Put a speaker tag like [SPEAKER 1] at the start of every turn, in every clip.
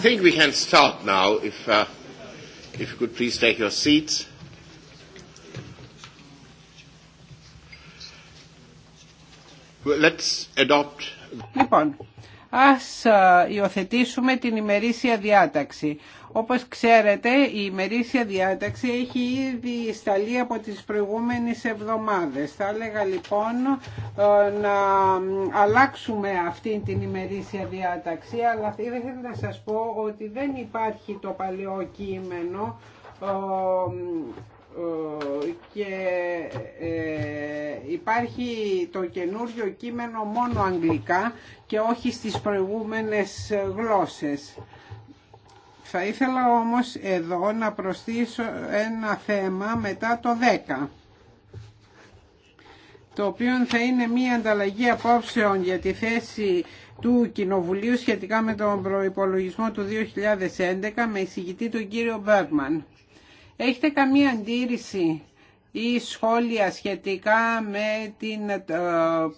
[SPEAKER 1] I think we can start now, if, uh, if you could please take your seats. Let's adopt... Λοιπόν, ας υιοθετήσουμε την ημερήσια διάταξη. Όπως ξέρετε η ημερήσια διάταξη έχει ήδη σταλεί από τις προηγούμενες εβδομάδες. Θα έλεγα λοιπόν ε, να αλλάξουμε αυτή την ημερήσια διάταξη, αλλά ήθελα να σας πω ότι δεν υπάρχει το παλιό κείμενο ε, ε, και υπάρχει το καινούριο κείμενο μόνο αγγλικά και όχι στις προηγούμενες γλώσσες. Θα ήθελα όμως εδώ να προσθέσω ένα θέμα μετά το 10 το οποίο θα είναι μία ανταλλαγή απόψεων για τη θέση του Κοινοβουλίου σχετικά με τον προϋπολογισμό του 2011 με εισηγητή τον κύριο Μπέρμαν. Έχετε καμία αντίρρηση ή σχόλια σχετικά με την ε,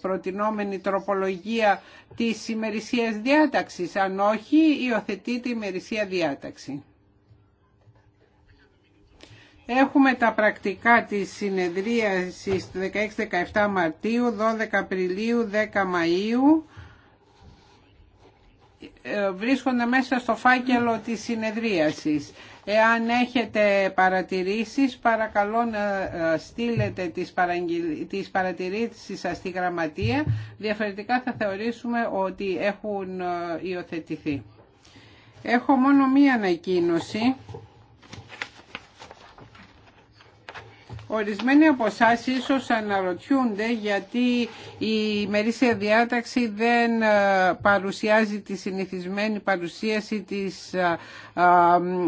[SPEAKER 1] προτινόμενη τροπολογία της ημερησίας διάταξης. Αν όχι, υιοθετεί τη ημερησία διάταξη. Έχουμε τα πρακτικά της συνεδρίασης 16-17 Μαρτίου, 12 Απριλίου, 10 Μαΐου. Ε, βρίσκονται μέσα στο φάκελο της συνεδρίασης. Εάν έχετε παρατηρήσεις παρακαλώ να ε, στείλετε τις παρατηρήσεις σας στη γραμματεία. Διαφορετικά θα θεωρήσουμε ότι έχουν ε, υιοθετηθεί. Έχω μόνο μία ανακοίνωση. Ορισμένοι από εσά ίσως αναρωτιούνται γιατί η ημερήσια διάταξη δεν ε, παρουσιάζει τη συνηθισμένη παρουσίαση της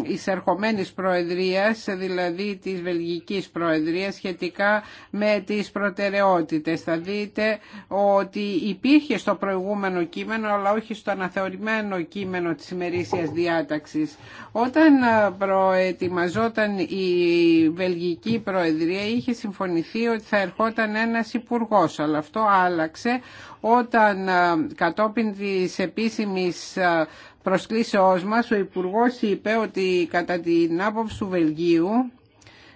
[SPEAKER 1] εισερχομένης Προεδρίας, δηλαδή της Βελγικής Προεδρίας σχετικά με τις προτεραιότητες. Θα δείτε ότι υπήρχε στο προηγούμενο κείμενο αλλά όχι στο αναθεωρημένο κείμενο της ημερήσιας διάταξης. Όταν ε, προετοιμαζόταν η Βελγική Προεδρία είχε συμφωνηθεί ότι θα ερχόταν ένας υπουργό. αλλά αυτό άλλαξε όταν ε, κατόπιν της επίσημης ε, προσκλήσεώς μας ο Υπουργός είπε ότι κατά την άποψη του Βελγίου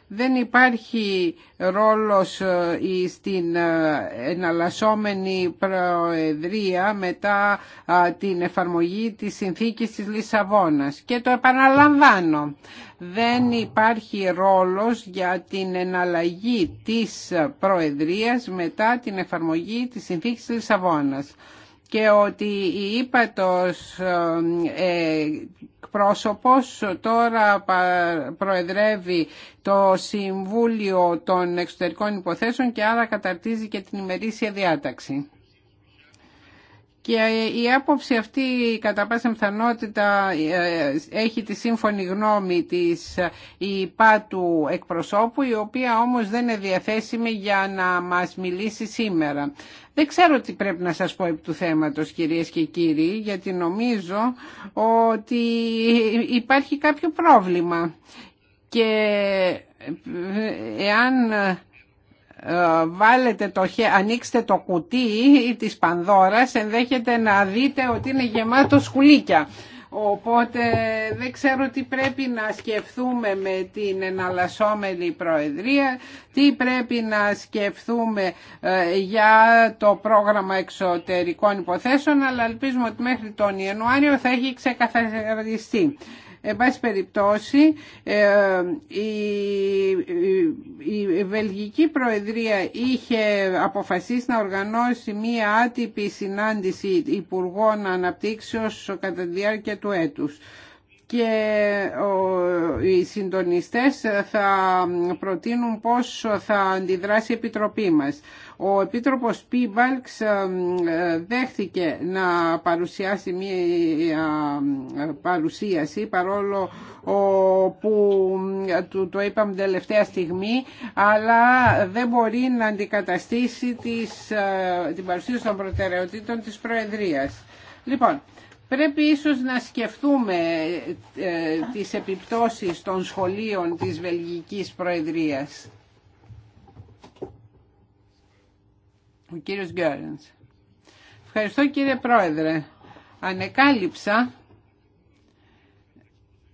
[SPEAKER 1] δεν υπάρχει ρόλος στην ε, ε, εναλλασσόμενη προεδρία μετά την εφαρμογή της συνθήκης της Λισαβόνας. Και το επαναλαμβάνω, δεν υπάρχει ρόλος για την εναλλαγή της προεδρίας μετά την εφαρμογή της συνθήκης της Λισαβόνας και ότι η ύπατος ε, πρόσωπος τώρα προεδρεύει το Συμβούλιο των Εξωτερικών Υποθέσεων και άρα καταρτίζει και την ημερήσια διάταξη. Και η άποψη αυτή κατά πάσα πιθανότητα ε, έχει τη σύμφωνη γνώμη της ΙΠΑ ε, του εκπροσώπου η οποία όμως δεν είναι διαθέσιμη για να μας μιλήσει σήμερα. Δεν ξέρω τι πρέπει να σας πω επί του θέματος κυρίες και κύριοι γιατί νομίζω ότι υπάρχει κάποιο πρόβλημα και ε, εάν ε, βάλετε το, ανοίξτε το κουτί της Πανδώρας ενδέχεται να δείτε ότι είναι γεμάτο σκουλίκια. Οπότε δεν ξέρω τι πρέπει να σκεφτούμε με την εναλλασσόμενη Προεδρία, τι πρέπει να σκεφτούμε ε, για το πρόγραμμα εξωτερικών υποθέσεων, αλλά ελπίζουμε ότι μέχρι τον Ιανουάριο θα έχει ξεκαθαριστεί. Εν πάση περιπτώσει, ε, η Βελγική Προεδρία είχε αποφασίσει να οργανώσει μία άτυπη συνάντηση Υπουργών Αναπτύξεως κατά τη διάρκεια του έτους και οι συντονιστές θα προτείνουν πώς θα αντιδράσει η Επιτροπή μας. Ο Επίτροπος Πίμπαλξ ε, δέχθηκε να παρουσιάσει μία ε, παρουσίαση παρόλο που ε, του το είπαμε τελευταία στιγμή αλλά δεν μπορεί να αντικαταστήσει τις, την παρουσίαση των προτεραιοτήτων της Προεδρίας. Λοιπόν, Πρέπει ίσως να σκεφτούμε τις επιπτώσεις των σχολείων της Βελγικής Προεδρίας. Ο κύριος Γκέρενς. Ευχαριστώ κύριε Πρόεδρε. Ανεκάλυψα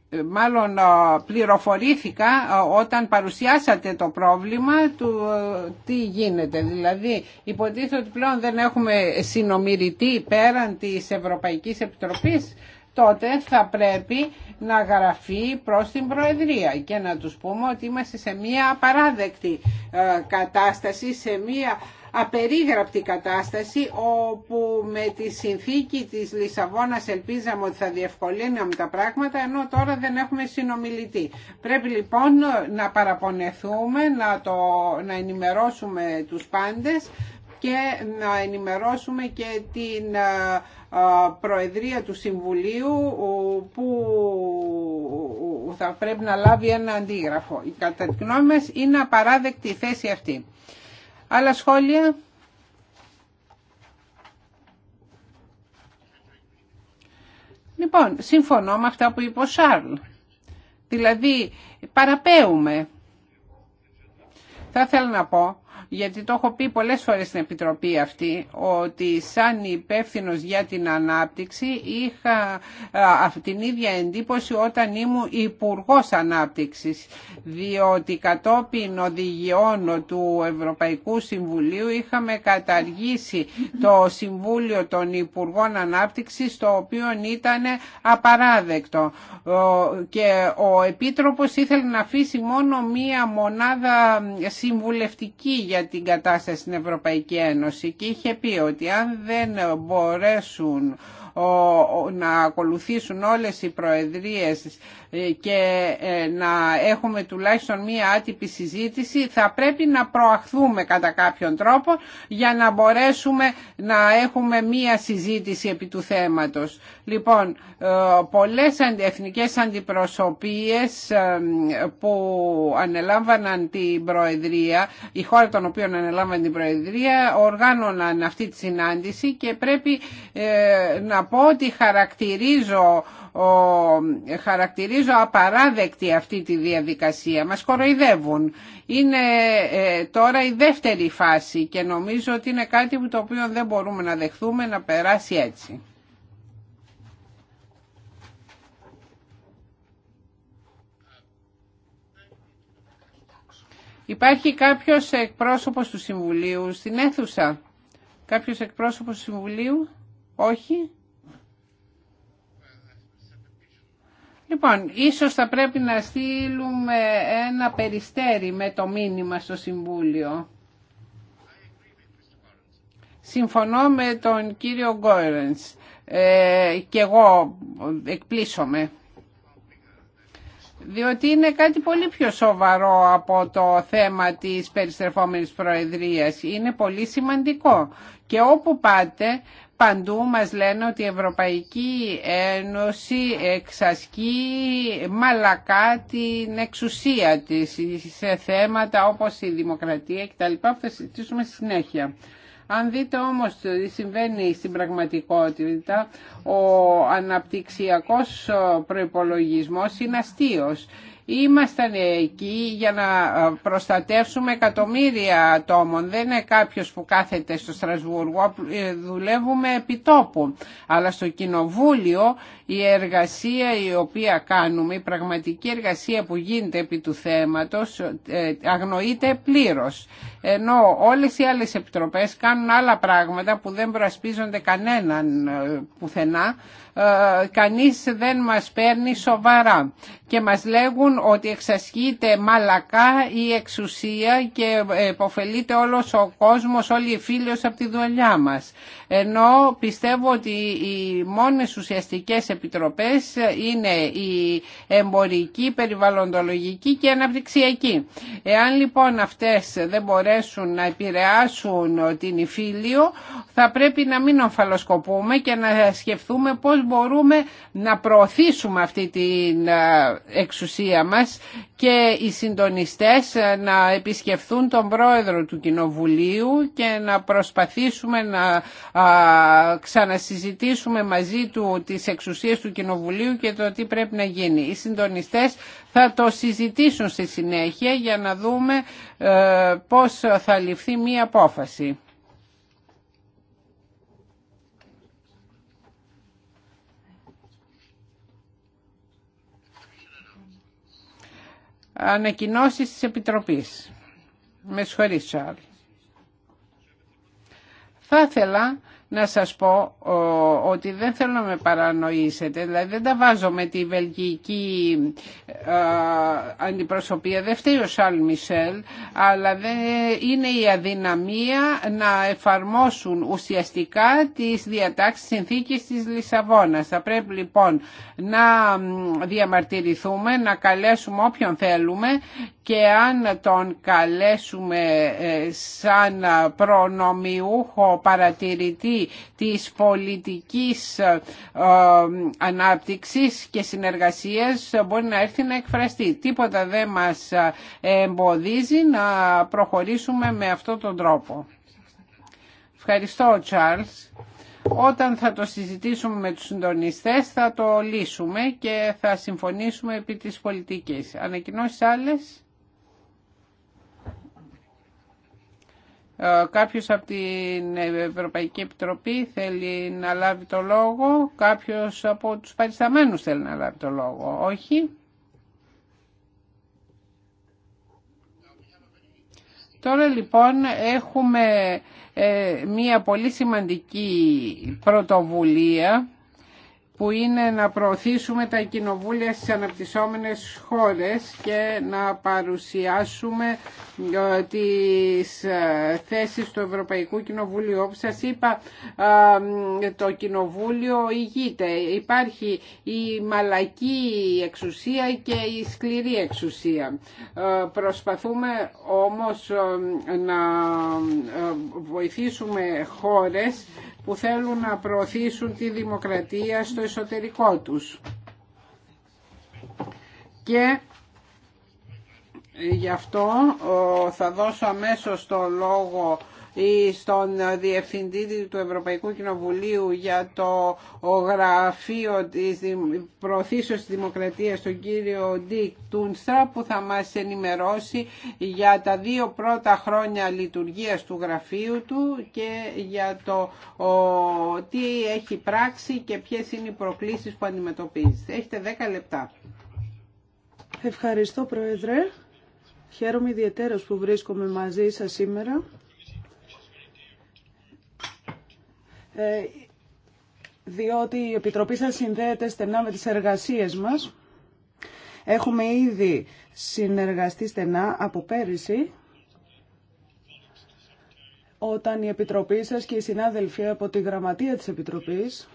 [SPEAKER 1] ε, μάλλον ε, πληροφορήθηκα ε, όταν παρουσιάσατε το πρόβλημα του τι γίνεται. Δηλαδή υποτίθεται ότι πλέον δεν έχουμε συνομιλητή πέραν της Ευρωπαϊκής Επιτροπής τότε θα πρέπει να γραφεί προς την Προεδρία και να τους πούμε ότι είμαστε σε μια απαράδεκτη κατάσταση, σε μια απερίγραπτη κατάσταση όπου με τη συνθήκη της Λισαβόνας ελπίζαμε ότι θα διευκολύναμε τα πράγματα ενώ τώρα δεν έχουμε συνομιλητή. Πρέπει λοιπόν να παραπονεθούμε, να, το, να ενημερώσουμε τους πάντες και να ενημερώσουμε και την ε, ε, Προεδρία του Συμβουλίου που θα πρέπει να λάβει ένα αντίγραφο. Κατά τη γνώμη είναι απαράδεκτη η θέση αυτή. Άλλα σχόλια. Λοιπόν, συμφωνώ με αυτά που είπε ο Σάρλ. Δηλαδή, παραπέουμε. Θα ήθελα να πω γιατί το έχω πει πολλές φορές στην Επιτροπή αυτή, ότι σαν υπεύθυνο για την ανάπτυξη είχα την ίδια εντύπωση όταν ήμουν υπουργό Ανάπτυξης, διότι κατόπιν οδηγιών του Ευρωπαϊκού Συμβουλίου είχαμε καταργήσει το Συμβούλιο των Υπουργών Ανάπτυξης, το οποίο ήταν απαράδεκτο. Και ο Επίτροπος ήθελε να αφήσει μόνο μία μονάδα συμβουλευτική την κατάσταση στην Ευρωπαϊκή Ένωση και είχε πει ότι αν δεν μπορέσουν να ακολουθήσουν όλες οι προεδρίες ε, και ε, να έχουμε τουλάχιστον μία άτυπη συζήτηση θα πρέπει να προαχθούμε κατά κάποιον τρόπο για να μπορέσουμε να έχουμε μία συζήτηση επί του θέματος. Λοιπόν, ε, πολλές εθνικές αντιπροσωπείες που ανελάμβαναν την Προεδρία, η χώρα των οποίων ανελάμβαναν την Προεδρία, οργάνωναν αυτή τη συνάντηση και πρέπει να πω ότι χαρακτηρίζω χαρακτηρίζω απαράδεκτη αυτή τη διαδικασία. Μας κοροϊδεύουν. Είναι ε, τώρα η δεύτερη φάση και νομίζω ότι είναι κάτι που το οποίο δεν μπορούμε να δεχθούμε να περάσει έτσι. Υπάρχει κάποιος εκπρόσωπος του Συμβουλίου στην αίθουσα. Κάποιος εκπρόσωπος του Συμβουλίου. Όχι. Λοιπόν, ίσως θα πρέπει να στείλουμε ένα περιστέρι με το μήνυμα στο Συμβούλιο. Συμφωνώ με τον κύριο Γκόρενς ε, και εγώ εκπλήσωμαι. Διότι είναι κάτι πολύ πιο σοβαρό από το θέμα της περιστρεφόμενης προεδρίας. Είναι πολύ σημαντικό. Και όπου πάτε Παντού μας λένε ότι η Ευρωπαϊκή Ένωση εξασκεί μαλακά την εξουσία της σε θέματα όπως η δημοκρατία κτλ. που θα συζητήσουμε στη συνέχεια. Αν δείτε όμως τι συμβαίνει στην πραγματικότητα, ο αναπτυξιακός προϋπολογισμός είναι αστείος Ήμασταν εκεί για να ε, προστατεύσουμε εκατομμύρια ατόμων. Δεν είναι κάποιος που κάθεται στο Στρασβούργο, ε, δουλεύουμε επί τόπου. Αλλά στο Κοινοβούλιο η εργασία η οποία κάνουμε, η πραγματική εργασία που γίνεται επί του θέματος ε, αγνοείται πλήρως. Ενώ όλες οι άλλες επιτροπές κάνουν άλλα πράγματα που δεν προασπίζονται κανέναν πουθενά ε, κανείς δεν μας παίρνει σοβαρά και μας λέγουν ότι εξασχείται μαλακά η εξουσία και υποφελείται όλος ο κόσμος, όλοι οι φίλοι από τη δουλειά μας ενώ πιστεύω ότι οι μόνες ουσιαστικές επιτροπές είναι η εμπορική, περιβαλλοντολογική και αναπτυξιακή. Εάν λοιπόν αυτές δεν μπορέσουν να επηρεάσουν την υφήλιο, θα πρέπει να μην ομφαλοσκοπούμε και να σκεφτούμε πώς μπορούμε να προωθήσουμε αυτή την ε, εξουσία μας και οι συντονιστές να επισκεφθούν τον πρόεδρο του Κοινοβουλίου και να προσπαθήσουμε να ξανασυζητήσουμε μαζί του τις εξουσίες του Κοινοβουλίου και το τι πρέπει να γίνει. Οι συντονιστές θα το συζητήσουν στη συνέχεια για να δούμε ε, πώς θα ληφθεί μία απόφαση. Ανακοινώσει τη Επιτροπής. Με συγχωρείς, Σάρλ. Θα ήθελα να σας πω ότι δεν θέλω να με παρανοήσετε, δηλαδή δεν τα βάζω με τη βελγική ε, αντιπροσωπεία, δεν φταίει ο Σαλ αλλά είναι η αδυναμία να εφαρμόσουν ουσιαστικά τις διατάξεις συνθήκης της Λισαβόνας. Θα πρέπει λοιπόν να διαμαρτυρηθούμε, να καλέσουμε όποιον θέλουμε και αν τον καλέσουμε ε, σαν προνομιούχο παρατηρητή της πολιτικής ε, ανάπτυξης και συνεργασίας μπορεί να έρθει να εκφραστεί. Τίποτα δεν μας ε, εμποδίζει να προχωρήσουμε με αυτό τον τρόπο. Ευχαριστώ, Τσάρλς. Όταν θα το συζητήσουμε με τους συντονιστές θα το λύσουμε και θα συμφωνήσουμε επί της πολιτικής. Ανακοινώσεις άλλες. Ε, κάποιος από την Ευρωπαϊκή Επιτροπή θέλει να λάβει το λόγο, κάποιος από τους παρισταμένους θέλει να λάβει το λόγο, όχι. Τώρα λοιπόν έχουμε ε, μία πολύ σημαντική πρωτοβουλία που είναι να προωθήσουμε τα κοινοβούλια στις αναπτυσσόμενες χώρες και να παρουσιάσουμε ε, τις ε, θέσεις του Ευρωπαϊκού Κοινοβουλίου. Όπως σας είπα, ε, το Κοινοβούλιο ηγείται. Υπάρχει η μαλακή εξουσία και η σκληρή εξουσία. Προσπαθούμε όμως να βοηθήσουμε χώρες που θέλουν να προωθήσουν τη δημοκρατία στο εσωτερικό τους. Και γι' αυτό θα δώσω αμέσως το λόγο στον Διευθυντή του Ευρωπαϊκού Κοινοβουλίου για το γραφείο της προωθήσεως της Δημοκρατίας, τον κύριο Ντίκ Τούνστρα, που θα μας ενημερώσει για τα δύο πρώτα χρόνια λειτουργίας του γραφείου του και για το τι έχει πράξει και ποιες είναι οι προκλήσεις που αντιμετωπίζει. Έχετε 10 λεπτά.
[SPEAKER 2] Ευχαριστώ Πρόεδρε. Χαίρομαι ιδιαίτερα που βρίσκομαι μαζί σας σήμερα Ε, διότι η Επιτροπή σας συνδέεται στενά με τις εργασίες μας. Έχουμε ήδη συνεργαστεί στενά από πέρυσι, όταν η Επιτροπή σας και οι συνάδελφοι από τη Γραμματεία της Επιτροπής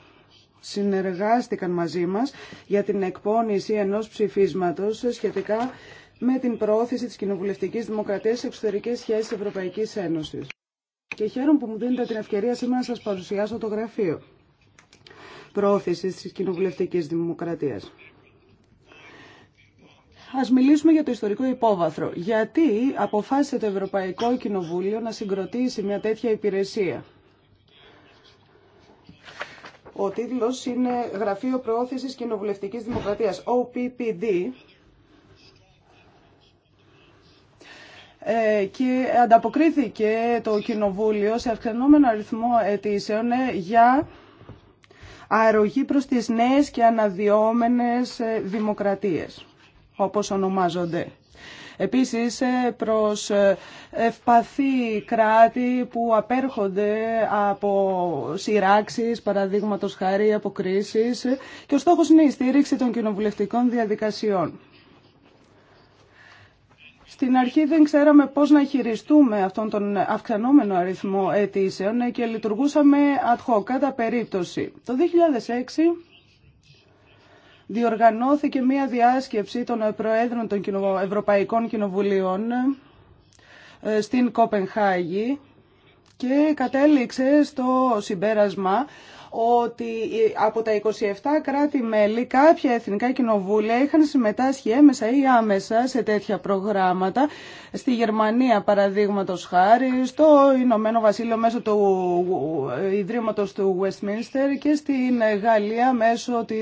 [SPEAKER 2] συνεργάστηκαν μαζί μας για την εκπόνηση ενός ψηφίσματος σχετικά με την προώθηση της κοινοβουλευτικής δημοκρατίας σε εξωτερικές σχέσεις Ευρωπαϊκής Ένωσης και χαίρομαι που μου δίνετε την ευκαιρία σήμερα να σας παρουσιάσω το γραφείο προώθησης της κοινοβουλευτικής δημοκρατίας. Ας μιλήσουμε για το ιστορικό υπόβαθρο. Γιατί αποφάσισε το Ευρωπαϊκό Κοινοβούλιο να συγκροτήσει μια τέτοια υπηρεσία. Ο τίτλος είναι Γραφείο Προώθησης Κοινοβουλευτικής Δημοκρατίας, OPPD, Ε, και ανταποκρίθηκε το Κοινοβούλιο σε αυξανόμενο αριθμό αιτήσεων ε, για αερογή προς τις νέες και αναδυόμενες ε, δημοκρατίες, όπως ονομάζονται. Επίσης προς ευπαθή κράτη που απέρχονται από σειράξεις, παραδείγματος χάρη, από κρίσεις και ο στόχος είναι η στήριξη των κοινοβουλευτικών διαδικασιών. Στην αρχή δεν ξέραμε πώς να χειριστούμε αυτόν τον αυξανόμενο αριθμό αιτήσεων και λειτουργούσαμε ad hoc, κατά περίπτωση. Το 2006 διοργανώθηκε μία διάσκεψη των Προέδρων των Ευρωπαϊκών Κοινοβουλίων ε, στην Κοπενχάγη και κατέληξε στο συμπέρασμα ότι από τα 27 κράτη-μέλη κάποια εθνικά κοινοβούλια είχαν συμμετάσχει έμεσα ή άμεσα σε τέτοια προγράμματα. Στη Γερμανία, παραδείγματο χάρη, στο Ηνωμένο Βασίλειο μέσω του Ιδρύματο του Westminster και στην Γαλλία μέσω τη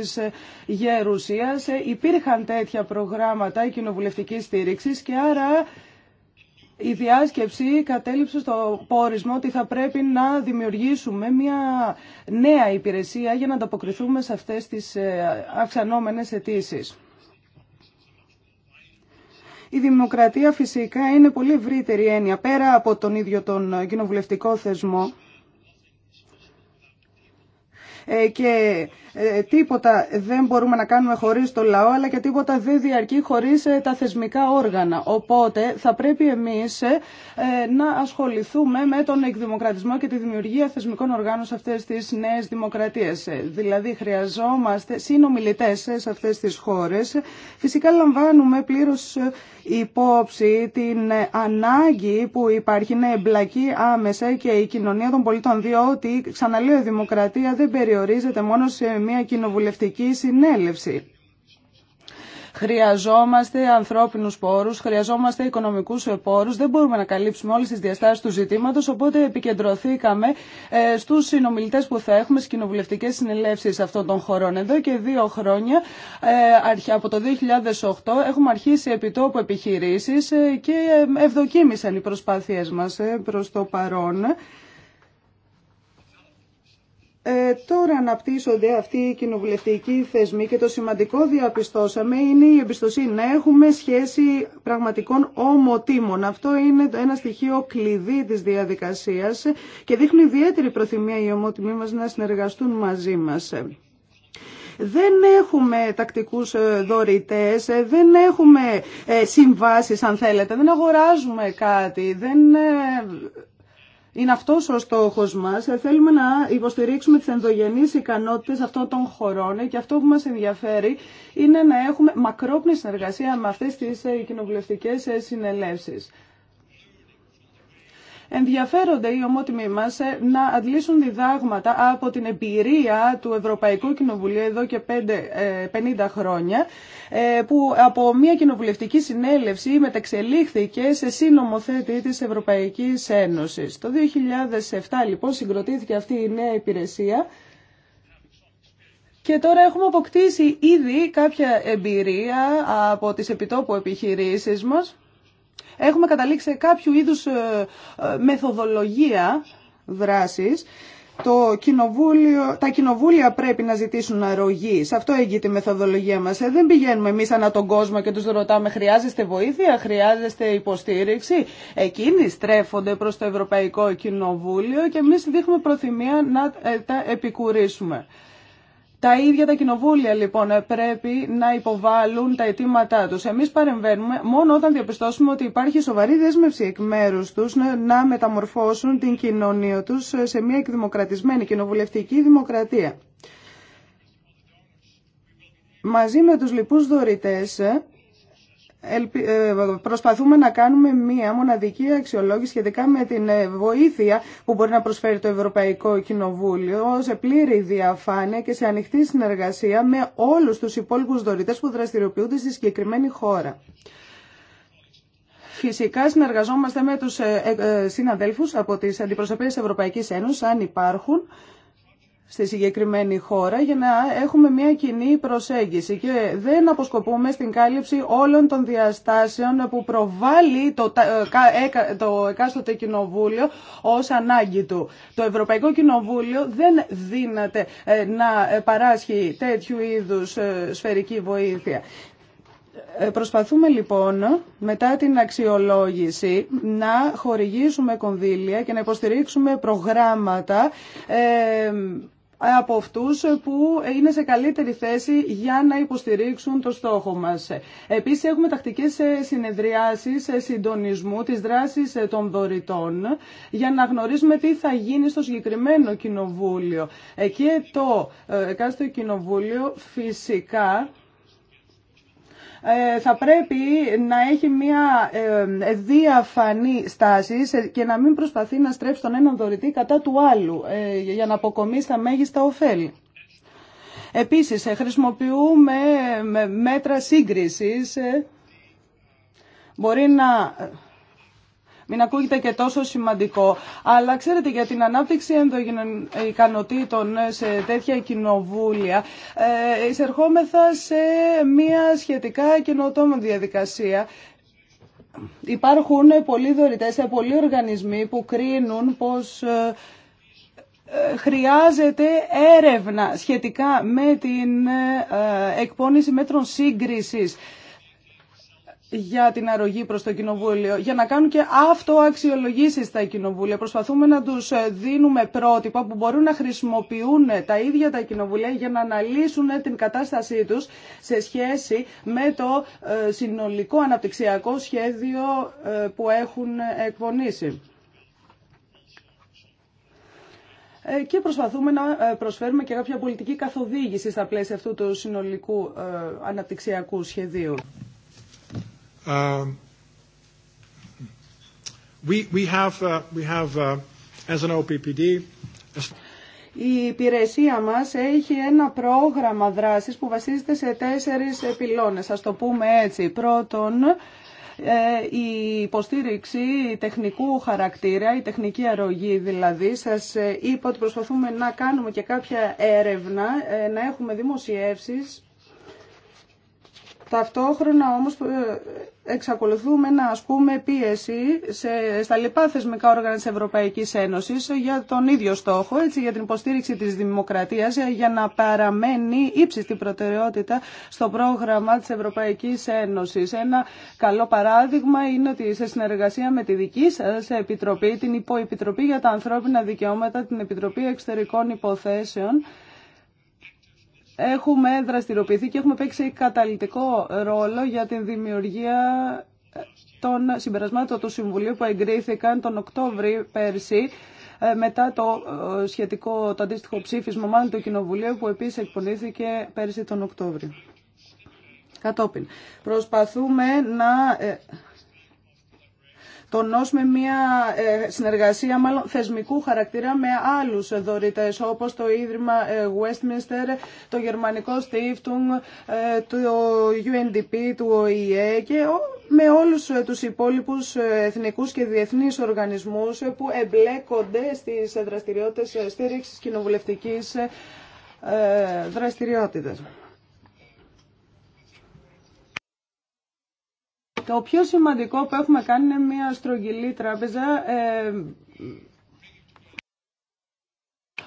[SPEAKER 2] Γερουσία ε, υπήρχαν τέτοια προγράμματα κοινοβουλευτική στήριξη και άρα η διάσκεψη κατέληψε στο πόρισμα ότι θα πρέπει να δημιουργήσουμε μια νέα υπηρεσία για να ανταποκριθούμε σε αυτές τις ε, αυξανόμενες αιτήσει. Η δημοκρατία φυσικά είναι πολύ ευρύτερη έννοια πέρα από τον ίδιο τον κοινοβουλευτικό θεσμό. Ε, και ε, τίποτα δεν μπορούμε να κάνουμε χωρίς το λαό αλλά και τίποτα δεν διαρκεί χωρίς ε, τα θεσμικά όργανα. Οπότε θα πρέπει εμείς να ασχοληθούμε με τον εκδημοκρατισμό και τη δημιουργία θεσμικών οργάνων σε αυτές τις νέες δημοκρατίες. Δηλαδή χρειαζόμαστε συνομιλητές σε αυτές τις χώρες. Φυσικά λαμβάνουμε πλήρως υπόψη την ανάγκη που υπάρχει να εμπλακεί άμεσα και η κοινωνία των πολιτών διότι ξαναλέω η δημοκρατία δεν περιορίζεται περιορίζεται μόνο σε μια κοινοβουλευτική συνέλευση. Χρειαζόμαστε ανθρώπινους πόρους, χρειαζόμαστε οικονομικούς πόρους, δεν μπορούμε να καλύψουμε όλες τις διαστάσεις του ζητήματος, οπότε επικεντρωθήκαμε ε, στους συνομιλητές που θα έχουμε στις κοινοβουλευτικές συνελεύσεις αυτών των χωρών. Εδώ και δύο χρόνια, ε, από το 2008, έχουμε αρχίσει επιτόπου επιχειρήσεις ε, και ευδοκίμησαν οι προσπάθειές μας προς το παρόν. Ε, τώρα αναπτύσσονται αυτοί οι κοινοβουλευτικοί θεσμοί και το σημαντικό διαπιστώσαμε είναι η εμπιστοσύνη. Να έχουμε σχέση πραγματικών ομοτήμων. Αυτό είναι ένα στοιχείο κλειδί της διαδικασίας και δείχνει ιδιαίτερη προθυμία οι ομοτήμοι μας να συνεργαστούν μαζί μας. Δεν έχουμε τακτικούς ε, δωρητές, ε, δεν έχουμε ε, συμβάσεις αν θέλετε, δεν αγοράζουμε κάτι, δεν είναι αυτό ο στόχο μα. Ε, θέλουμε να υποστηρίξουμε τι ενδογενεί ικανότητε αυτών των χωρών ε, και αυτό που μας ενδιαφέρει είναι να έχουμε μακρόπνη συνεργασία με αυτέ τι ε, κοινοβουλευτικέ συνελεύσει ενδιαφέρονται οι ομότιμοι μας ε, να αντλήσουν διδάγματα από την εμπειρία του Ευρωπαϊκού Κοινοβουλίου εδώ και 50 ε, χρόνια ε, που από μια κοινοβουλευτική συνέλευση μεταξελίχθηκε σε σύνομο θέτη της Ευρωπαϊκής Ένωσης. Το 2007 λοιπόν συγκροτήθηκε αυτή η νέα υπηρεσία και τώρα έχουμε αποκτήσει ήδη κάποια εμπειρία από τις επιτόπου επιχειρήσεις μας έχουμε καταλήξει σε κάποιο είδους ε, ε, μεθοδολογία δράσης. Το κοινοβούλιο, τα κοινοβούλια πρέπει να ζητήσουν αρρωγή. Σε αυτό έγινε η μεθοδολογία μας. Ε, δεν πηγαίνουμε εμείς ανά τον κόσμο και του ρωτάμε, χρειάζεστε βοήθεια, χρειάζεστε υποστήριξη. Εκείνοι στρέφονται προς το Ευρωπαϊκό Κοινοβούλιο και εμείς δείχνουμε προθυμία να τα επικουρήσουμε. Τα ίδια τα κοινοβούλια λοιπόν πρέπει να υποβάλουν τα αιτήματά τους. Εμείς παρεμβαίνουμε μόνο όταν διαπιστώσουμε ότι υπάρχει σοβαρή δέσμευση εκ μέρους τους να μεταμορφώσουν την κοινωνία τους σε μια εκδημοκρατισμένη κοινοβουλευτική δημοκρατία. Μαζί με τους λοιπούς δωρητές ε, προσπαθούμε να κάνουμε μία μοναδική αξιολόγηση σχετικά με την ε, βοήθεια που μπορεί να προσφέρει το Ευρωπαϊκό Κοινοβούλιο σε πλήρη διαφάνεια και σε ανοιχτή συνεργασία με όλους τους υπόλοιπους δωρητές που δραστηριοποιούνται στη συγκεκριμένη χώρα. Φυσικά συνεργαζόμαστε με τους ε, συναδέλφους από τις αντιπροσωπείες Ευρωπαϊκής Ένωσης αν υπάρχουν στη συγκεκριμένη χώρα για να έχουμε μια κοινή προσέγγιση και δεν αποσκοπούμε στην κάλυψη όλων των διαστάσεων που προβάλλει το, ε, το εκάστοτε κοινοβούλιο ως ανάγκη του. Το Ευρωπαϊκό Κοινοβούλιο δεν δύναται ε, να παράσχει τέτοιου είδους ε, σφαιρική βοήθεια. Προσπαθούμε λοιπόν μετά την αξιολόγηση να χορηγήσουμε κονδύλια και να υποστηρίξουμε προγράμματα ε, από αυτούς που είναι σε καλύτερη θέση για να υποστηρίξουν το στόχο μας. Επίσης έχουμε τακτικές ε, συνεδριάσεις ε, συντονισμού της δράσης των δωρητών για να γνωρίζουμε τι θα γίνει στο συγκεκριμένο κοινοβούλιο. Και το εκάστοτε κοινοβούλιο φυσικά ε, θα πρέπει να έχει μια ε, διαφανή στάση και να μην προσπαθεί να στρέψει τον έναν δωρητή κατά του άλλου ε, για να αποκομίσει τα μέγιστα ωφέλη. Επίσης, χρησιμοποιούμε μέτρα σύγκρισης. Μπορεί να μην ακούγεται και τόσο σημαντικό. Αλλά ξέρετε για την ανάπτυξη ικανοτήτων σε τέτοια κοινοβούλια ε, εισερχόμεθα σε μια σχετικά καινοτόμη διαδικασία. Υπάρχουν πολλοί δωρητές, πολλοί οργανισμοί που κρίνουν πως ε, ε, χρειάζεται έρευνα σχετικά με την εκπόνηση μέτρων σύγκρισης για την αρρωγή προς το Κοινοβούλιο, για να κάνουν και αυτοαξιολογήσει στα Κοινοβούλια. Προσπαθούμε να τους ε, δίνουμε πρότυπα που μπορούν να χρησιμοποιούν τα ίδια τα Κοινοβούλια για να αναλύσουν την κατάστασή τους σε σχέση με το ε, συνολικό αναπτυξιακό σχέδιο ε, που έχουν εκπονήσει. και προσπαθούμε να προσφέρουμε και κάποια πολιτική καθοδήγηση στα πλαίσια αυτού του συνολικού αναπτυξιακού σχεδίου.
[SPEAKER 3] Um, we have,
[SPEAKER 2] Η υπηρεσία μας έχει ένα πρόγραμμα δράσης που βασίζεται σε τέσσερις πυλώνες, ας το πούμε έτσι. Πρώτον, ε, η υποστήριξη τεχνικού χαρακτήρα, η τεχνική αρρωγή δηλαδή. Σας ε, είπα ότι προσπαθούμε να κάνουμε και κάποια έρευνα, ε, να έχουμε δημοσιεύσεις. Ταυτόχρονα όμως εξακολουθούμε να ασκούμε πίεση σε, στα λοιπά θεσμικά όργανα της Ευρωπαϊκής Ένωσης για τον ίδιο στόχο, έτσι, για την υποστήριξη της δημοκρατίας, για να παραμένει ύψιστη προτεραιότητα στο πρόγραμμα της Ευρωπαϊκής Ένωσης. Ένα καλό παράδειγμα είναι ότι σε συνεργασία με τη δική σας Επιτροπή, την Υποεπιτροπή για τα Ανθρώπινα Δικαιώματα, την Επιτροπή Εξωτερικών Υποθέσεων, έχουμε δραστηριοποιηθεί και έχουμε παίξει καταλητικό ρόλο για την δημιουργία των συμπερασμάτων του Συμβουλίου που εγκρίθηκαν τον Οκτώβρη πέρσι ε, μετά το ε, σχετικό, το αντίστοιχο ψήφισμα μάλλον του Κοινοβουλίου που επίσης εκπονήθηκε πέρσι τον Οκτώβριο. Κατόπιν, προσπαθούμε να ε, με μια ε, συνεργασία μάλλον θεσμικού χαρακτήρα με άλλους δωρητές όπως το Ίδρυμα ε, Westminster, το Γερμανικό Stiftung, ε, το UNDP, του ΟΗΕ και με όλους τους υπόλοιπους εθνικούς και διεθνείς οργανισμούς που εμπλέκονται στις δραστηριότητες στήριξης κοινοβουλευτικής δραστηριότητας. Το πιο σημαντικό που έχουμε κάνει είναι μια στρογγυλή τράπεζα ε,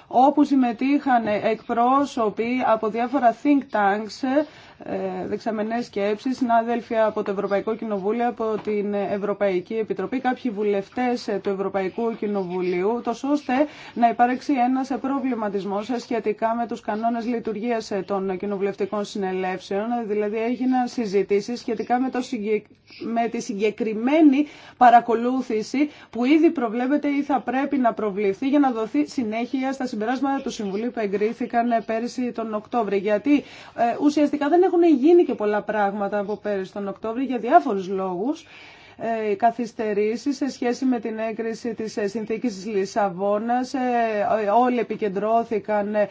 [SPEAKER 2] όπου συμμετείχαν εκπρόσωποι από διάφορα think tanks ε, δεξαμενές σκέψεις, συνάδελφοι από το Ευρωπαϊκό Κοινοβούλιο, από την Ευρωπαϊκή Επιτροπή, κάποιοι βουλευτές ε, του Ευρωπαϊκού Κοινοβουλίου, τόσο ώστε να υπάρξει ένας προβληματισμός σχετικά με τους κανόνες λειτουργίας ε, των κοινοβουλευτικών συνελεύσεων, δηλαδή έγιναν συζητήσεις σχετικά με, το με τη συγκεκριμένη παρακολούθηση που ήδη προβλέπεται ή θα πρέπει να προβληθεί για να δοθεί συνέχεια στα συμπεράσματα του Συμβουλίου που εγκρίθηκαν πέρυσι τον Οκτώβριο. Γιατί ουσιαστικά δεν έχουν γίνει και πολλά πράγματα από πέρυσι τον Οκτώβριο για διάφορους λόγους ε, καθυστερήσεις σε σχέση με την έγκριση της ε, συνθήκης της Λισαβόνας. Ε, όλοι επικεντρώθηκαν ε,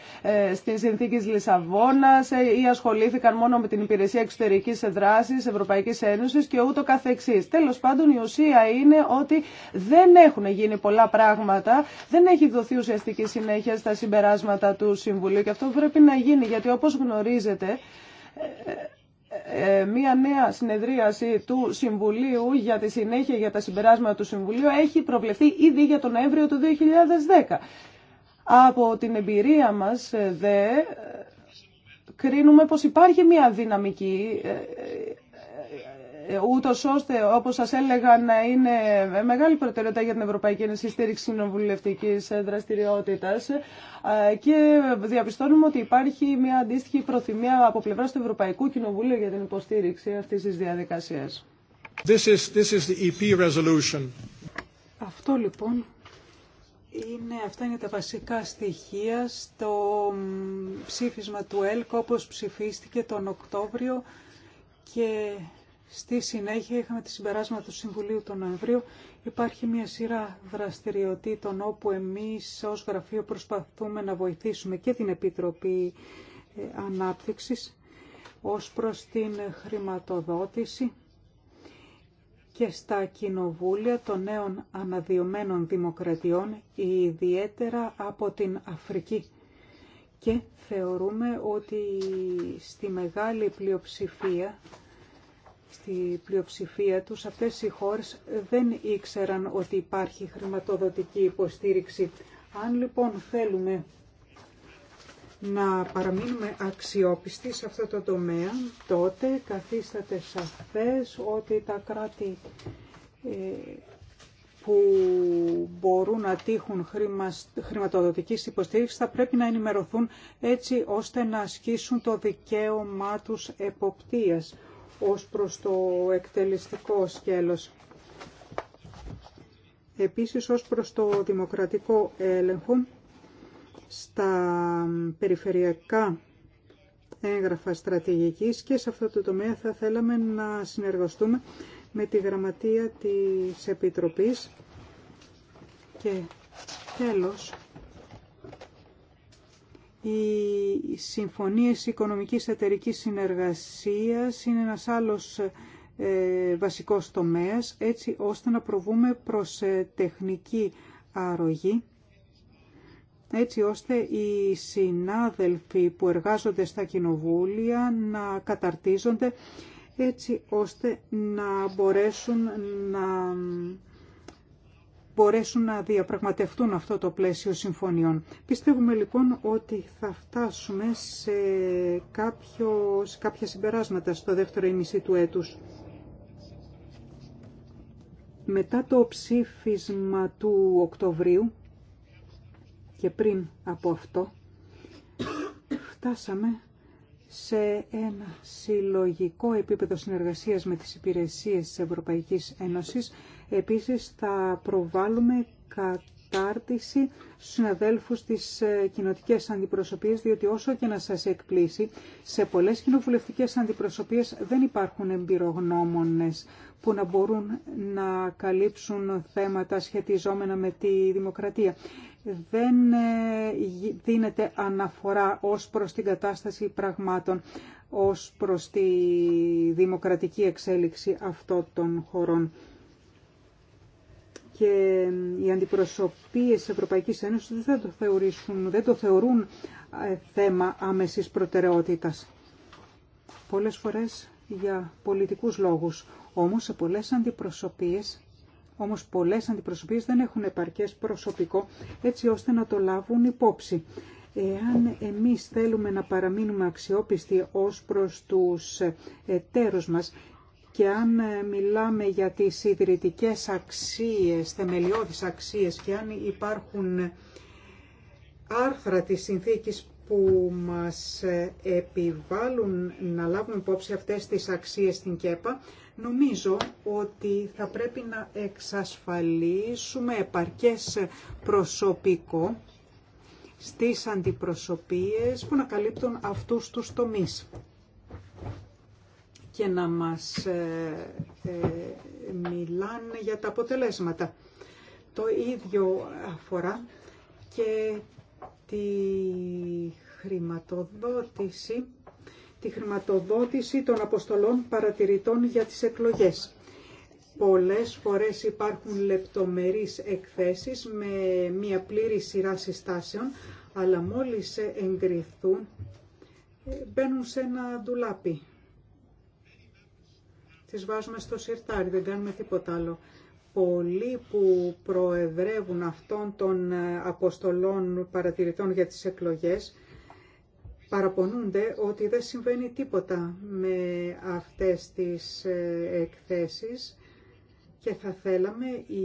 [SPEAKER 2] στη συνθήκη της Λισαβόνας ή ασχολήθηκαν μόνο με την υπηρεσία εξωτερικής δράσης Ευρωπαϊκής Ένωσης και ούτω καθεξής. Τέλος πάντων η ουσία είναι ότι δεν έχουν γίνει πολλά πράγματα, δεν έχει δοθεί ουσιαστική συνέχεια στα συμπεράσματα του Συμβουλίου και αυτό πρέπει να γίνει γιατί όπως γνωρίζετε ε, ε, μία νέα συνεδρίαση του Συμβουλίου για τη συνέχεια για τα συμπεράσματα του Συμβουλίου έχει προβλεφθεί ήδη για τον Νοέμβριο του 2010. Από την εμπειρία μας ε, δε κρίνουμε πως υπάρχει μία δυναμική ούτως ώστε, όπω σα έλεγα, να είναι μεγάλη προτεραιότητα για την Ευρωπαϊκή Ένωση η στήριξη κοινοβουλευτική ε, δραστηριότητας ε, και διαπιστώνουμε ότι υπάρχει μια αντίστοιχη προθυμία από πλευρά του Ευρωπαϊκού Κοινοβουλίου για την υποστήριξη αυτή τη διαδικασία.
[SPEAKER 3] Αυτό λοιπόν είναι, αυτά είναι τα βασικά στοιχεία στο ψήφισμα του ΕΛΚ όπως ψηφίστηκε τον Οκτώβριο και Στη συνέχεια είχαμε τη συμπεράσματα του Συμβουλίου τον Νοεμβρίου. Υπάρχει μια σειρά δραστηριοτήτων όπου εμείς ως γραφείο προσπαθούμε να βοηθήσουμε και την Επιτροπή ε, Ανάπτυξης ως προς την χρηματοδότηση και στα κοινοβούλια των νέων αναδιωμένων δημοκρατιών, ιδιαίτερα από την Αφρική. Και θεωρούμε ότι στη μεγάλη πλειοψηφία στη πλειοψηφία τους αυτές οι χώρες δεν ήξεραν ότι υπάρχει χρηματοδοτική υποστήριξη. Αν λοιπόν θέλουμε να παραμείνουμε αξιόπιστοι σε αυτό το τομέα, τότε καθίσταται σαφές ότι τα κράτη ε, που μπορούν να τύχουν χρηματοδοτικής υποστήριξης θα πρέπει να ενημερωθούν έτσι ώστε να ασκήσουν το δικαίωμά τους εποπτείας ως προς το εκτελεστικό σκέλος. Επίσης ως προς το δημοκρατικό έλεγχο στα περιφερειακά έγγραφα στρατηγικής και σε αυτό το τομέα θα θέλαμε να συνεργαστούμε με τη γραμματεία της Επιτροπής και τέλος οι συμφωνίες οικονομικής εταιρικής συνεργασίας είναι ένας άλλος ε, βασικός τομέας, έτσι ώστε να προβούμε προς ε, τεχνική αρρωγή, έτσι ώστε οι συνάδελφοι που εργάζονται στα κοινοβούλια να καταρτίζονται, έτσι ώστε να μπορέσουν να μπορέσουν να διαπραγματευτούν αυτό το πλαίσιο συμφωνιών. Πιστεύουμε λοιπόν ότι θα φτάσουμε σε, κάποιο, κάποια συμπεράσματα στο δεύτερο ημισή του έτους. Μετά το ψήφισμα του Οκτωβρίου και πριν από αυτό, φτάσαμε σε ένα συλλογικό επίπεδο συνεργασίας με τις υπηρεσίες της Ευρωπαϊκής Ένωσης Επίσης θα προβάλλουμε κατάρτιση στους συναδέλφους της ε, κοινοτικής αντιπροσωπείας, διότι όσο και να σας εκπλήσει, σε πολλές κοινοβουλευτικές αντιπροσωπείες δεν υπάρχουν εμπειρογνώμονες που να μπορούν να καλύψουν θέματα σχετιζόμενα με τη δημοκρατία. Δεν ε, δίνεται αναφορά ως προς την κατάσταση πραγμάτων, ως προς τη δημοκρατική εξέλιξη αυτών των χωρών και ε, οι αντιπροσωπείες της Ευρωπαϊκής Ένωσης δεν το, θεωρήσουν, δεν το θεωρούν ε, θέμα άμεσης προτεραιότητας. Πολλές φορές για πολιτικούς λόγους. Όμως, σε πολλές αντιπροσωπείες, όμως πολλές αντιπροσωπείες δεν έχουν επαρκές προσωπικό έτσι ώστε να το λάβουν υπόψη. Εάν εμείς θέλουμε να παραμείνουμε αξιόπιστοι ως προς τους εταίρους μας και αν ε, μιλάμε για τις ιδρυτικές αξίες, θεμελιώδεις αξίες και αν υπάρχουν ε, άρθρα της συνθήκης που μας ε, επιβάλλουν να λάβουμε υπόψη αυτές τις αξίες στην ΚΕΠΑ, νομίζω ότι θα πρέπει να εξασφαλίσουμε επαρκές προσωπικό στις αντιπροσωπείες που να καλύπτουν αυτούς τους τομείς και να μας ε, ε, μιλάνε για τα αποτελέσματα. Το ίδιο αφορά και τη χρηματοδότηση, τη χρηματοδότηση των αποστολών παρατηρητών για τις εκλογές. Πολλές φορές υπάρχουν λεπτομερείς εκθέσεις με μια πλήρη σειρά συστάσεων, αλλά μόλις εγκριθούν ε, μπαίνουν σε ένα ντουλάπι τις βάζουμε στο σιρτάρι, δεν κάνουμε τίποτα άλλο. Πολλοί που προεδρεύουν αυτών των ε, αποστολών παρατηρητών για τις εκλογές παραπονούνται ότι δεν συμβαίνει τίποτα με αυτές τις ε, εκθέσεις και θα θέλαμε οι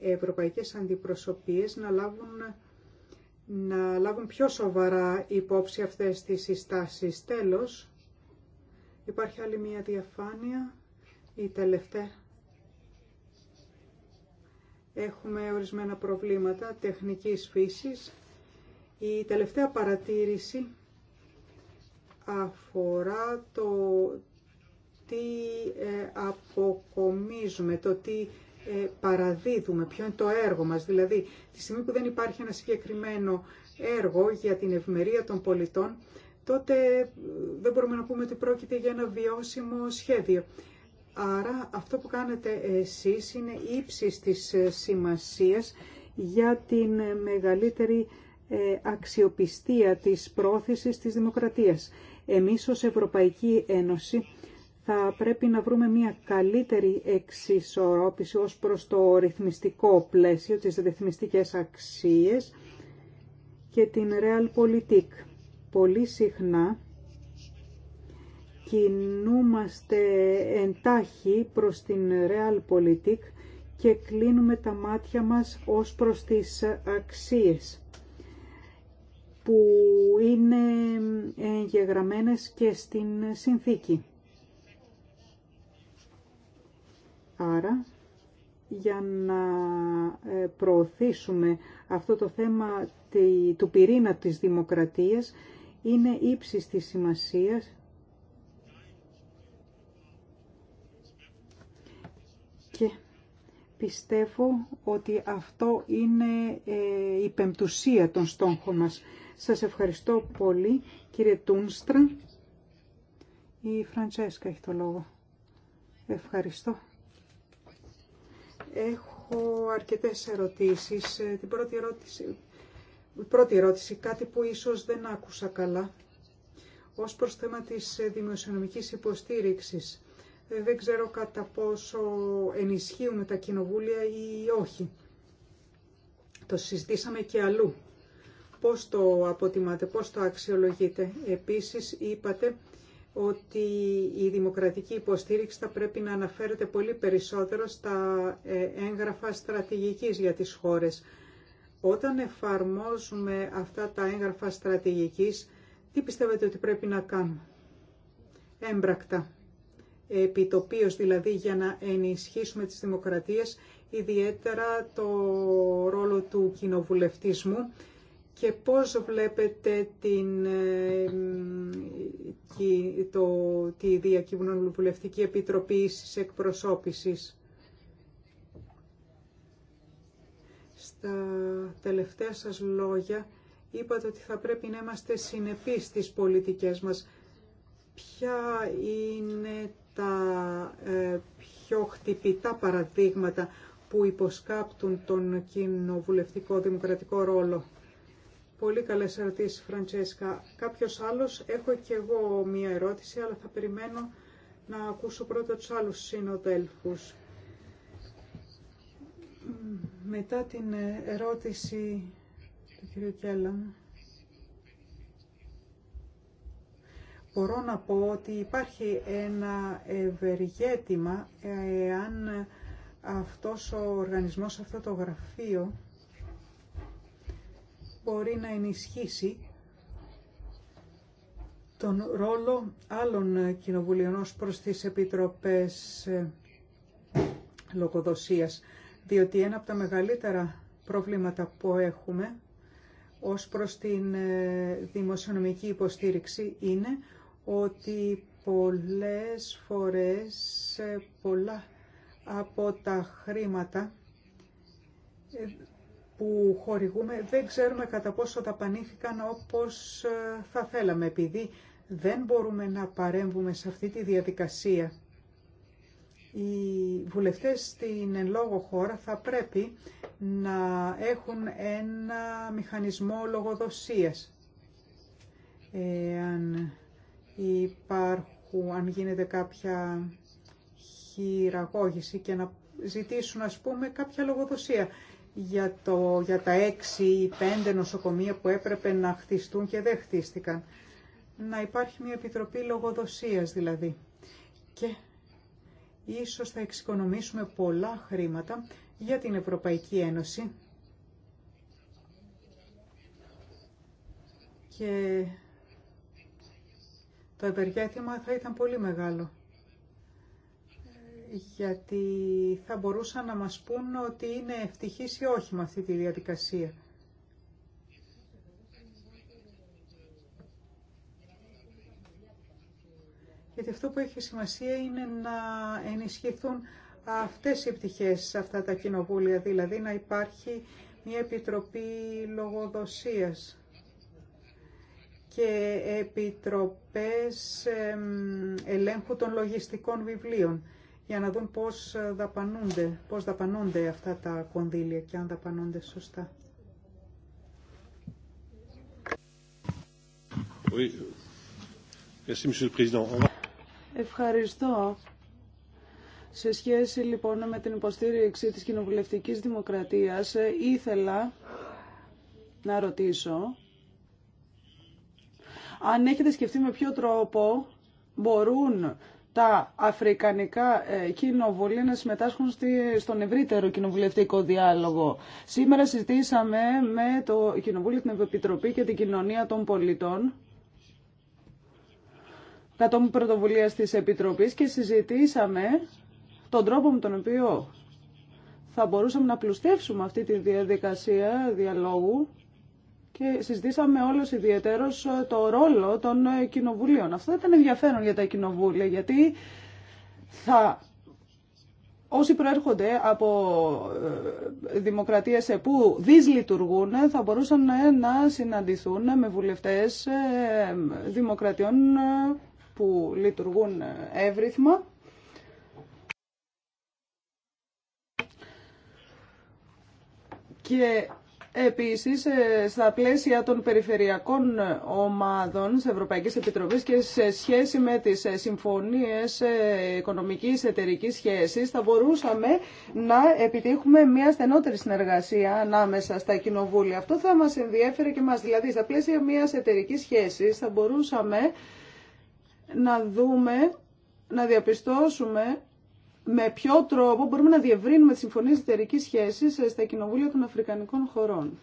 [SPEAKER 3] ευρωπαϊκές αντιπροσωπείες να λάβουν, να λάβουν πιο σοβαρά υπόψη αυτές τις συστάσεις. Τέλος, υπάρχει άλλη μια διαφάνεια. Η τελευταία. Έχουμε ορισμένα προβλήματα τεχνικής φύσης. Η τελευταία παρατήρηση αφορά το τι ε, αποκομίζουμε, το τι ε, παραδίδουμε, ποιο είναι το έργο μας. Δηλαδή, τη στιγμή που δεν υπάρχει ένα συγκεκριμένο έργο για την ευμερία των πολιτών, τότε δεν μπορούμε να πούμε ότι πρόκειται για ένα βιώσιμο σχέδιο. Άρα αυτό που κάνετε εσείς είναι ύψης της ε, σημασίας για την ε, μεγαλύτερη ε, αξιοπιστία της πρόθεσης της δημοκρατίας. Εμείς ως Ευρωπαϊκή Ένωση θα πρέπει να βρούμε μια καλύτερη εξισορρόπηση ως προς το ρυθμιστικό πλαίσιο, τις ρυθμιστικές αξίες και την Realpolitik. Πολύ συχνά κινούμαστε εντάχει προς την Realpolitik και κλείνουμε τα μάτια μας ως προς τις αξίες που είναι εγγεγραμμένες και στην συνθήκη. Άρα, για να ε, προωθήσουμε αυτό το θέμα του πυρήνα της δημοκρατίας, είναι ύψης της σημασίας Πιστεύω ότι αυτό είναι ε, η πεμπτουσία των στόχων μας. Σας ευχαριστώ πολύ, κύριε Τούνστρα. Η Φραντσέσκα έχει το λόγο. Ευχαριστώ. Έχω αρκετές ερωτήσεις. Ε, την πρώτη ερώτηση, πρώτη ερώτηση, κάτι που ίσως δεν άκουσα καλά, ως προς θέμα της ε, δημοσιονομικής υποστήριξης δεν ξέρω κατά πόσο ενισχύουν τα κοινοβούλια ή όχι. Το συζητήσαμε και αλλού. Πώς το αποτιμάτε, πώς το αξιολογείτε. Επίσης είπατε ότι η δημοκρατική υποστήριξη θα πρέπει να αναφέρεται πολύ περισσότερο στα ε, έγγραφα στρατηγικής για τις χώρες. Όταν εφαρμόζουμε αυτά τα έγγραφα στρατηγικής, τι πιστεύετε ότι πρέπει να κάνουμε. Έμπρακτα επιτοπίως δηλαδή για να ενισχύσουμε τις δημοκρατίες, ιδιαίτερα το ρόλο του κοινοβουλευτισμού και πώς βλέπετε την, ε, το, τη Διακυβουλευτική Επιτροπή Ίσης Εκπροσώπησης. Στα τελευταία σας λόγια είπατε ότι θα πρέπει να είμαστε συνεπείς στις πολιτικές μας. Ποια είναι τα ε, πιο χτυπητά παραδείγματα που υποσκάπτουν τον κοινοβουλευτικό δημοκρατικό ρόλο. Πολύ καλές ερωτήσεις, Φραντσέσκα. Κάποιος άλλος, έχω και εγώ μία ερώτηση, αλλά θα περιμένω να ακούσω πρώτα τους άλλους συνοδέλφους. Μετά την ερώτηση του κ. Κέλλαν, μπορώ να πω ότι υπάρχει ένα ευεργέτημα ε, εάν αυτός ο οργανισμός, αυτό το γραφείο μπορεί να ενισχύσει τον ρόλο άλλων κοινοβουλίων ως προς τις επιτροπές ε, λογοδοσίας, διότι ένα από τα μεγαλύτερα προβλήματα που έχουμε ως προς την ε, δημοσιονομική υποστήριξη είναι ότι πολλές φορές πολλά από τα χρήματα ε, που χορηγούμε δεν ξέρουμε κατά πόσο τα πανήθηκαν όπως ε, θα θέλαμε επειδή δεν μπορούμε να παρέμβουμε σε αυτή τη διαδικασία. Οι βουλευτές στην εν λόγω χώρα θα πρέπει να έχουν ένα μηχανισμό λογοδοσίας. Αν υπάρχουν, αν γίνεται κάποια χειραγώγηση και να ζητήσουν ας πούμε κάποια λογοδοσία για, το, για τα έξι ή πέντε νοσοκομεία που έπρεπε να χτιστούν και δεν χτίστηκαν. Να υπάρχει μια επιτροπή λογοδοσίας δηλαδή. Και ίσως θα εξοικονομήσουμε πολλά χρήματα για την Ευρωπαϊκή Ένωση και το ευεργέτημα θα ήταν πολύ μεγάλο γιατί θα μπορούσαν να μας πούν ότι είναι ευτυχής ή όχι με αυτή τη διαδικασία. Γιατί αυτό που έχει σημασία είναι να ενισχυθούν αυτές οι πτυχές σε αυτά τα κοινοβούλια, δηλαδή να υπάρχει μια επιτροπή λογοδοσίας και επιτροπές ελέγχου των λογιστικών βιβλίων για να δουν πώς δαπανούνται, πώς δαπανούνται αυτά τα κονδύλια και αν δαπανούνται σωστά.
[SPEAKER 2] Ευχαριστώ. Σε σχέση λοιπόν με την υποστήριξη της κοινοβουλευτικής δημοκρατίας, ε, ήθελα να ρωτήσω αν έχετε σκεφτεί με ποιο τρόπο μπορούν τα αφρικανικά ε, κοινοβούλια να συμμετάσχουν στον ευρύτερο κοινοβουλευτικό διάλογο. Σήμερα συζητήσαμε με το Κοινοβούλιο, την Επιτροπή και την Κοινωνία των Πολιτών κατόπιν πρωτοβουλία της Επιτροπής και συζητήσαμε τον τρόπο με τον οποίο θα μπορούσαμε να πλουστεύσουμε αυτή τη διαδικασία διαλόγου και συζητήσαμε όλο ιδιαίτερος ε, το ρόλο των ε, κοινοβουλίων. Αυτό ήταν ενδιαφέρον για τα κοινοβούλια, γιατί θα όσοι προέρχονται από ε, δημοκρατίες που δυσλειτουργούν θα μπορούσαν να συναντηθούν με βουλευτές δημοκρατιών που λειτουργούν εύρυθμα. Και Επίσης, ε, στα πλαίσια των περιφερειακών ομάδων της Ευρωπαϊκής Επιτροπής και σε σχέση με τις ε, συμφωνίες ε, οικονομικής εταιρικής σχέσης, θα μπορούσαμε να επιτύχουμε μια στενότερη συνεργασία ανάμεσα στα κοινοβούλια. Αυτό θα μας ενδιέφερε και μας. Δηλαδή, στα πλαίσια μιας εταιρικής σχέσης θα μπορούσαμε να δούμε, να διαπιστώσουμε με ποιο τρόπο μπορούμε να διευρύνουμε τις συμφωνίες εταιρικής σχέσης ε, στα κοινοβούλια των Αφρικανικών χωρών.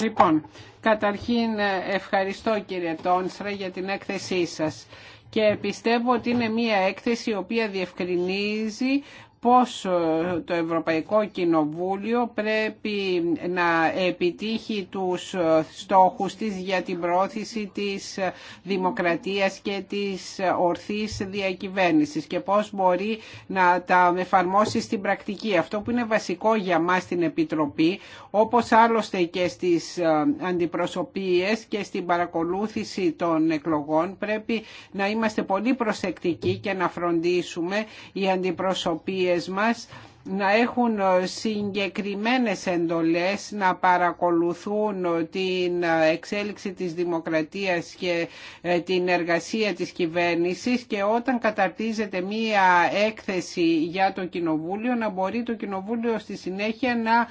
[SPEAKER 1] Λοιπόν, καταρχήν ε, ευχαριστώ κύριε Τόνστρα για την έκθεσή σας και πιστεύω ότι είναι μια έκθεση η οποία διευκρινίζει πώς ε, το Ευρωπαϊκό Κοινοβούλιο πρέπει να επιτύχει τους ε, στόχους της για την πρόθεση της ε, δημοκρατίας και της ορθής διακυβέρνησης και πώς μπορεί να τα εφαρμόσει στην πρακτική. Αυτό που είναι βασικό για μας στην Επιτροπή, όπως άλλωστε και στις αντιπροσωπείες και στην παρακολούθηση των εκλογών, πρέπει να είμαστε πολύ προσεκτικοί και να φροντίσουμε οι αντιπροσωπείες να έχουν ε, συγκεκριμένες εντολές να παρακολουθούν ε, την ε, εξέλιξη της δημοκρατίας και την εργασία της κυβέρνησης και όταν καταρτίζεται μία έκθεση για το Κοινοβούλιο να μπορεί το Κοινοβούλιο στη συνέχεια να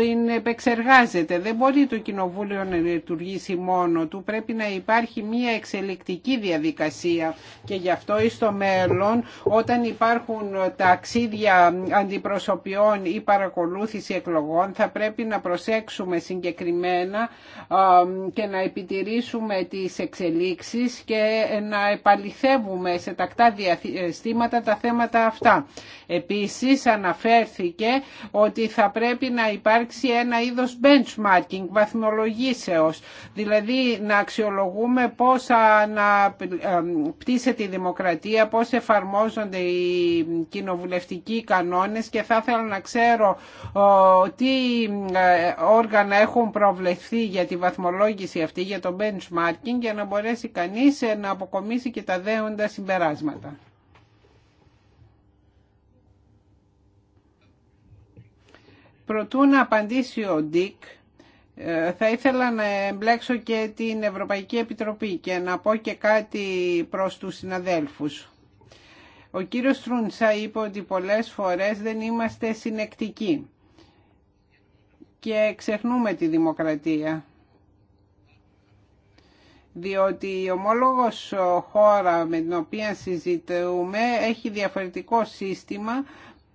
[SPEAKER 1] την επεξεργάζεται. Δεν μπορεί το Κοινοβούλιο να λειτουργήσει μόνο του. Πρέπει να υπάρχει μια εξελικτική διαδικασία και γι' αυτό ή στο μέλλον όταν υπάρχουν ταξίδια αντιπροσωπιών ή παρακολούθηση εκλογών θα πρέπει να προσέξουμε συγκεκριμένα και να επιτηρήσουμε τις εξελίξεις και να επαληθεύουμε σε τακτά διαστήματα τα θέματα αυτά. Επίσης αναφέρθηκε ότι θα πρέπει να υπάρχει υπάρξει ένα είδος benchmarking, βαθμολογήσεως, δηλαδή να αξιολογούμε πώς αναπτύσσεται η δημοκρατία, πώς εφαρμόζονται οι κοινοβουλευτικοί κανόνες και θα ήθελα να ξέρω τι ε, όργανα έχουν προβλεφθεί για τη βαθμολόγηση αυτή, για το benchmarking, για να μπορέσει κανείς να αποκομίσει και τα δέοντα συμπεράσματα. Προτού να απαντήσει ο Ντίκ, ε, θα ήθελα να εμπλέξω και την Ευρωπαϊκή Επιτροπή και να πω και κάτι προς τους συναδέλφους. Ο κύριος Τρούντσα είπε ότι πολλές φορές δεν είμαστε συνεκτικοί και ξεχνούμε τη δημοκρατία. Διότι η ομόλογος χώρα με την οποία συζητούμε έχει διαφορετικό σύστημα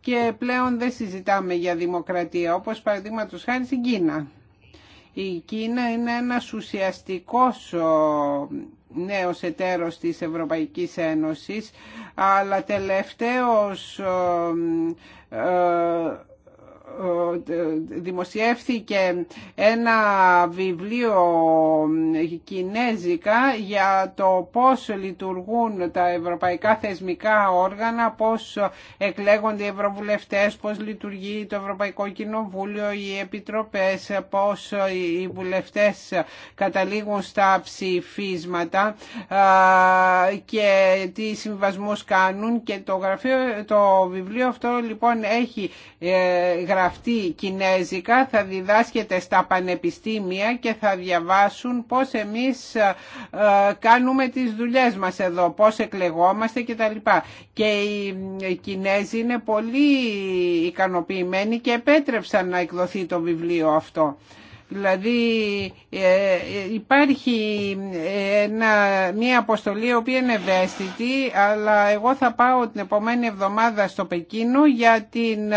[SPEAKER 1] και πλέον δεν συζητάμε για δημοκρατία, όπως παραδείγματο χάρη στην Κίνα. Η Κίνα είναι ένας ουσιαστικός νέος εταίρος της Ευρωπαϊκής Ένωσης, αλλά τελευταίος ε, δημοσιεύθηκε ένα βιβλίο κινέζικα για το πώς λειτουργούν τα ευρωπαϊκά θεσμικά όργανα, πώς εκλέγονται οι ευρωβουλευτές, πώς λειτουργεί το Ευρωπαϊκό Κοινοβούλιο, οι επιτροπές, πώς οι βουλευτές καταλήγουν στα ψηφίσματα και τι συμβασμούς κάνουν και το, γραφείο, το βιβλίο αυτό λοιπόν έχει ε, γραφεί αυτή κινέζικα θα διδάσκεται στα πανεπιστήμια και θα διαβάσουν πώς εμείς ε, ε, κάνουμε τις δουλειές μας εδώ, πώς εκλεγόμαστε κτλ. Και οι Κινέζοι είναι πολύ ικανοποιημένοι και επέτρεψαν να εκδοθεί το βιβλίο αυτό. Δηλαδή ε, ε, υπάρχει μια ε, αποστολή η οποία είναι ευαίσθητη αλλά εγώ θα πάω την επόμενη εβδομάδα στο Πεκίνο για την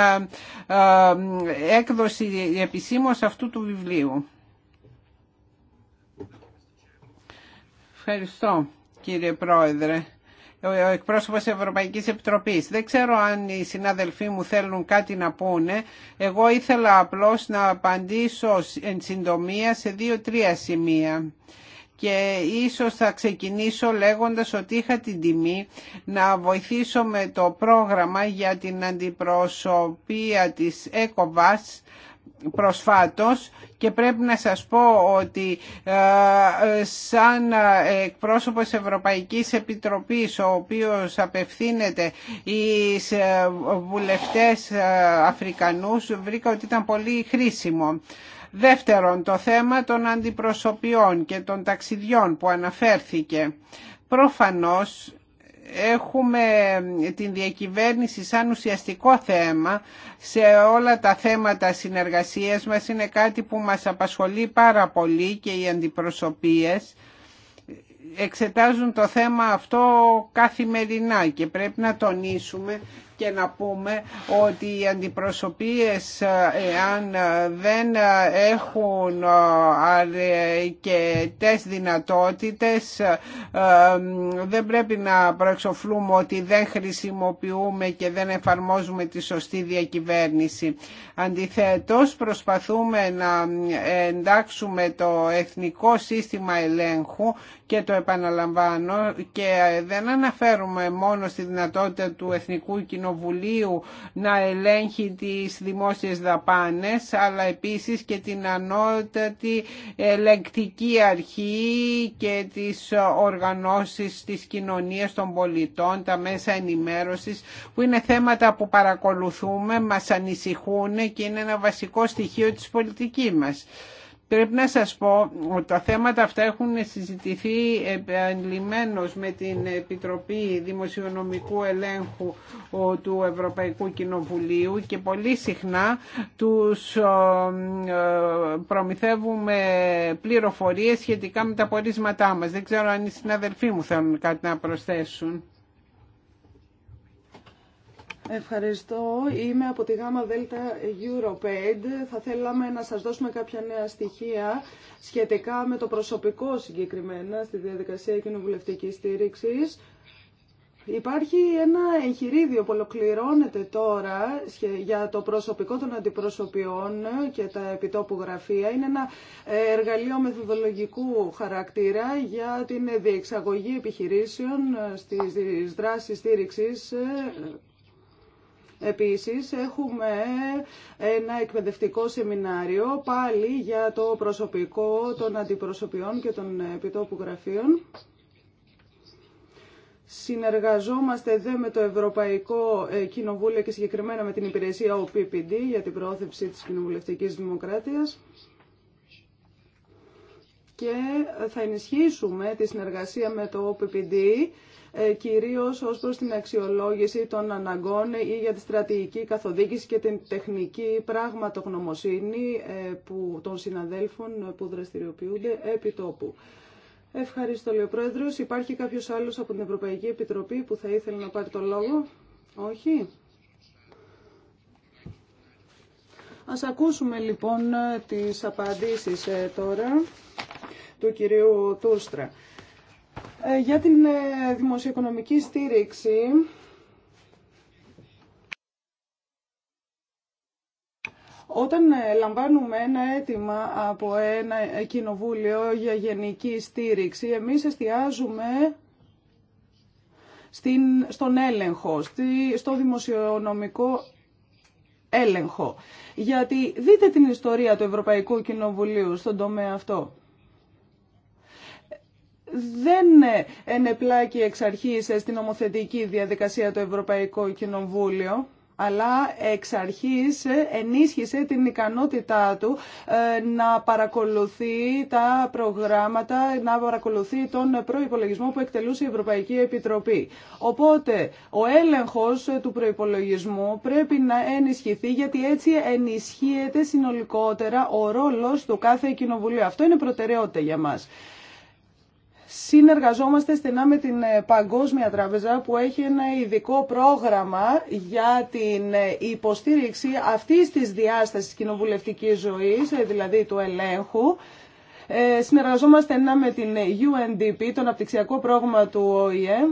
[SPEAKER 1] έκδοση επισήμως αυτού του βιβλίου. Ευχαριστώ κύριε Πρόεδρε ο εκπρόσωπος Ευρωπαϊκής Επιτροπής. Δεν ξέρω αν οι συνάδελφοί μου θέλουν κάτι να πούνε. Εγώ ήθελα απλώς να απαντήσω εν συντομία σε δύο-τρία σημεία και ίσως θα ξεκινήσω λέγοντας ότι είχα την τιμή να βοηθήσω με το πρόγραμμα για την αντιπροσωπεία της ΕΚΟΒΑΣ προσφάτως και πρέπει να σας πω ότι ε, σαν εκπρόσωπος Ευρωπαϊκής Επιτροπής ο οποίος απευθύνεται εις ε, βουλευτές ε, Αφρικανούς βρήκα ότι ήταν πολύ χρήσιμο. Δεύτερον, το θέμα των αντιπροσωπιών και των ταξιδιών που αναφέρθηκε. Προφανώς έχουμε την διακυβέρνηση σαν ουσιαστικό θέμα σε όλα τα θέματα συνεργασίας μας είναι κάτι που μας απασχολεί πάρα πολύ και οι αντιπροσωπείες εξετάζουν το θέμα αυτό καθημερινά και πρέπει να τονίσουμε και να πούμε ότι οι αντιπροσωπείες αν ε, δεν έχουν ε, αρκετές δυνατότητες ε, δεν πρέπει να προεξοφλούμε ότι δεν χρησιμοποιούμε και δεν εφαρμόζουμε τη σωστή διακυβέρνηση. Αντιθέτως προσπαθούμε να εντάξουμε το εθνικό σύστημα ελέγχου και το επαναλαμβάνω και δεν αναφέρουμε μόνο στη δυνατότητα του Εθνικού Κοινοβουλίου Κοινοβουλίου να ελέγχει τις δημόσιες δαπάνες αλλά επίσης και την ανώτατη ελεγκτική αρχή και τις οργανώσεις της κοινωνίας των πολιτών, τα μέσα ενημέρωσης που είναι θέματα που παρακολουθούμε, μας ανησυχούν και είναι ένα βασικό στοιχείο της πολιτικής μας. Πρέπει να σας πω ότι τα θέματα αυτά έχουν συζητηθεί επανειλημμένως με την Επιτροπή Δημοσιονομικού Ελέγχου του Ευρωπαϊκού Κοινοβουλίου και πολύ συχνά τους προμηθεύουμε πληροφορίες σχετικά με τα πορίσματά μας. Δεν ξέρω αν οι συναδελφοί μου θέλουν κάτι να προσθέσουν.
[SPEAKER 2] Ευχαριστώ. Είμαι από τη ΓΑΜΑ ΔΕΛΤΑ EuroPaid. Θα θέλαμε να σας δώσουμε κάποια νέα στοιχεία σχετικά με το προσωπικό συγκεκριμένα στη διαδικασία κοινοβουλευτική στήριξη. Υπάρχει ένα εγχειρίδιο που ολοκληρώνεται τώρα για το προσωπικό των αντιπροσωπιών και τα επιτόπου γραφεία. Είναι ένα ε, εργαλείο μεθοδολογικού χαρακτήρα για την διεξαγωγή επιχειρήσεων ε, στις δράσεις στήριξης ε, Επίσης έχουμε ένα εκπαιδευτικό σεμινάριο πάλι για το προσωπικό των αντιπροσωπιών και των επιτόπου γραφείων. Συνεργαζόμαστε δε με το Ευρωπαϊκό ε, Κοινοβούλιο και συγκεκριμένα με την υπηρεσία OPPD για την πρόθεση της κοινοβουλευτικής δημοκρατίας και θα ενισχύσουμε τη συνεργασία με το OPPD ε, κυρίως ως προς την αξιολόγηση των αναγκών ή για τη στρατηγική καθοδήγηση και την τεχνική πραγματογνωμοσύνη ε, που, των συναδέλφων που δραστηριοποιούνται επί τόπου. Ευχαριστώ, λέει Υπάρχει κάποιο άλλος από την Ευρωπαϊκή Επιτροπή που θα ήθελε να πάρει το λόγο. Όχι. Ας ακούσουμε λοιπόν τις απαντήσεις ε, τώρα του κυρίου Τούστρα. Ε, για την ε, δημοσιοοικονομική στήριξη Όταν ε, λαμβάνουμε ένα αίτημα από ένα κοινοβούλιο για γενική στήριξη, εμείς εστιάζουμε στην, στον έλεγχο, στο δημοσιονομικό έλεγχο. Γιατί δείτε την ιστορία του Ευρωπαϊκού Κοινοβουλίου στον τομέα αυτό δεν ενεπλάκει εξ αρχής στην ομοθετική διαδικασία το Ευρωπαϊκό Κοινοβούλιο αλλά εξ αρχής ενίσχυσε την ικανότητά του ε, να παρακολουθεί τα προγράμματα, να παρακολουθεί τον προϋπολογισμό που εκτελούσε η Ευρωπαϊκή Επιτροπή. Οπότε, ο έλεγχος του προϋπολογισμού πρέπει να ενισχυθεί, γιατί έτσι ενισχύεται συνολικότερα ο ρόλος του κάθε κοινοβουλίου. Αυτό είναι προτεραιότητα για μας. Συνεργαζόμαστε στενά με την ε, Παγκόσμια Τράπεζα που έχει ένα ειδικό πρόγραμμα για την ε, υποστήριξη αυτής της διάστασης κοινοβουλευτικής ζωής, ε, δηλαδή του ελέγχου. συνεργαζόμαστε στενά με την UNDP, τον απτυξιακό πρόγραμμα του ΟΗΕ,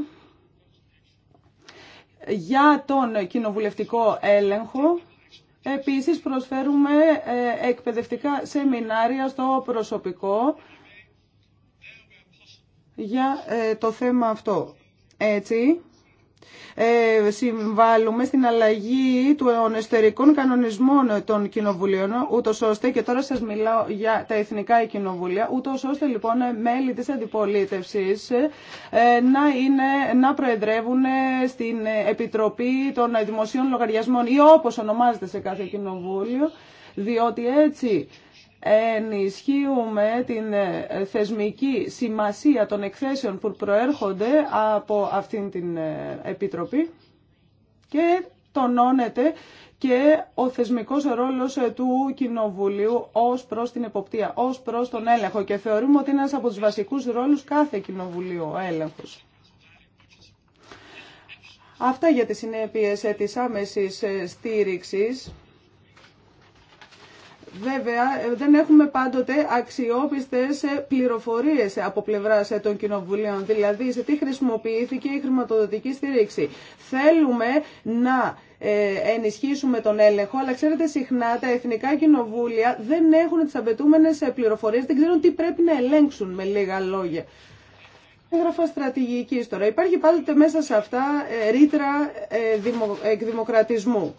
[SPEAKER 2] για τον κοινοβουλευτικό έλεγχο. Επίσης προσφέρουμε εκπαιδευτικά σεμινάρια στο προσωπικό για ε, το θέμα αυτό. Έτσι, ε, συμβάλλουμε στην αλλαγή των εσωτερικών κανονισμών των κοινοβουλίων, ούτως ώστε, και τώρα σας μιλάω για τα εθνικά κοινοβούλια, ούτως ώστε λοιπόν μέλη της αντιπολίτευσης ε, να, είναι, να προεδρεύουν στην Επιτροπή των Δημοσίων Λογαριασμών ή όπως ονομάζεται σε κάθε κοινοβούλιο, διότι έτσι ενισχύουμε την ε, θεσμική σημασία των εκθέσεων που προέρχονται από αυτήν την ε, Επιτροπή και τονώνεται και ο θεσμικός ρόλος ε, του Κοινοβουλίου ως προς την εποπτεία, ως προς τον έλεγχο και θεωρούμε ότι είναι ένας από τους βασικούς ρόλους κάθε Κοινοβουλίου ο έλεγχος. Αυτά για τις συνέπειες της άμεσης στήριξης. Βέβαια, ε, δεν έχουμε πάντοτε αξιόπιστες ε, πληροφορίες από πλευράς ε, των κοινοβουλίων, δηλαδή σε τι χρησιμοποιήθηκε η χρηματοδοτική στήριξη. Θέλουμε να ενισχύσουμε τον έλεγχο, αλλά ξέρετε συχνά τα εθνικά κοινοβούλια δεν έχουν τις απαιτούμενες πληροφορίες, δεν ξέρουν τι πρέπει να ελέγξουν με λίγα λόγια. Έγραφα στρατηγική τώρα. Υπάρχει πάντοτε μέσα σε αυτά ρήτρα εκδημοκρατισμού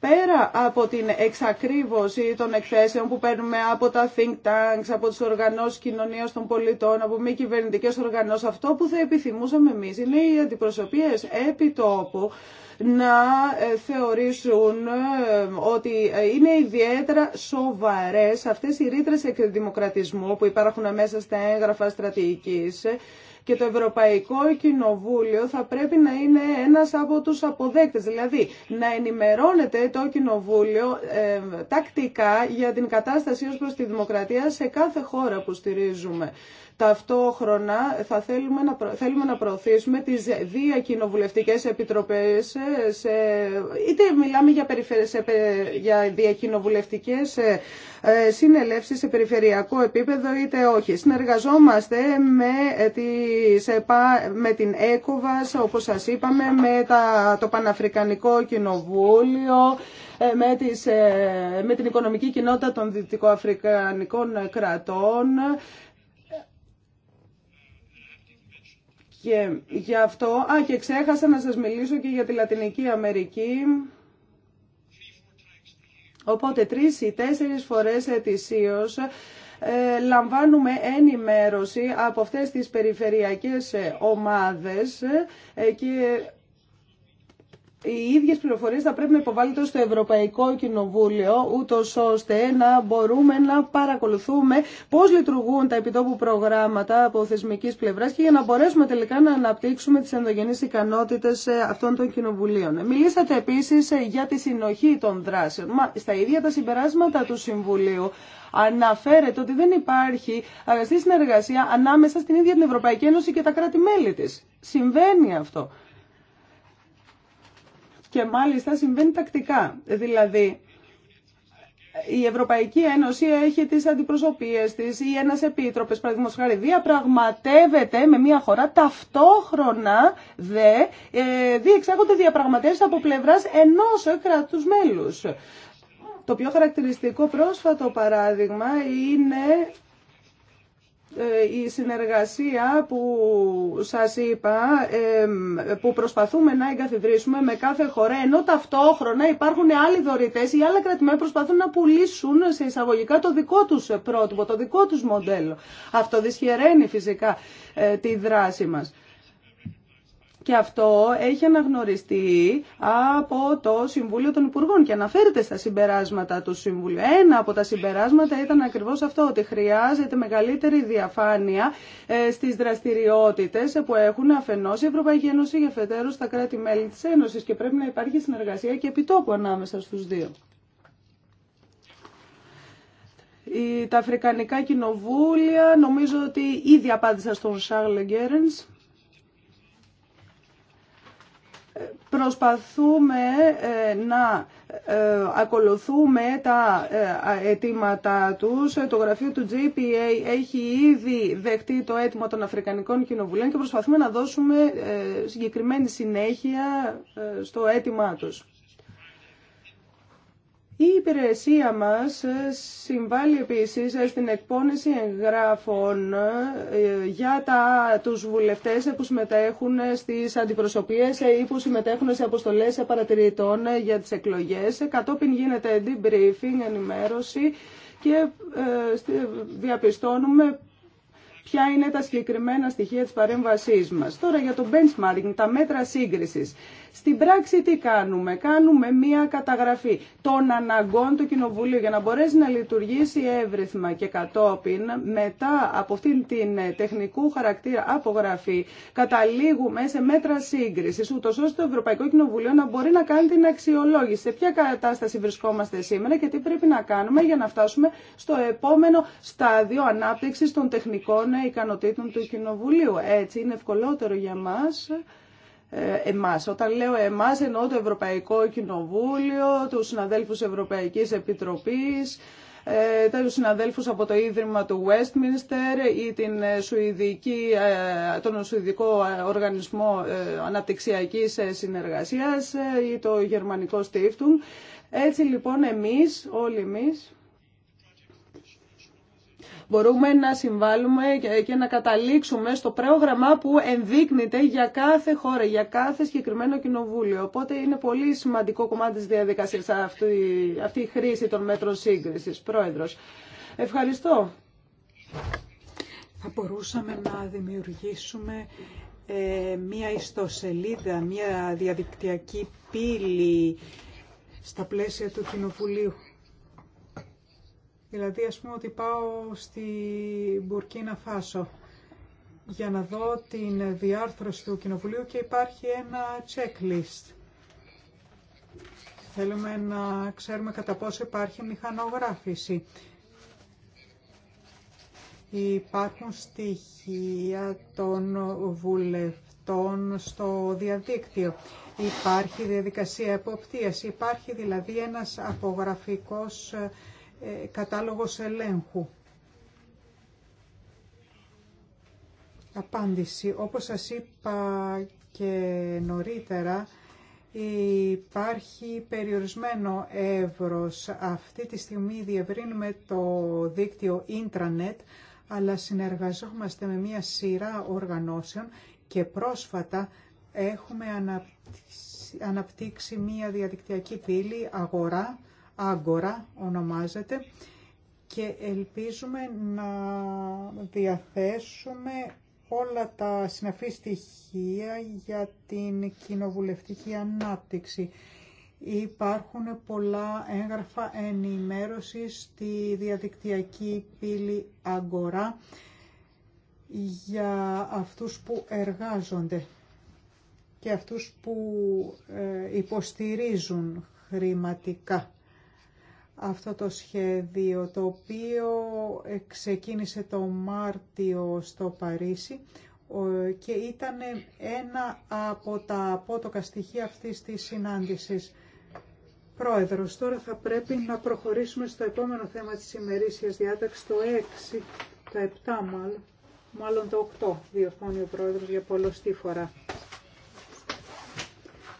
[SPEAKER 2] πέρα από την εξακρίβωση των εκθέσεων που παίρνουμε από τα think tanks, από τις οργανώσεις κοινωνίας των πολιτών, από μη κυβερνητικές οργανώσεις, αυτό που θα επιθυμούσαμε εμείς είναι οι αντιπροσωπείες επί τόπου να ε, θεωρήσουν ε, ότι ε, είναι ιδιαίτερα σοβαρές αυτές οι ρήτρες εκδημοκρατισμού που υπάρχουν μέσα στα έγγραφα στρατηγικής και το Ευρωπαϊκό Κοινοβούλιο θα πρέπει να είναι ένας από τους αποδέκτες, δηλαδή να ενημερώνεται το Κοινοβούλιο ε, τακτικά για την κατάσταση ως προς τη δημοκρατία σε κάθε χώρα που στηρίζουμε. Ταυτόχρονα θα θέλουμε, να θέλουμε να προωθήσουμε τις διακοινοβουλευτικές επιτροπές, ε, σε... είτε μιλάμε για, περιφε... σε... για διακοινοβουλευτικές ε, ε, συνελεύσεις σε περιφερειακό επίπεδο, είτε όχι. Συνεργαζόμαστε με, τις... με την ΕΚΟΒΑΣ, όπως σας είπαμε, με το Παναφρικανικό Κοινοβούλιο, με, τις... με την Οικονομική Κοινότητα των Δυτικοαφρικανικών Κρατών, Και γι' αυτό, α και ξέχασα να σας μιλήσω και για τη Λατινική Αμερική. Οπότε τρεις ή τέσσερις φορές ετησίως ε, λαμβάνουμε ενημέρωση από αυτές τις περιφερειακές ομάδες ε, και οι ίδιες πληροφορίες θα πρέπει να υποβάλλονται στο Ευρωπαϊκό Κοινοβούλιο, ούτω ώστε να μπορούμε να παρακολουθούμε πώς λειτουργούν τα επιτόπου προγράμματα από θεσμικής πλευράς και για να μπορέσουμε τελικά να αναπτύξουμε τις ενδογενείς ικανότητες ε, αυτών των κοινοβουλίων. Μιλήσατε επίσης ε, για τη συνοχή των δράσεων. στα ίδια τα συμπεράσματα του Συμβουλίου αναφέρεται ότι δεν υπάρχει αγαστή συνεργασία ανάμεσα στην ίδια την Ευρωπαϊκή Ένωση και τα κράτη-μέλη τη. Συμβαίνει αυτό και μάλιστα συμβαίνει τακτικά. Δηλαδή, η Ευρωπαϊκή Ένωση έχει τις αντιπροσωπείες της ή ένας επίτροπες. παραδείγματος χάρη, διαπραγματεύεται με μια χώρα ταυτόχρονα δε ε, διεξάγονται διαπραγματεύσεις από πλευράς ενός κράτους μέλους. Το πιο χαρακτηριστικό πρόσφατο παράδειγμα είναι ε, η συνεργασία που σας είπα, που προσπαθούμε να εγκαθιδρύσουμε με κάθε χώρα, ενώ ταυτόχρονα υπάρχουν άλλοι δωρητές ή άλλα κρατημένα που προσπαθούν να πουλήσουν σε εισαγωγικά το δικό τους πρότυπο, το δικό τους μοντέλο. Αυτό δυσχεραίνει φυσικά ε, τη δράση μας. Και αυτό έχει αναγνωριστεί από το Συμβούλιο των Υπουργών και αναφέρεται στα συμπεράσματα του Συμβουλίου. Ένα από τα συμπεράσματα ήταν ακριβώς αυτό, ότι χρειάζεται μεγαλύτερη διαφάνεια ε, στις δραστηριότητες που έχουν αφενός η Ευρωπαϊκή Ένωση για φετέρου στα κράτη-μέλη της Ένωσης και πρέπει να υπάρχει συνεργασία και επιτόπου ανάμεσα στους δύο. Τα Αφρικανικά Κοινοβούλια, νομίζω ότι ήδη απάντησα στον Σάρλ Γκέρενς προσπαθούμε ε, να ε, ακολουθούμε τα ε, αιτήματά τους. Το γραφείο του GPA έχει ήδη δεχτεί το αίτημα των Αφρικανικών Κοινοβουλίων και προσπαθούμε να δώσουμε συγκεκριμένη συνέχεια στο αίτημά τους. Η υπηρεσία μας συμβάλλει επίσης στην εκπόνηση εγγράφων ε, για τα, τους βουλευτές που συμμετέχουν στις αντιπροσωπείες ή που συμμετέχουν σε αποστολές παρατηρητών για τις εκλογές. Κατόπιν γίνεται debriefing, ενημέρωση και ε, διαπιστώνουμε ποια είναι τα συγκεκριμένα στοιχεία της παρέμβασής μας. Τώρα για το benchmarking, τα μέτρα σύγκρισης. Στην πράξη τι κάνουμε. Κάνουμε μία καταγραφή των αναγκών του Κοινοβουλίου για να μπορέσει να λειτουργήσει εύρυθμα και κατόπιν μετά από αυτήν την τεχνικού χαρακτήρα απογραφή καταλήγουμε σε μέτρα σύγκριση, ούτως ώστε το Ευρωπαϊκό Κοινοβουλίο να μπορεί να κάνει την αξιολόγηση σε ποια κατάσταση βρισκόμαστε σήμερα και τι πρέπει να κάνουμε για να φτάσουμε στο επόμενο στάδιο ανάπτυξης των τεχνικών ικανοτήτων του Κοινοβουλίου. Έτσι είναι ευκολότερο για μας εμάς. Όταν λέω εμάς εννοώ το Ευρωπαϊκό Κοινοβούλιο, τους συναδέλφους Ευρωπαϊκής Επιτροπής, ε, τους συναδέλφους από το Ίδρυμα του Westminster ή την ε, Σουηδική, ε, τον Σουηδικό Οργανισμό Αναπτυξιακής Συνεργασίας ή το Γερμανικό Stiftung. Έτσι λοιπόν εμείς, όλοι εμείς, μπορούμε να συμβάλλουμε και να καταλήξουμε στο πρόγραμμα που ενδείκνεται για κάθε χώρα, για κάθε συγκεκριμένο κοινοβούλιο. Οπότε είναι πολύ σημαντικό κομμάτι της διαδικασίας αυτή, αυτή η χρήση των μέτρων σύγκρισης.
[SPEAKER 3] Πρόεδρος, ευχαριστώ. Θα μπορούσαμε να δημιουργήσουμε ε, μία ιστοσελίδα, μία διαδικτυακή πύλη στα πλαίσια του Κοινοβουλίου. Δηλαδή ας πούμε ότι πάω στη Μπουρκίνα Φάσο για να δω την διάρθρωση του Κοινοβουλίου και υπάρχει ένα checklist. Θέλουμε να ξέρουμε κατά πόσο υπάρχει μηχανογράφηση. Υπάρχουν στοιχεία των βουλευτών στο διαδίκτυο. Υπάρχει διαδικασία εποπτείας. Υπάρχει δηλαδή ένας απογραφικός ε, ε, κατάλογος ελέγχου. Απάντηση. Όπως σας είπα και νωρίτερα, υπάρχει περιορισμένο εύρος. Αυτή τη στιγμή διευρύνουμε το δίκτυο intranet, αλλά συνεργαζόμαστε με μια σειρά οργανώσεων και πρόσφατα έχουμε αναπτύξει μια διαδικτυακή πύλη αγορά Άγκορα ονομάζεται και ελπίζουμε να διαθέσουμε όλα τα συναφή στοιχεία για την κοινοβουλευτική ανάπτυξη. Υπάρχουν πολλά έγγραφα ενημέρωσης στη διαδικτυακή πύλη Αγκορά για αυτούς που εργάζονται και αυτούς που ε, υποστηρίζουν χρηματικά αυτό το σχέδιο το οποίο ξεκίνησε το Μάρτιο στο Παρίσι και ήταν ένα από τα απότοκα στοιχεία αυτής της συνάντησης. Πρόεδρος, τώρα θα πρέπει να προχωρήσουμε στο επόμενο θέμα της ημερήσιας διάταξης, το 6, το 7 μάλλον, μάλλον το 8, διορθώνει ο Πρόεδρος για πολλοστή φορά.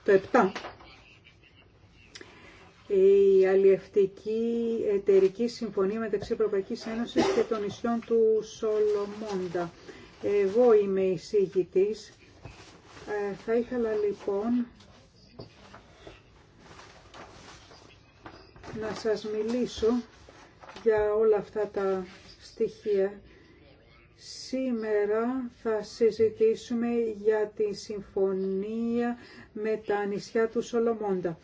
[SPEAKER 3] Το 7 η αλλιευτική εταιρική συμφωνία μεταξύ Ευρωπαϊκής Ένωσης και των νησιών του Σολομόντα. Εγώ είμαι η Ε, θα ήθελα λοιπόν να σας μιλήσω για όλα αυτά τα στοιχεία. Σήμερα θα συζητήσουμε για τη συμφωνία με τα νησιά του Σολομόντα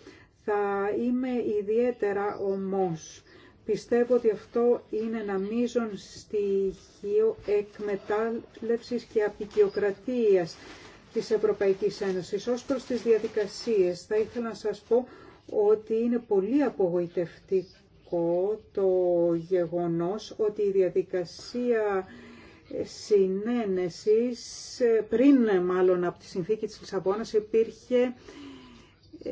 [SPEAKER 3] θα είμαι ιδιαίτερα ομός. Πιστεύω ότι αυτό είναι ένα μείζον στοιχείο εκμετάλλευσης και απεικιοκρατίας της Ευρωπαϊκής Ένωσης. Ως προς τις διαδικασίες, θα ήθελα να σας πω ότι είναι πολύ απογοητευτικό το γεγονός ότι η διαδικασία συνένεσης ε, πριν μάλλον από τη συνθήκη της Λισαβόνας υπήρχε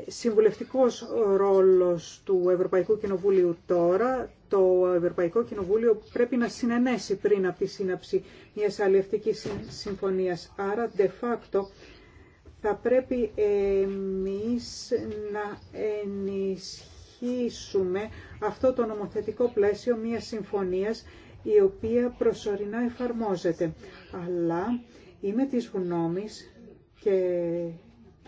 [SPEAKER 3] συμβουλευτικός ρόλος του Ευρωπαϊκού Κοινοβουλίου τώρα. Το Ευρωπαϊκό Κοινοβούλιο πρέπει να συνενέσει πριν από τη σύναψη μιας αλληλευτικής συμφωνίας. Άρα, de facto, θα πρέπει εμείς να ενισχύσουμε αυτό το νομοθετικό πλαίσιο μιας συμφωνίας η οποία προσωρινά εφαρμόζεται. Αλλά είμαι της γνώμης και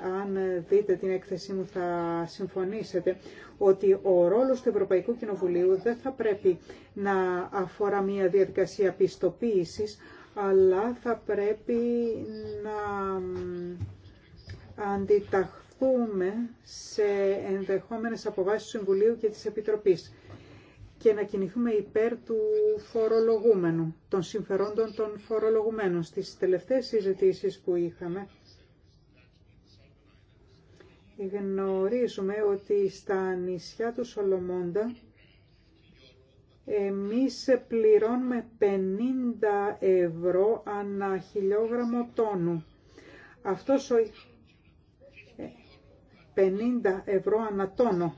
[SPEAKER 3] αν δείτε την έκθεσή μου θα συμφωνήσετε ότι ο ρόλος του Ευρωπαϊκού Κοινοβουλίου δεν θα πρέπει να αφορά μια διαδικασία πιστοποίησης, αλλά θα πρέπει να αντιταχθούμε σε ενδεχόμενες αποβάσεις του Συμβουλίου και της Επιτροπής και να κινηθούμε υπέρ του φορολογούμενου, των συμφερόντων των φορολογουμένων. Στις τελευταίες συζητήσεις που είχαμε, Γνωρίζουμε ότι στα νησιά του Σολομώντα εμείς πληρώνουμε 50 ευρώ ανά χιλιόγραμμο τόνου. Αυτός ο... 50 ευρώ ανά τόνο.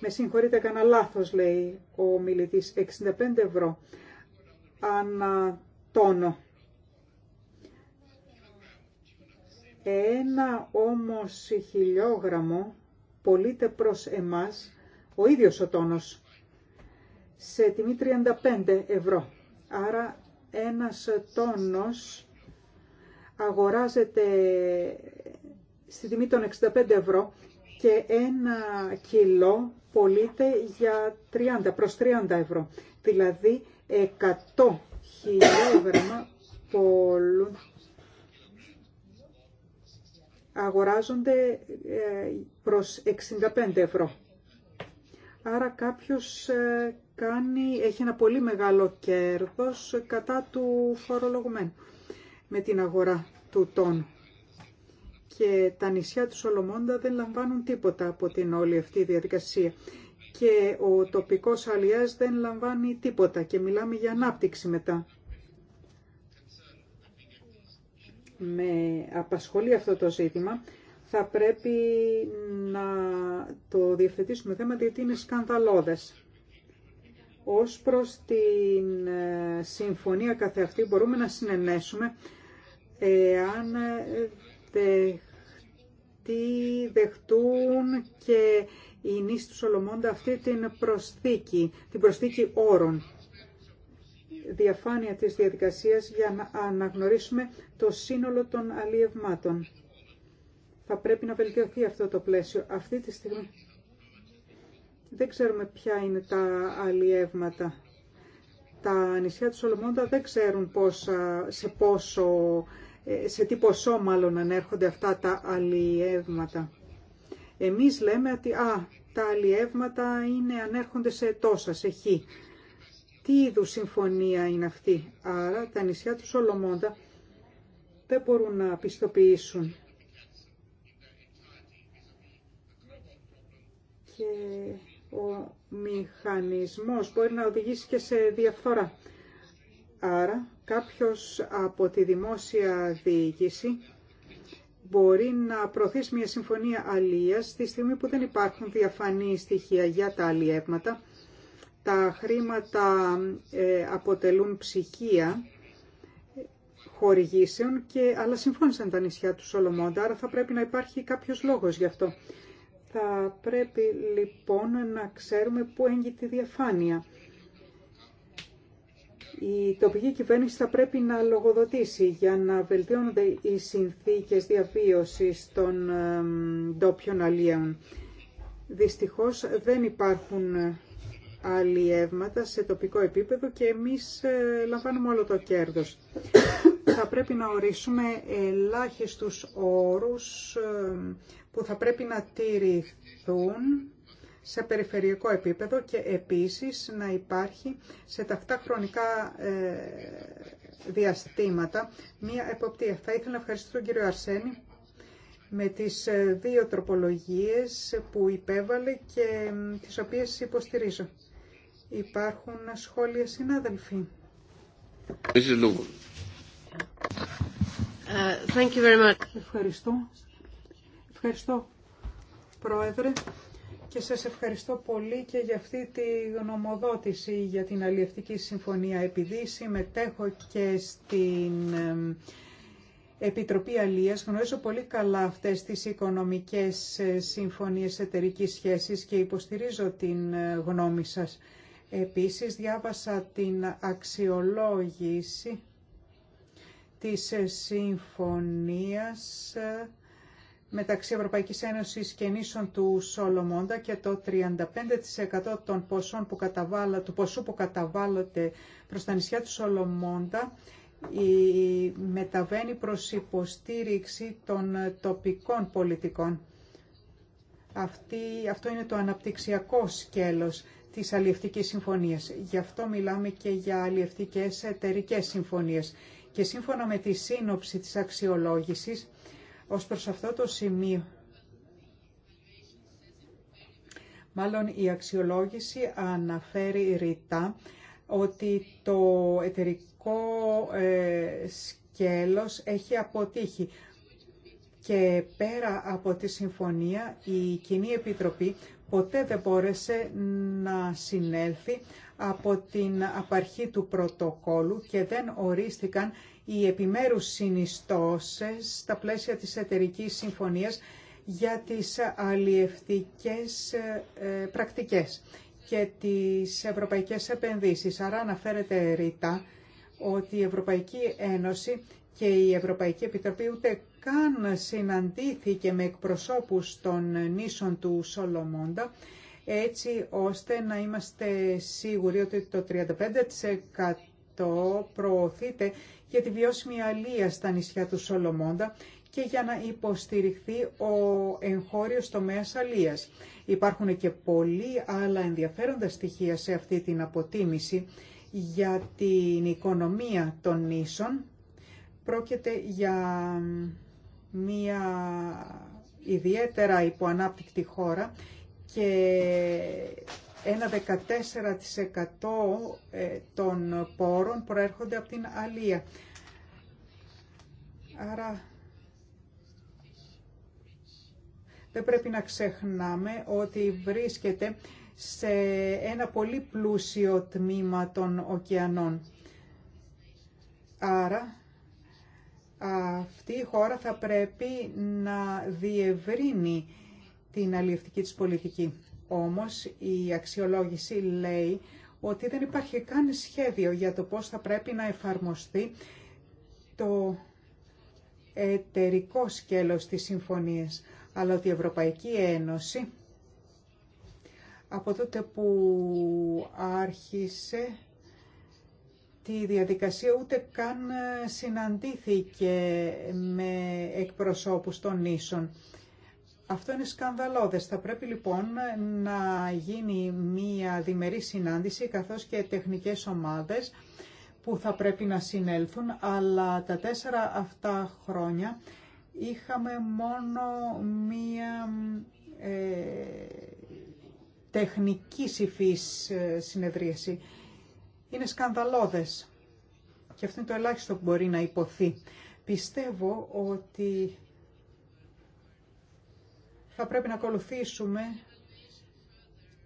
[SPEAKER 3] Με συγχωρείτε, έκανα λάθος, λέει ο μιλητής. 65 ευρώ ανά τόνο. Ένα όμως χιλιόγραμμο πωλείται προς εμάς ο ίδιος ο τόνος σε τιμή 35 ευρώ. Άρα ένας τόνος αγοράζεται στη τιμή των 65 ευρώ και ένα κιλό πωλείται για 30 προς 30 ευρώ. Δηλαδή 100 χιλιόγραμμα πωλούν αγοράζονται ε, προς 65 ευρώ. Άρα κάποιος ε, κάνει, έχει ένα πολύ μεγάλο κέρδος κατά του φορολογουμένου με την αγορά του τόνου. Και τα νησιά του Σολομώντα δεν λαμβάνουν τίποτα από την όλη αυτή διαδικασία. Και ο τοπικός αλιές δεν λαμβάνει τίποτα και μιλάμε για ανάπτυξη μετά. με απασχολεί αυτό το ζήτημα, θα πρέπει να το διευθετήσουμε θέμα γιατί είναι σκανδαλώδες. Ως προς την ε, συμφωνία καθεαυτή μπορούμε να συνενέσουμε εάν ε, δεχτεί, δεχτούν και οι νήσοι του Σολομώντα αυτή την προσθήκη, την προσθήκη όρων διαφάνεια της διαδικασίας για να αναγνωρίσουμε το σύνολο των αλλιευμάτων. Θα πρέπει να βελτιωθεί αυτό το πλαίσιο. Αυτή τη στιγμή δεν ξέρουμε ποια είναι τα αλλιεύματα. Τα νησιά του Σολομώντα δεν ξέρουν σε, πόσο, ε, σε τι ποσό μάλλον ανέρχονται αυτά τα αλλιεύματα. Εμείς λέμε ότι α, τα αλλιεύματα είναι, ανέρχονται σε τόσα, σε χ. Τι είδου συμφωνία είναι αυτή. Άρα τα νησιά του Σολομώντα δεν μπορούν να πιστοποιήσουν. Και ο μηχανισμός μπορεί να οδηγήσει και σε διαφθορά. Άρα κάποιος από τη δημόσια διοίκηση μπορεί να προωθήσει μια συμφωνία αλίας ...στη στιγμή που δεν υπάρχουν διαφανή στοιχεία για τα αλλιεύματα τα χρήματα ε, αποτελούν ψυχία χορηγήσεων, και, αλλά συμφώνησαν τα νησιά του Σολομόντα, άρα θα πρέπει να υπάρχει κάποιος λόγος γι' αυτό. Θα πρέπει λοιπόν να ξέρουμε πού έγινε η διαφάνεια. Η τοπική κυβέρνηση θα πρέπει να λογοδοτήσει για να βελτιώνονται οι συνθήκες διαβίωσης των ε, ντόπιων αλλιέων. Δυστυχώς δεν υπάρχουν ε, αλλιεύματα σε τοπικό επίπεδο και εμείς ε, λαμβάνουμε όλο το κέρδος. θα πρέπει να ορίσουμε ελάχιστους όρους ε, που θα πρέπει να τηρηθούν σε περιφερειακό επίπεδο και επίσης να υπάρχει σε ταυτά χρονικά ε, διαστήματα μία εποπτεία. Θα ήθελα να ευχαριστήσω τον κύριο Αρσένη με τις δύο τροπολογίες που υπέβαλε και τις οποίες υποστηρίζω. Υπάρχουν σχόλια συνάδελφοι. Ε, thank you very much. Ευχαριστώ. Ευχαριστώ, Πρόεδρε. Και σας ευχαριστώ πολύ και για αυτή τη γνωμοδότηση για την αλληλευτική Συμφωνία. Επειδή συμμετέχω και στην Επιτροπή Αλίας, γνωρίζω πολύ καλά αυτές τις οικονομικές ε, συμφωνίες εταιρικής σχέσης και υποστηρίζω την ε, γνώμη σας. Επίσης διάβασα την αξιολόγηση της συμφωνίας ε, μεταξύ Ευρωπαϊκής Ένωσης και νήσων του Σολομόντα και το 35% των ποσών που καταβάλα του ποσού που καταβάλλονται προς τα νησιά του Σολομόντα η, μεταβαίνει προς υποστήριξη των ε, τοπικών πολιτικών. Αυτή, αυτό είναι το αναπτυξιακό σκέλος της αλλιευτικής συμφωνίας. Γι' αυτό μιλάμε και για αλλιευτικές εταιρικέ συμφωνίες. Και σύμφωνα με τη σύνοψη της αξιολόγησης, ως προς αυτό το σημείο, μάλλον η αξιολόγηση αναφέρει ρητά ότι το εταιρικό ε, σκέλος έχει αποτύχει. Και πέρα από τη συμφωνία, η Κοινή Επιτροπή ποτέ δεν μπόρεσε να συνέλθει από την απαρχή του πρωτοκόλου και δεν ορίστηκαν οι επιμέρους συνιστώσεις στα πλαίσια της εταιρικής συμφωνίας για τις αλλιευτικές ε, πρακτικές και τις ευρωπαϊκές επενδύσεις. Άρα αναφέρεται ρητά ότι η Ευρωπαϊκή Ένωση και η Ευρωπαϊκή Επιτροπή ούτε καν συναντήθηκε με εκπροσώπους των νήσων του Σολομόντα, έτσι ώστε να είμαστε σίγουροι ότι το 35% προωθείται για τη βιώσιμη αλία στα νησιά του Σολομόντα και για να υποστηριχθεί ο εγχώριος τομέας αλίας. Υπάρχουν και πολλοί άλλα ενδιαφέροντα στοιχεία σε αυτή την αποτίμηση για την οικονομία των νήσων. Πρόκειται για μία ιδιαίτερα υποανάπτυκτη χώρα και ένα 14% ε, των πόρων προέρχονται από την Αλία. Άρα δεν πρέπει να ξεχνάμε ότι βρίσκεται σε ένα πολύ πλούσιο τμήμα των ωκεανών. Άρα αυτή η χώρα θα πρέπει να διευρύνει την αλληλευτική της πολιτική. Όμως η αξιολόγηση λέει ότι δεν υπάρχει καν σχέδιο για το πώς θα πρέπει να εφαρμοστεί το εταιρικό σκέλος της συμφωνίας, αλλά ότι η Ευρωπαϊκή Ένωση από τότε που άρχισε τη διαδικασία ούτε καν ε, συναντήθηκε με εκπροσώπους των νήσων. Αυτό είναι σκανδαλώδες. Θα πρέπει λοιπόν να γίνει μία διμερή συνάντηση καθώς και τεχνικές ομάδες που θα πρέπει να συνέλθουν, αλλά τα τέσσερα αυτά χρόνια είχαμε μόνο μία ε, τεχνική υφής ε, συνεδρίαση είναι σκανδαλώδες και αυτό είναι το ελάχιστο που μπορεί να υποθεί. Πιστεύω ότι θα πρέπει να ακολουθήσουμε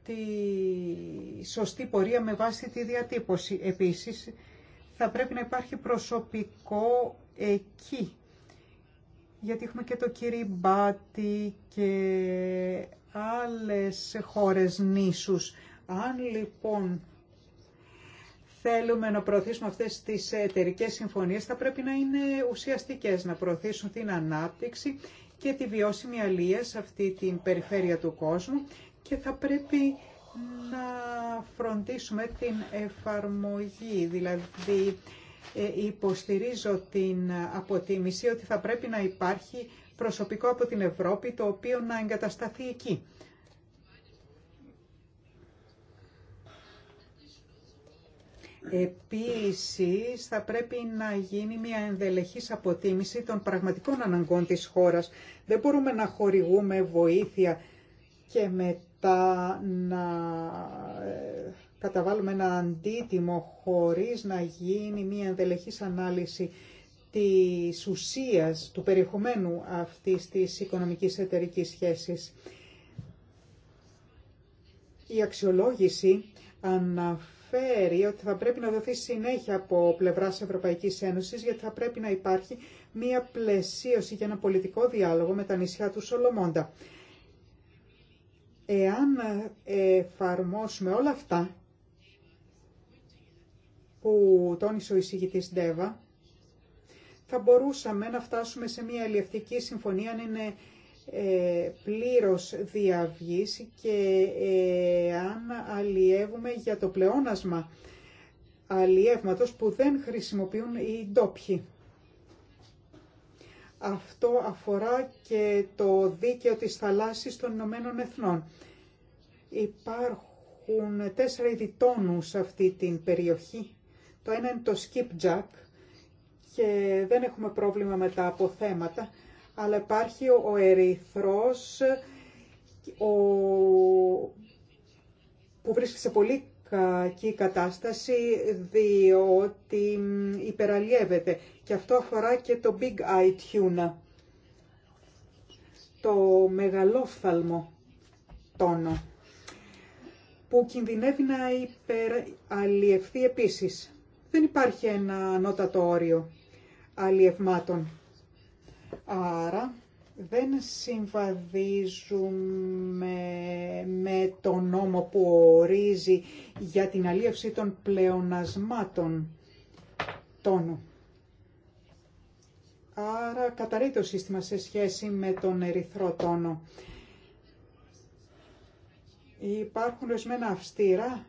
[SPEAKER 3] τη σωστή πορεία με βάση τη διατύπωση. Επίσης, θα πρέπει να υπάρχει προσωπικό εκεί, γιατί έχουμε και το Κυριμπάτι και άλλες χώρες νήσους. Αν λοιπόν θέλουμε να προωθήσουμε αυτές τις εταιρικέ συμφωνίες θα πρέπει να είναι ουσιαστικές, να προωθήσουν την ανάπτυξη και τη βιώσιμη αλία σε αυτή την περιφέρεια του κόσμου και θα πρέπει να φροντίσουμε την εφαρμογή, δηλαδή ε, υποστηρίζω την αποτίμηση ότι θα πρέπει να υπάρχει προσωπικό από την Ευρώπη το οποίο να εγκατασταθεί εκεί. Επίσης, θα πρέπει να γίνει μια ενδελεχής αποτίμηση των πραγματικών αναγκών της χώρας. Δεν μπορούμε να χορηγούμε βοήθεια και μετά να ε, καταβάλουμε ένα αντίτιμο χωρίς να γίνει μια ενδελεχής ανάλυση της ουσίας, του περιεχομένου αυτής της οικονομικής εταιρικής σχέσης. Η αξιολόγηση αναφέρει ότι θα πρέπει να δοθεί συνέχεια από πλευράς Ευρωπαϊκής Ένωσης γιατί θα πρέπει να υπάρχει μία πλαισίωση για ένα πολιτικό διάλογο με τα νησιά του Σολομόντα. Εάν εφαρμόσουμε όλα αυτά που τόνισε ο εισηγητής Ντέβα, θα μπορούσαμε να φτάσουμε σε μια ελευθερική συμφωνία αν είναι ε, πλήρως διαυγής και ε, αν αλλιεύουμε για το πλεόνασμα αλλιεύματος που δεν χρησιμοποιούν οι ντόπιοι. Αυτό αφορά και το δίκαιο της θαλάσσης των Ηνωμένων Εθνών. Υπάρχουν τέσσερα είδη σε αυτή την περιοχή. Το ένα είναι το skipjack και δεν έχουμε πρόβλημα με τα αποθέματα αλλά υπάρχει ο ερυθρός ο... που βρίσκεται σε πολύ κακή κατάσταση διότι υπεραλλιεύεται και αυτό αφορά και το Big Eye Tuna, το μεγαλόφθαλμο τόνο που κινδυνεύει να υπεραλλιευθεί επίσης. Δεν υπάρχει ένα ανώτατο όριο αλλιευμάτων. Άρα δεν συμβαδίζουμε με τον νόμο που ορίζει για την αλίευση των πλεονασμάτων τόνου. Άρα καταρρεί το σύστημα σε σχέση με τον ερυθρό τόνο. Υπάρχουν ορισμένα αυστήρα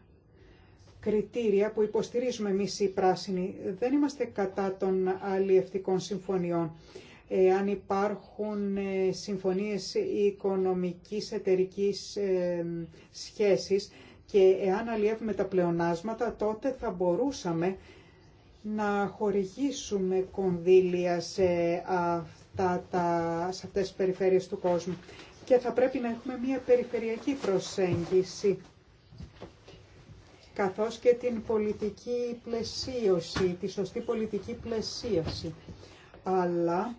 [SPEAKER 3] κριτήρια που υποστηρίζουμε εμείς οι πράσινοι. Δεν είμαστε κατά των αλλιευτικών συμφωνιών εάν υπάρχουν ε, συμφωνίες οικονομικής εταιρικής ε, σχέσης και εάν αλλιεύουμε τα πλεονάσματα, τότε θα μπορούσαμε να χορηγήσουμε κονδύλια σε, αυτά τα, σε αυτές τις περιφέρειες του κόσμου. Και θα πρέπει να έχουμε μια περιφερειακή προσέγγιση, καθώς και την πολιτική πλαισίωση, τη σωστή πολιτική πλαισίωση. Αλλά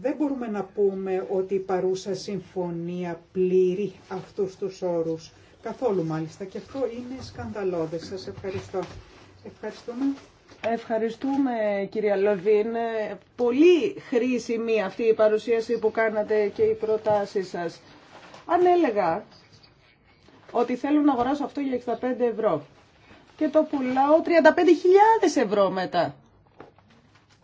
[SPEAKER 3] δεν μπορούμε να πούμε ότι η παρούσα συμφωνία πλήρει αυτούς τους όρους. Καθόλου μάλιστα. Και αυτό είναι σκανδαλώδες. Σας ευχαριστώ. Ευχαριστούμε.
[SPEAKER 2] Ευχαριστούμε κυρία Λοβίν. Πολύ χρήσιμη αυτή η παρουσίαση που κάνατε και οι προτάσεις σας. Αν έλεγα ότι θέλω να αγοράσω αυτό για 65 ευρώ και το πουλάω 35.000 ευρώ μετά.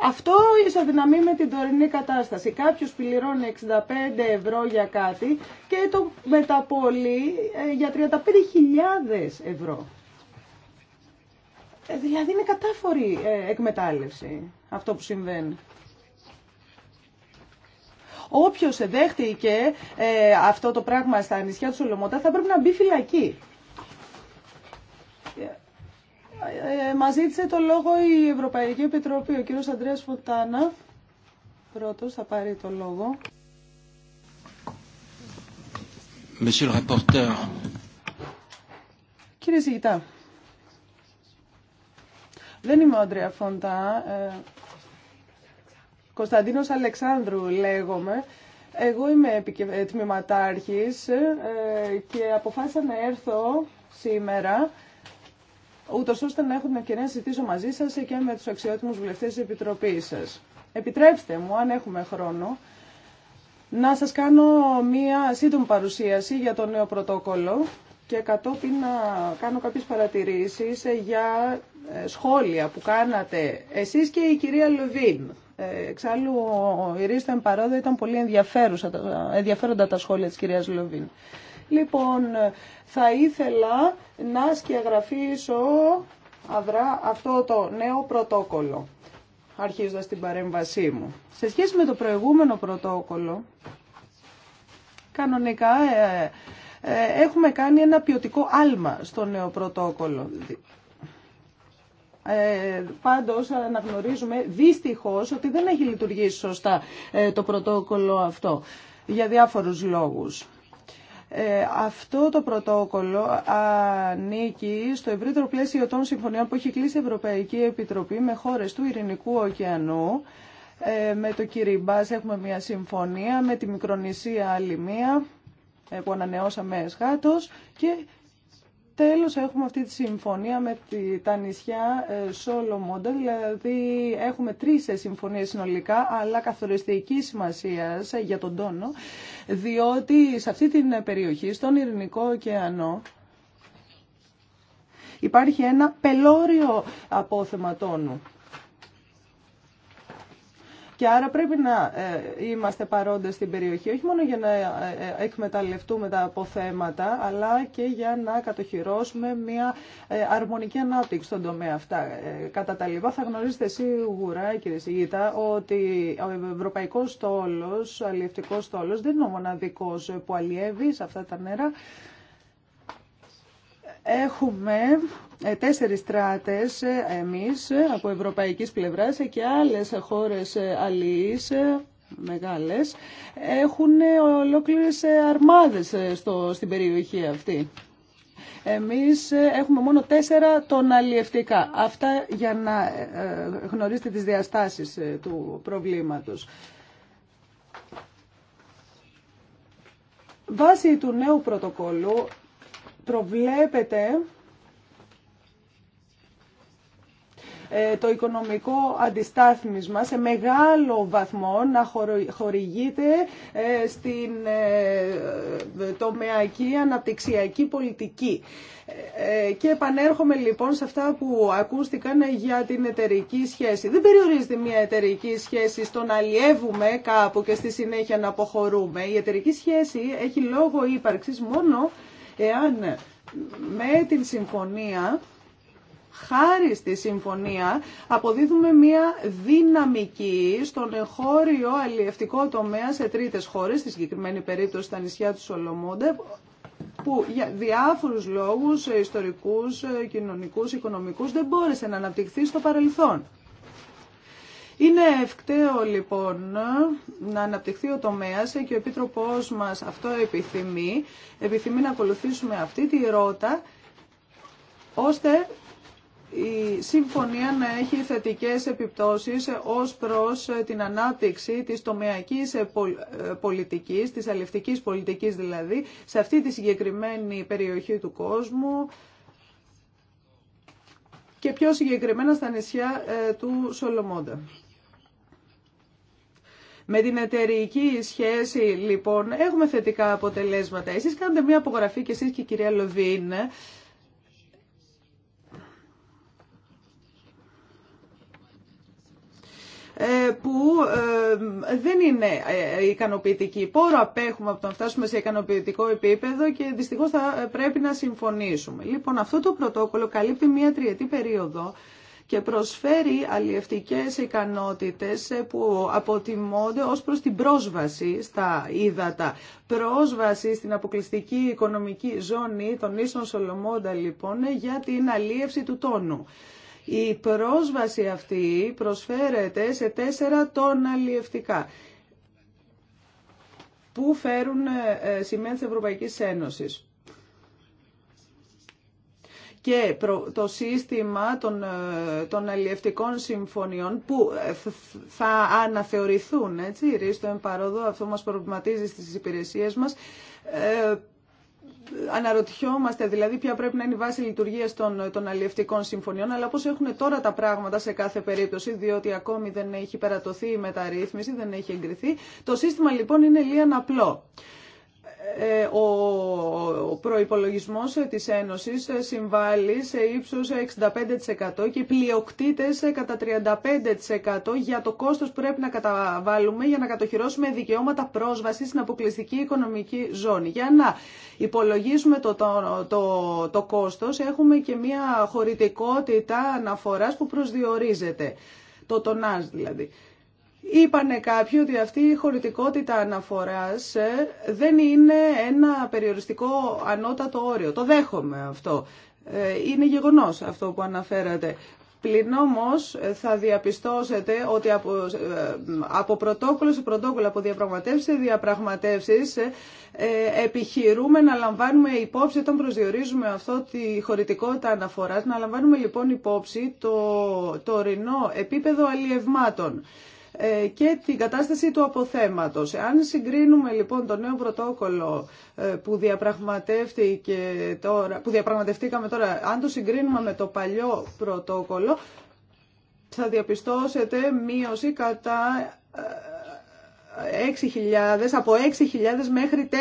[SPEAKER 2] Αυτό ισοδυναμεί με την τωρινή κατάσταση. Κάποιο πληρώνει 65 ευρώ για κάτι και το μεταπολεί ε, για 35.000 ευρώ. Ε, δηλαδή είναι κατάφορη ε, εκμετάλλευση αυτό που συμβαίνει. Όποιος δέχτηκε αυτό το πράγμα στα νησιά του Σολομωτά θα πρέπει να μπει φυλακή. Ε, ε, μας ζήτησε το λόγο η Ευρωπαϊκή Επιτροπή. Ο κύριος Αντρέας Φωτάνα πρώτος θα πάρει το λόγο. Κύριε Σιγητά, δεν είμαι ο Αντρέα Φοντά, ε, Κωνσταντίνος Αλεξάνδρου λέγομαι. Εγώ είμαι τμήματάρχης και αποφάσισα να έρθω σήμερα ούτω ώστε να έχω την ευκαιρία να συζητήσω μαζί σας και με τους αξιότιμους βουλευτές τη Επιτροπή σας. Επιτρέψτε μου, αν έχουμε χρόνο, να σας κάνω μία σύντομη παρουσίαση για το νέο πρωτόκολλο και κατόπιν να κάνω κάποιες παρατηρήσεις για ε, σχόλια που κάνατε εσείς και η κυρία Λεβίν. Ε, εξάλλου, η Ρίστα Εμπαρόδο ήταν πολύ ενδιαφέροντα τα σχόλια της κυρίας Λεβίν. Λοιπόν, θα ήθελα να σκιαγραφίσω αδρά αυτό το νέο πρωτόκολλο, αρχίζοντας την παρέμβασή μου. Σε σχέση με το προηγούμενο πρωτόκολλο, κανονικά ε, ε, έχουμε κάνει ένα ποιοτικό άλμα στο νέο πρωτόκολλο. Ε, πάντως αναγνωρίζουμε δυστυχώς ότι δεν έχει λειτουργήσει σωστά ε, το πρωτόκολλο αυτό για διάφορους λόγους. Ε, αυτό το πρωτόκολλο ανήκει στο ευρύτερο πλαίσιο των συμφωνιών που έχει κλείσει η Ευρωπαϊκή Επιτροπή με χώρες του Ειρηνικού Ωκεανού. Ε, με το Κυριμπάς έχουμε μια συμφωνία, με τη Μικρονησία άλλη μία ε, που ανανεώσαμε εσχάτως και Τέλος έχουμε αυτή τη συμφωνία με τα νησιά ε, solo model, δηλαδή έχουμε τρεις ε, συμφωνίες συνολικά, αλλά καθοριστική σημασία ε, για τον τόνο, διότι σε αυτή την περιοχή, στον Ειρηνικό ωκεανό, υπάρχει ένα πελώριο απόθεμα τόνου. Και άρα πρέπει να ε, είμαστε παρόντες στην περιοχή, όχι μόνο για να ε, ε, εκμεταλλευτούμε τα αποθέματα, αλλά και για να κατοχυρώσουμε μια αρμονική ανάπτυξη στον τομέα αυτά. Κατά τα λοιπά θα γνωρίζετε σίγουρα, κύριε Σιγήτα, ότι ο ευρωπαϊκός στόλος, ο αλλιευτικός στόλος δεν είναι ο μοναδικός που αλλιεύει σε αυτά τα νερά. Έχουμε ε, τέσσερις στράτες ε, εμείς ε, από ευρωπαϊκής πλευράς και άλλες χώρες αλληλείς μεγάλες έχουν ολόκληρες αρμάδες στο, στην περιοχή αυτή. Εμείς έχουμε μόνο τέσσερα τον αλλιευτικά. Αυτά για να γνωρίσετε τις διαστάσεις του προβλήματος. Βάσει του νέου πρωτοκόλλου προβλέπεται ε, το οικονομικό αντιστάθμισμα σε μεγάλο βαθμό να χορηγείται ε, στην ε, τομεακή αναπτυξιακή πολιτική. Και επανέρχομαι λοιπόν σε αυτά που ακούστηκαν για την εταιρική σχέση. Δεν περιορίζεται μια εταιρική σχέση στο να αλλιεύουμε κάπου και στη συνέχεια να αποχωρούμε. Η εταιρική σχέση έχει λόγο ύπαρξης μόνο Εάν με την συμφωνία χάρη στη συμφωνία αποδίδουμε μια δυναμική στον εγχώριο αλλιευτικό τομέα σε τρίτες χώρες, στη συγκεκριμένη περίπτωση στα νησιά του Σολομόντε, που για διάφορους λόγους ε, ιστορικούς, ε, κοινωνικούς, οικονομικούς δεν μπόρεσε να αναπτυχθεί στο παρελθόν. Είναι ευκταίο λοιπόν να αναπτυχθεί ο τομέας και ο Επίτροπός μας αυτό επιθυμεί. Επιθυμεί να ακολουθήσουμε αυτή τη ρότα ώστε η συμφωνία να έχει θετικές επιπτώσεις ως προς την ανάπτυξη της τομεακής πολιτικής, της αλευτικής πολιτικής δηλαδή, σε αυτή τη συγκεκριμένη περιοχή του κόσμου και πιο συγκεκριμένα στα νησιά ε, του Σολομόντα. Με την εταιρική σχέση λοιπόν έχουμε θετικά αποτελέσματα. Εσείς κάνετε μια απογραφή και εσείς και η κυρία Λοβίν. Ε, που ε, δεν είναι ε, ικανοποιητική. Πόρο απέχουμε από το να φτάσουμε σε ικανοποιητικό επίπεδο και δυστυχώς θα πρέπει να συμφωνήσουμε. Λοιπόν, αυτό το πρωτόκολλο καλύπτει μία τριετή περίοδο και προσφέρει αλλιευτικές ικανότητες που αποτιμώνται ως προς την πρόσβαση στα ύδατα. Πρόσβαση στην αποκλειστική οικονομική ζώνη των ίσων Σολομώντα λοιπόν για την αλλίευση του τόνου. Η πρόσβαση αυτή προσφέρεται σε τέσσερα τόνα αλλιευτικά που φέρουν ε, ε, σημαίνει της Ευρωπαϊκής Ένωσης και το σύστημα των, ε, των αλλιευτικών συμφωνιών που ε, θα αναθεωρηθούν, έτσι, ρίστο εμπαρόδο, αυτό μας προβληματίζει στις υπηρεσίες μας, ε, αναρωτιόμαστε δηλαδή ποια πρέπει να είναι η βάση λειτουργία των, των αλλιευτικών συμφωνιών, αλλά πώ έχουν τώρα τα πράγματα σε κάθε περίπτωση, διότι ακόμη δεν έχει περατωθεί η μεταρρύθμιση, δεν έχει εγκριθεί. Το σύστημα λοιπόν είναι λίγαν απλό ο προϋπολογισμός της Ένωσης συμβάλλει σε ύψος 65% και πλειοκτείται πλειοκτήτες κατά 35% για το κόστος που πρέπει να καταβάλουμε για να κατοχυρώσουμε δικαιώματα πρόσβασης στην αποκλειστική οικονομική ζώνη. Για να υπολογίσουμε το, το, το, κόστος έχουμε και μια χωρητικότητα αναφοράς που προσδιορίζεται. Το τονάζ δηλαδή. Είπανε κάποιοι ότι αυτή η χωρητικότητα αναφοράς ε, δεν είναι ένα περιοριστικό ανώτατο όριο. Το δέχομαι αυτό. Ε, είναι γεγονός αυτό που αναφέρατε. Πλην όμω ε, θα διαπιστώσετε ότι από, από πρωτόκολλο σε πρωτόκολλο, από διαπραγματεύσει σε διαπραγματεύσει, επιχειρούμε να λαμβάνουμε υπόψη, όταν προσδιορίζουμε αυτό τη χωρητικότητα αναφορά, να λαμβάνουμε λοιπόν υπόψη το τωρινό επίπεδο αλλιευμάτων. Ε, και την κατάσταση του αποθέματος. Αν συγκρίνουμε λοιπόν το νέο πρωτόκολλο ε, που, διαπραγματεύτηκε τώρα, που διαπραγματευτήκαμε τώρα, αν το συγκρίνουμε με το παλιό πρωτόκολλο, θα διαπιστώσετε μείωση κατά ε, 6.000, από 6.000 μέχρι 4.000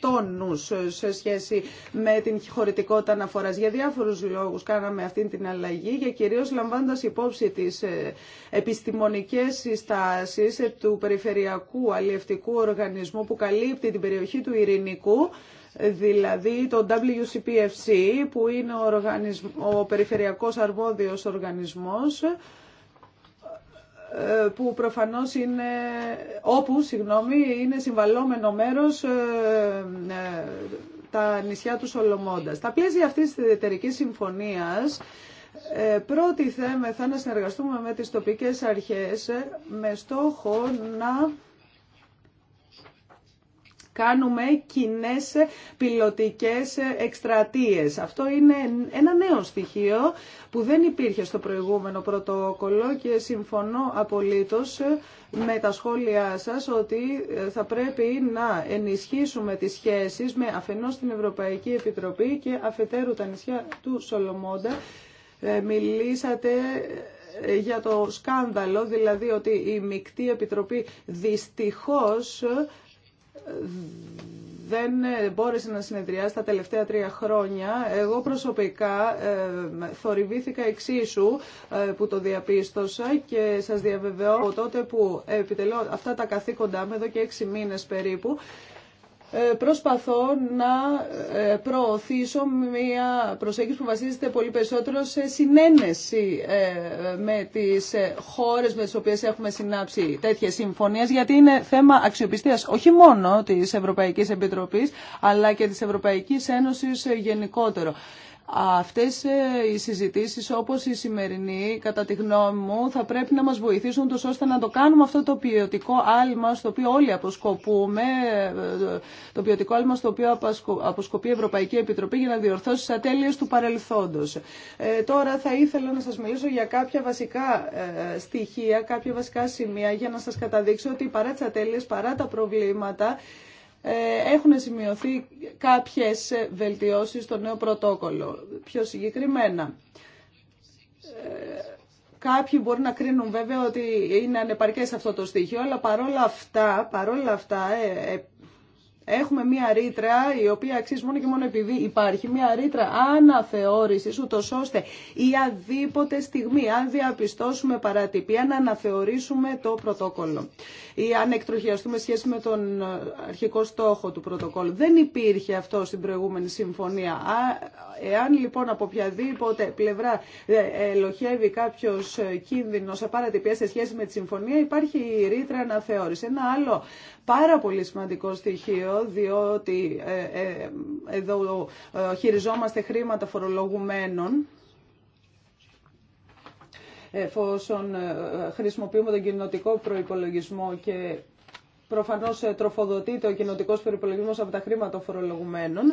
[SPEAKER 2] τόνους σε σχέση με την χωρητικότητα αναφοράς. Για διάφορους λόγους κάναμε αυτή την αλλαγή και κυρίως λαμβάνοντας υπόψη τις ε, επιστημονικές συστάσεις ε, του Περιφερειακού Αλλιευτικού Οργανισμού που καλύπτει την περιοχή του Ειρηνικού, δηλαδή το WCPFC που είναι ο, οργανισμ... ο περιφερειακός αρμόδιος οργανισμός που προφανώς είναι, όπου, συγγνώμη, είναι συμβαλόμενο μέρος ε, ε, τα νησιά του Σολομώντας. Τα πλαίσια αυτής της εταιρική συμφωνίας ε, πρώτη θέμεθα να συνεργαστούμε με τις τοπικές αρχές με στόχο να κάνουμε κοινέ πιλωτικέ εκστρατείε. Αυτό είναι ένα νέο στοιχείο που δεν υπήρχε στο προηγούμενο πρωτόκολλο και συμφωνώ απολύτως με τα σχόλιά σας ότι θα πρέπει να ενισχύσουμε τις σχέσεις με αφενό την Ευρωπαϊκή Επιτροπή και αφετέρου τα νησιά του Σολομόντα. Ε, μιλήσατε για το σκάνδαλο, δηλαδή ότι η Μικτή Επιτροπή δυστυχώς δεν ε, μπόρεσε να συνεδριάσει τα τελευταία τρία χρόνια. Εγώ προσωπικά ε, θορυβήθηκα εξίσου ε, που το διαπίστωσα και σας διαβεβαιώ από τότε που επιτελώ αυτά τα καθήκοντά μου εδώ και έξι μήνες περίπου ε, προσπαθώ να ε, προωθήσω μια προσέγγιση που βασίζεται πολύ περισσότερο σε συνένεση ε, με τις χώρες με τις οποίες έχουμε συνάψει τέτοιες συμφωνίες, γιατί είναι θέμα αξιοπιστίας όχι μόνο της Ευρωπαϊκής Επιτροπής, αλλά και της Ευρωπαϊκής Ένωσης γενικότερο. Αυτές ε, οι συζητήσεις όπως η σημερινή, κατά τη γνώμη μου, θα πρέπει να μας βοηθήσουν τόσο ώστε να το κάνουμε αυτό το ποιοτικό άλμα στο οποίο όλοι αποσκοπούμε, ε, το ποιοτικό άλμα στο οποίο αποσκοπεί η Ευρωπαϊκή Επιτροπή για να διορθώσει τις ατέλειες του παρελθόντος. Ε, τώρα θα ήθελα να σας μιλήσω για κάποια βασικά στοιχεία, κάποια βασικά σημεία για να σας καταδείξω ότι παρά τις ατέλειες, παρά τα προβλήματα, ε, έχουν σημειωθεί κάποιες βελτιώσεις στο νέο πρωτόκολλο. Πιο συγκεκριμένα, ε, Κάποιοι μπορεί να κρίνουν βέβαια ότι είναι ανεπαρκές αυτό το στοιχείο, αλλά παρόλα αυτά, παρόλα αυτά ε, Έχουμε μία ρήτρα η οποία αξίζει μόνο και μόνο επειδή υπάρχει μία ρήτρα αναθεώρηση, ούτω ώστε η αδίποτε στιγμή αν διαπιστώσουμε παρατυπία να αναθεωρήσουμε το πρωτόκολλο ή αν εκτροχιαστούμε σχέση με τον αρχικό στόχο του πρωτοκόλλου. Δεν υπήρχε αυτό στην προηγούμενη συμφωνία. Εάν λοιπόν από οποιαδήποτε πλευρά ε, ελοχεύει κάποιο ε, κίνδυνο σε παρατυπία σε σχέση με τη συμφωνία υπάρχει η ρήτρα αναθεώρηση. Ένα άλλο πάρα πολύ σημαντικό στοιχείο διότι ε, ε, εδώ ε, χειριζόμαστε χρήματα φορολογουμένων εφόσον χρησιμοποιούμε τον κοινοτικό προϋπολογισμό και προφανώς τροφοδοτείται ο κοινοτικός προϋπολογισμός από τα χρήματα φορολογουμένων.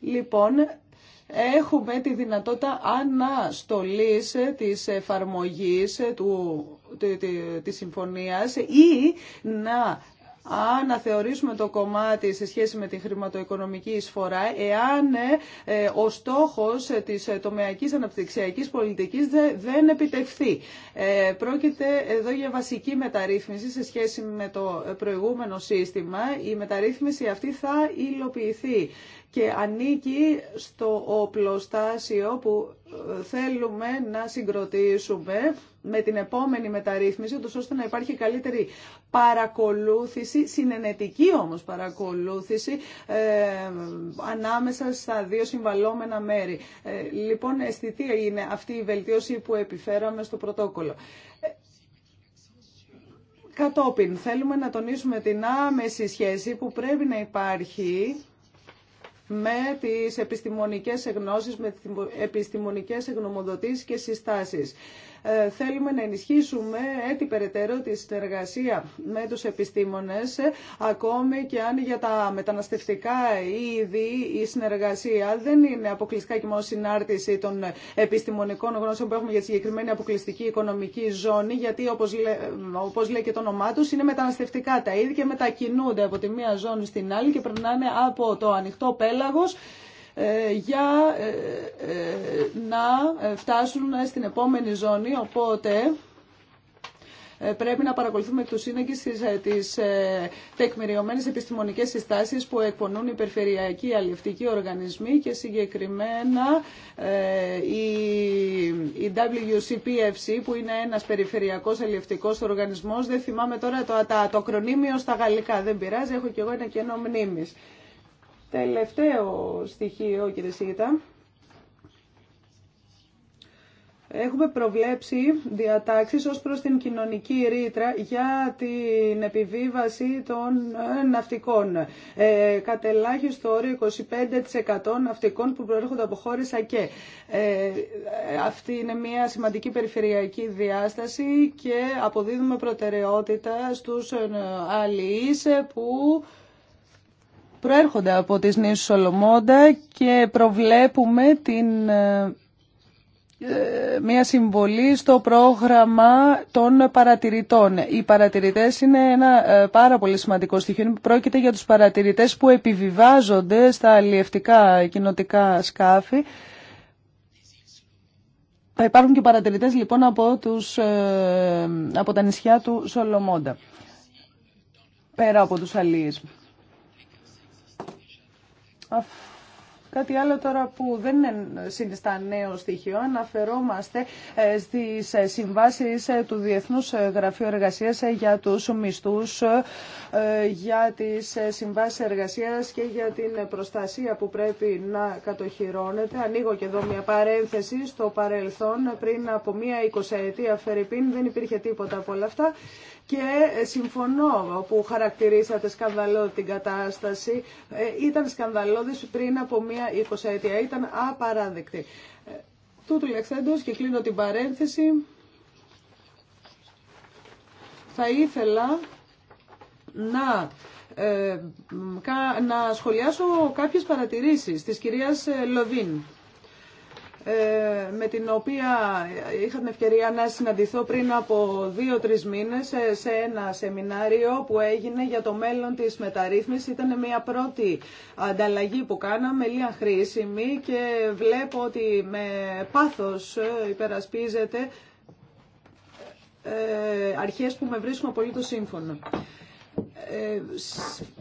[SPEAKER 2] Λοιπόν, έχουμε τη δυνατότητα αναστολής της εφαρμογής του, της συμφωνίας ή να θεωρήσουμε το κομμάτι σε σχέση με τη χρηματοοικονομική εισφορά, εάν ε, ε, ο στόχος της ε, τομεακής αναπτυξιακής πολιτικής δεν επιτευχθεί. Πρόκειται εδώ για βασική μεταρρύθμιση σε σχέση με το προηγούμενο σύστημα. Η μεταρρύθμιση αυτή θα υλοποιηθεί και ανήκει στο οπλοστάσιο που ε, θέλουμε να συγκροτήσουμε με την επόμενη μεταρρύθμιση, ώστε να υπάρχει καλύτερη παρακολούθηση, συνενετική όμως παρακολούθηση, ε, ανάμεσα στα δύο συμβαλόμενα μέρη. Ε, λοιπόν, αισθητή είναι αυτή η βελτίωση που επιφέραμε στο πρωτόκολλο. Κατόπιν, θέλουμε να τονίσουμε την άμεση σχέση που πρέπει να υπάρχει με τις επιστημονικές γνώσεις, με τις επιστημονικές εγνωμοδοτήσεις και συστάσεις. Ε, θέλουμε να ενισχύσουμε έτσι περαιτέρω τη συνεργασία με τους επιστήμονες, ε, ακόμη και αν για τα μεταναστευτικά είδη η συνεργασία δεν είναι αποκλειστικά και μόνο συνάρτηση των επιστημονικών γνώσεων που έχουμε για τη συγκεκριμένη αποκλειστική οικονομική ζώνη, γιατί όπως, όπως λέει και το όνομά τους είναι μεταναστευτικά τα είδη και μετακινούνται από τη μία ζώνη στην άλλη και περνάνε από το ανοιχτό πέλαγος ε, για ε, ε, να φτάσουν στην επόμενη ζώνη. Οπότε πρέπει να παρακολουθούμε εκ του σύνεγγυς τις τεκμηριωμένες επιστημονικές συστάσεις που εκπονούν οι περιφερειακοί αλληλευτικοί οργανισμοί και συγκεκριμένα η WCPFC που είναι ένας περιφερειακός αλληλευτικός οργανισμός. Δεν θυμάμαι τώρα το, το, το, στα γαλλικά, δεν πειράζει, έχω κι εγώ ένα κενό μνήμης. Τελευταίο στοιχείο, κύριε Σίγητα. Έχουμε προβλέψει διατάξεις ως προς την κοινωνική ρήτρα για την επιβίβαση των ε, ναυτικών. Ε, κατελάχιστο όριο 25% ναυτικών που προέρχονται από χώρες και ε, αυτή είναι μια σημαντική περιφερειακή διάσταση και αποδίδουμε προτεραιότητα στους ε, αλληλείς που προέρχονται από τις νήσους Σολομόντα και προβλέπουμε την, ε, ε, μια συμβολή στο πρόγραμμα των παρατηρητών. Οι παρατηρητές είναι ένα ε, πάρα πολύ σημαντικό στοιχείο. Πρόκειται για τους παρατηρητές που επιβιβάζονται στα αλλιευτικά κοινοτικά σκάφη. Θα υπάρχουν και παρατηρητές λοιπόν από, τους, από τα νησιά του Σολομόντα, πέρα από τους αλλιείς. Κάτι άλλο τώρα που δεν συνιστά νέο στοιχείο, αναφερόμαστε ε, στις ε, συμβάσεις ε, του Διεθνούς Γραφείου Εργασίας για τους μισθούς, για τις συμβάσεις εργασίας και για την προστασία που πρέπει να κατοχυρώνεται. Ανοίγω και εδώ μια παρένθεση στο παρελθόν, πριν από μια εικοσαετία Φερρυπίν δεν υπήρχε τίποτα από όλα αυτά και ε, συμφωνώ που χαρακτηρίσατε σκανδαλό την κατάσταση. Ε, ήταν σκανδαλώδη πριν από μία αιτία. Ήταν απαράδεκτη. Ε, τούτου λεξέντο και κλείνω την παρένθεση. Θα ήθελα να να σχολιάσω κάποιες παρατηρήσεις της κυρίας Λοβίν. Ε, με την οποία είχα την ευκαιρία να συναντηθώ πριν από δύο-τρεις μήνες σε ένα σεμινάριο που έγινε για το μέλλον της μεταρρύθμισης. Ήταν μια πρώτη ανταλλαγή που κάναμε, λίγα χρήσιμη και βλέπω ότι με πάθος ε, υπερασπίζεται ε, αρχές που με βρίσκουν απολύτως σύμφωνο. Ε,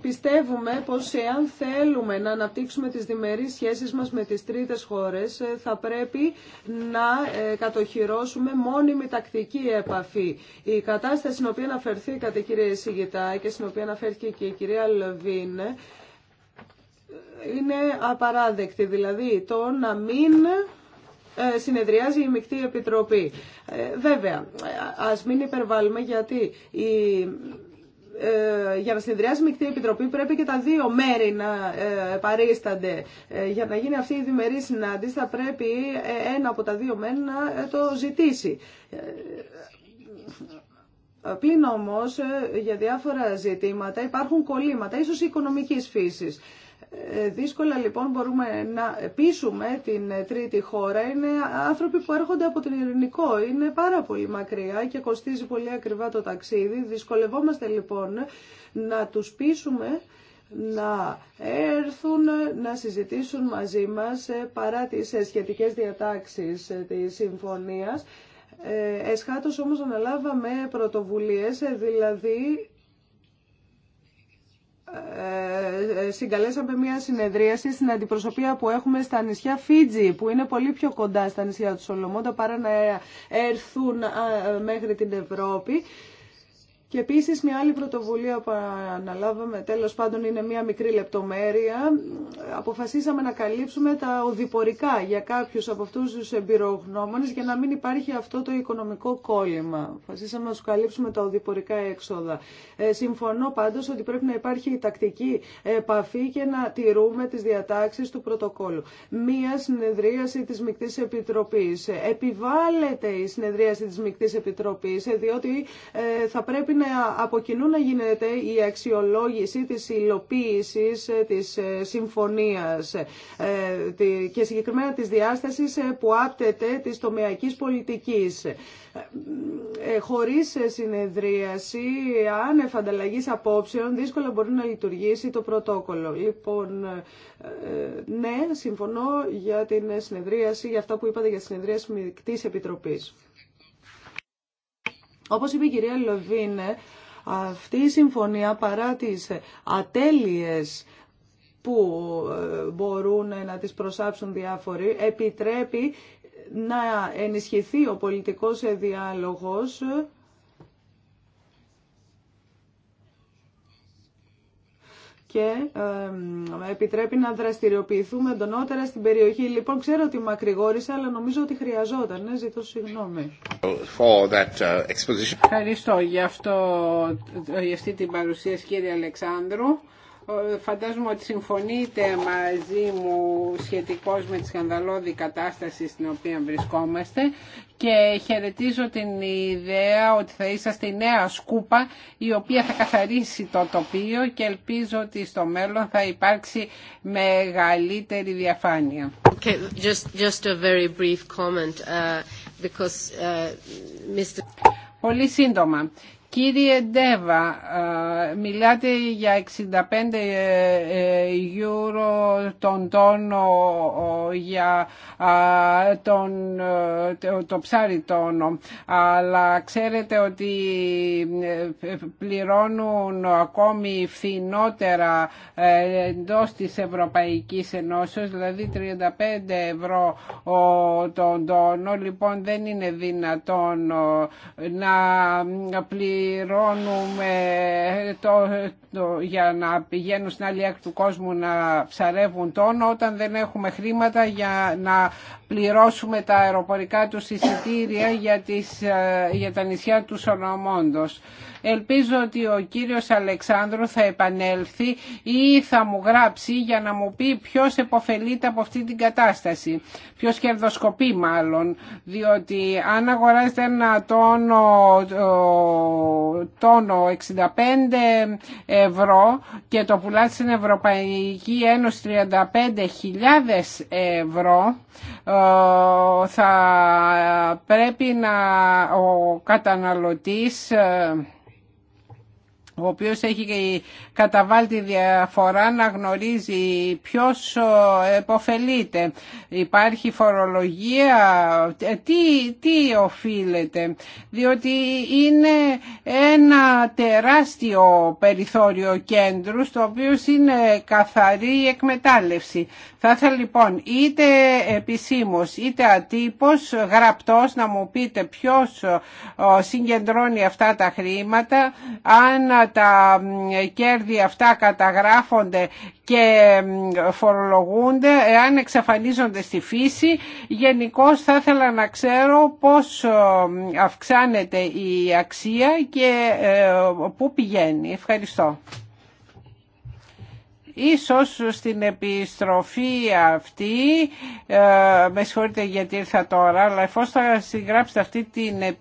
[SPEAKER 2] πιστεύουμε πως εάν θέλουμε να αναπτύξουμε τις διμερείς σχέσεις μας με τις τρίτες χώρες ε, θα πρέπει να ε, κατοχυρώσουμε μόνιμη τακτική επαφή. Η κατάσταση στην οποία αναφερθήκατε κύριε Σιγητά και στην οποία αναφέρθηκε και η κυρία Λεβίν είναι απαράδεκτη. Δηλαδή το να μην συνεδριάζει η Μικτή Επιτροπή. βέβαια, ας μην υπερβάλλουμε γιατί η ε, για να συνεδριάσει η Μεικτή Επιτροπή πρέπει και τα δύο μέρη να ε, παρίστανται. Ε, για να γίνει αυτή η διμερή συνάντηση θα πρέπει ένα από τα δύο μέρη να το ζητήσει. Πλην όμως για διάφορα ζητήματα υπάρχουν κολλήματα, ίσως οικονομικής φύσης. Ε, δύσκολα λοιπόν μπορούμε να πείσουμε την τρίτη χώρα. Είναι άνθρωποι που έρχονται από την Ειρηνικό Είναι πάρα πολύ μακριά και κοστίζει πολύ ακριβά το ταξίδι. Δυσκολευόμαστε λοιπόν να τους πείσουμε να έρθουν να συζητήσουν μαζί μας ε, παρά τις ε, σχετικές διατάξεις της συμφωνίας. Εσχάτως όμως αναλάβαμε πρωτοβουλίες, δηλαδή ε, ε, συγκαλέσαμε μια συνεδρίαση στην αντιπροσωπεία που έχουμε στα νησιά Φίτζι, που είναι πολύ πιο κοντά στα νησιά του Σολομόντα παρά να έρθουν ε, μέχρι την Ευρώπη. Και επίση μια άλλη πρωτοβουλία που αναλάβαμε, τέλος πάντων είναι μια μικρή λεπτομέρεια, αποφασίσαμε να καλύψουμε τα οδηπορικά για κάποιου από αυτού του εμπειρογνώμονε για να μην υπάρχει αυτό το οικονομικό κόλλημα. Αποφασίσαμε να τους καλύψουμε τα οδηπορικά έξοδα. Ε, συμφωνώ πάντως ότι πρέπει να υπάρχει η τακτική επαφή και να τηρούμε τι διατάξει του πρωτοκόλου. Μία συνεδρίαση τη Μικτής επιτροπή. Ε, επιβάλλεται η συνεδρίαση τη Μικτής Επιτροπής, ε, διότι ε, θα πρέπει να από κοινού να γίνεται η αξιολόγηση της υλοποίηση ε, της ε, συμφωνίας ε, και συγκεκριμένα της διάστασης που άπτεται της τομεακής πολιτικής. Χωρίς συνεδρίαση, αν εφανταλλαγής απόψεων, δύσκολα μπορεί να λειτουργήσει το πρωτόκολλο. Λοιπόν, ναι, συμφωνώ για την συνεδρίαση, για αυτά που είπατε για τη συνεδρίαση της Επιτροπής. Όπως είπε η κυρία Λοβίν, αυτή η συμφωνία παρά τις ατέλειες που ε, μπορούν να τις προσάψουν διάφοροι, επιτρέπει να ενισχυθεί ο πολιτικός διάλογος και επιτρέπει να δραστηριοποιηθούμε εντονότερα στην περιοχή. Λοιπόν, ξέρω ότι μακρηγόρησα, αλλά νομίζω ότι χρειαζόταν. Ναι, ζητώ συγγνώμη.
[SPEAKER 1] Uh, Ευχαριστώ για, για αυτή την παρουσίαση, κύριε Αλεξάνδρου. Φαντάζομαι ότι συμφωνείτε μαζί μου σχετικώς με τη σκανδαλώδη κατάσταση στην οποία βρισκόμαστε και χαιρετίζω την ιδέα ότι θα είσαστε η νέα σκούπα η οποία θα καθαρίσει το τοπίο και ελπίζω ότι στο μέλλον θα υπάρξει μεγαλύτερη διαφάνεια. just, a uh, uh, Πολύ σύντομα. Κύριε Ντέβα, μιλάτε για 65 ε, ε, ευρώ τον τόνο για τον, ε, το ψάρι τόνο, αλλά ξέρετε ότι πληρώνουν ακόμη φθηνότερα εντό της Ευρωπαϊκής Ενώσεως, δηλαδή 35 ευρώ τον τόνο, λοιπόν δεν είναι δυνατόν να πληρώνουν πληρώνουμε το, για να πηγαίνουν στην άλλη άκρη του κόσμου να ψαρεύουν τόνο όταν δεν έχουμε χρήματα για να πληρώσουμε τα αεροπορικά τους εισιτήρια για, τις, ε, για τα νησιά του Σολομόντος. Ελπίζω ότι ο κύριος Αλεξάνδρου θα επανέλθει ή θα μου γράψει για να μου πει ποιος επωφελείται από αυτή την κατάσταση. Ποιος κερδοσκοπεί μάλλον. Διότι αν αγοράζετε ένα τόνο, τόνο 65 ευρώ και το πουλάτε στην Ευρωπαϊκή Ένωση 35.000 ευρώ θα πρέπει να ο καταναλωτής ε, ο οποίος έχει καταβάλει τη διαφορά να γνωρίζει ποιος ε, εποφελείται. Υπάρχει φορολογία, ε, τι, τι οφείλεται, διότι είναι ένα τεράστιο περιθώριο κέντρου στο οποίο είναι καθαρή εκμετάλλευση. Θα ήθελα λοιπόν είτε επισήμως είτε ατύπως γραπτός να μου πείτε ποιος ε, συγκεντρώνει αυτά τα χρήματα, αν τα κέρδη αυτά καταγράφονται και φορολογούνται εάν εξαφανίζονται στη φύση. Γενικώ θα ήθελα να ξέρω πώς αυξάνεται η αξία και ε, πού πηγαίνει. Ευχαριστώ. Ίσως στην επιστροφή αυτή, ε, με συγχωρείτε γιατί ήρθα τώρα, αλλά εφόσον θα συγγράψετε αυτή την ε,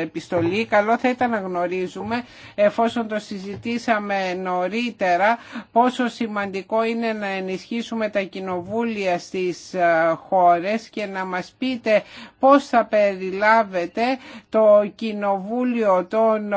[SPEAKER 1] επιστολή, καλό θα ήταν να γνωρίζουμε, εφόσον το συζητήσαμε νωρίτερα, πόσο σημαντικό είναι να ενισχύσουμε τα κοινοβούλια στις ε, χώρες και να μας πείτε πώς θα περιλάβετε το κοινοβούλιο των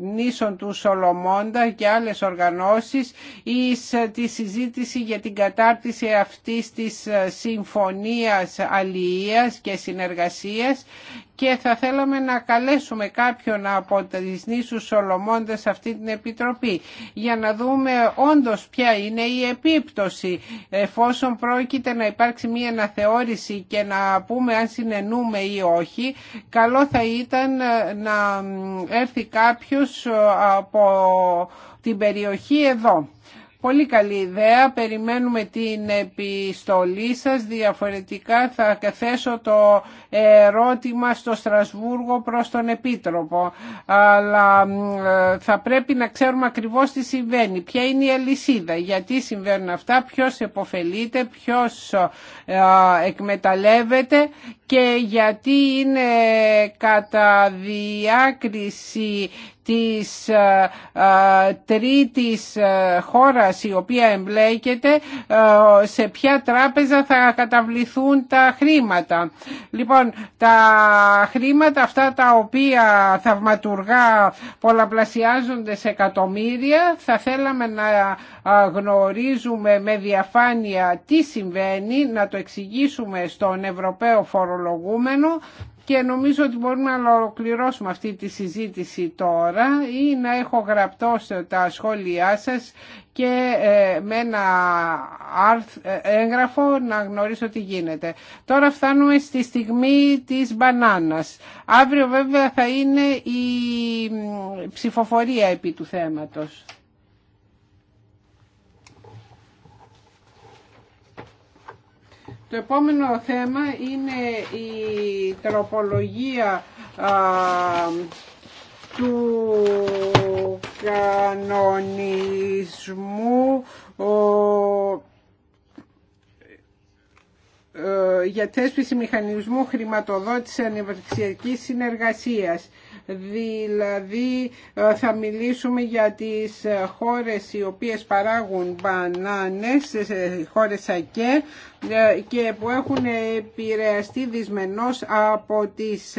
[SPEAKER 1] νήσων του Σολομώντα και άλλες οργανώσεις ή της ε, τη συζήτηση για την κατάρτιση αυτής της ε, συμφωνίας αλληλείας και συνεργασίας και θα θέλαμε να καλέσουμε κάποιον από τις νήσους Σολομώντας σε αυτή την Επιτροπή για να δούμε όντως ποια είναι η επίπτωση εφόσον πρόκειται να υπάρξει μία αναθεώρηση και να πούμε αν συνενούμε ή όχι καλό θα ήταν ε, να έρθει κάποιος από την περιοχή εδώ Πολύ καλή ιδέα, περιμένουμε την επιστολή σας, διαφορετικά θα καθέσω το ερώτημα στο Στρασβούργο προς τον Επίτροπο. Αλλά θα πρέπει να ξέρουμε ακριβώς τι συμβαίνει, ποια είναι η αλυσίδα, γιατί συμβαίνουν αυτά, ποιος επωφελείται, ποιος ε, εκμεταλλεύεται και γιατί είναι κατά διάκριση της ε, ε, τρίτης ε, χώρας η οποία εμπλέκεται σε ποια τράπεζα θα καταβληθούν τα χρήματα. Λοιπόν, τα χρήματα αυτά τα οποία θαυματουργά πολλαπλασιάζονται σε εκατομμύρια θα θέλαμε να γνωρίζουμε με διαφάνεια τι συμβαίνει, να το εξηγήσουμε στον Ευρωπαίο φορολογούμενο και νομίζω ότι μπορούμε να ολοκληρώσουμε αυτή τη συζήτηση τώρα ή να έχω γραπτό τα σχόλιά σας και ε, με ένα ε, έγγραφο να γνωρίσω τι γίνεται. Τώρα φτάνουμε στη στιγμή της μπανάνας. Αύριο βέβαια θα είναι η ψηφοφορία επί του θέματος. Το επόμενο θέμα είναι η τροπολογία του κανονισμού ο, ε, για θέσπιση μηχανισμού χρηματοδότησης ανεπτυξιακής συνεργασίας δηλαδή ε, θα μιλήσουμε για τις ε, χώρες οι οποίες παράγουν μπανάνες, ε, χώρες ΑΚΕ και που έχουν επηρεαστεί δυσμενώς από τις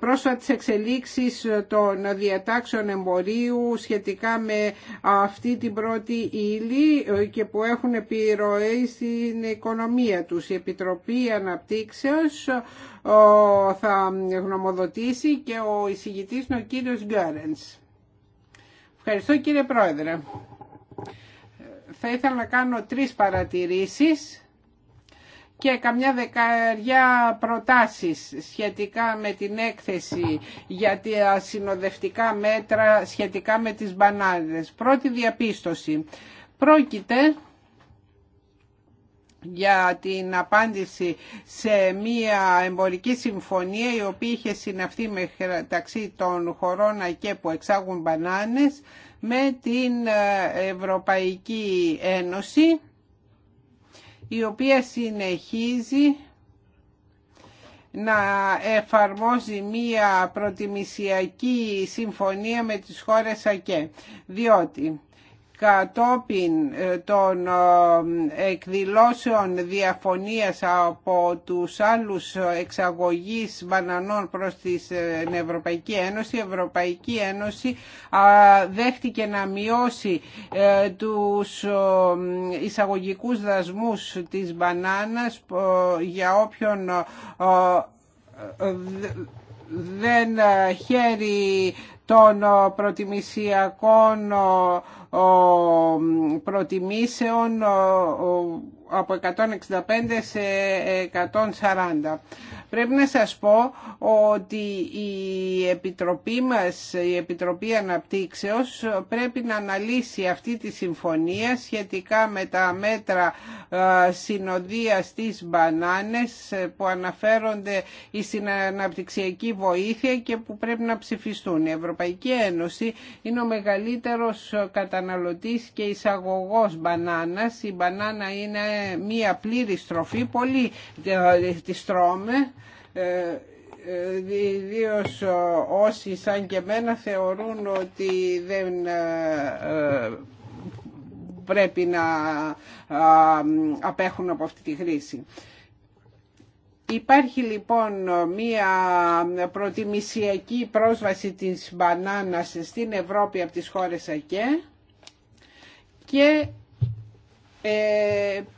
[SPEAKER 1] πρόσφατες εξελίξεις των διατάξεων εμπορίου σχετικά με αυτή την πρώτη ύλη και που έχουν επιρροή στην οικονομία τους. Η Επιτροπή Αναπτύξεως θα γνωμοδοτήσει και ο εισηγητής είναι ο κύριος Γκέρενς. Ευχαριστώ κύριε Πρόεδρε. Θα ήθελα να κάνω τρεις παρατηρήσεις και καμιά δεκαριά προτάσεις σχετικά με την έκθεση για τα συνοδευτικά μέτρα σχετικά με τις μπανάδες. Πρώτη διαπίστωση. Πρόκειται για την απάντηση σε μία εμπορική συμφωνία η οποία είχε συναυθεί μεταξύ των χωρών ΑΚΕ που εξάγουν μπανάνες με την ε, Ευρωπαϊκή Ένωση η οποία συνεχίζει να εφαρμόζει μία προτιμησιακή συμφωνία με τις χώρες ΑΚΕ διότι κατόπιν ε, των ε, εκδηλώσεων διαφωνίας από τους άλλους εξαγωγείς μπανανών προς ε, την Ευρωπαϊκή Ένωση, η Ευρωπαϊκή Ένωση δέχτηκε να μειώσει τους εισαγωγικούς δασμούς της μπανάνας για όποιον δεν χαίρει των προτιμησιακών προτιμήσεων από 165 σε 140. Πρέπει να σας πω ότι η Επιτροπή μας, η Επιτροπή Αναπτύξεως πρέπει να αναλύσει αυτή τη συμφωνία σχετικά με τα μέτρα ε, συνοδείας της μπανάνες ε, που αναφέρονται στην αναπτυξιακή βοήθεια και που πρέπει να ψηφιστούν. Η Ευρωπαϊκή Ένωση είναι ο μεγαλύτερος καταναλωτής και εισαγωγός μπανάνας. Η μπανάνα είναι μία πλήρη στροφή, πολύ ε, τη στρώμε ε, ε, ιδίω όσοι σαν και εμένα θεωρούν ότι δεν ε, πρέπει να απέχουν από αυτή τη χρήση. Υπάρχει λοιπόν μία προτιμησιακή πρόσβαση της μπανάνας στην Ευρώπη από τις χώρες ΑΚΕ και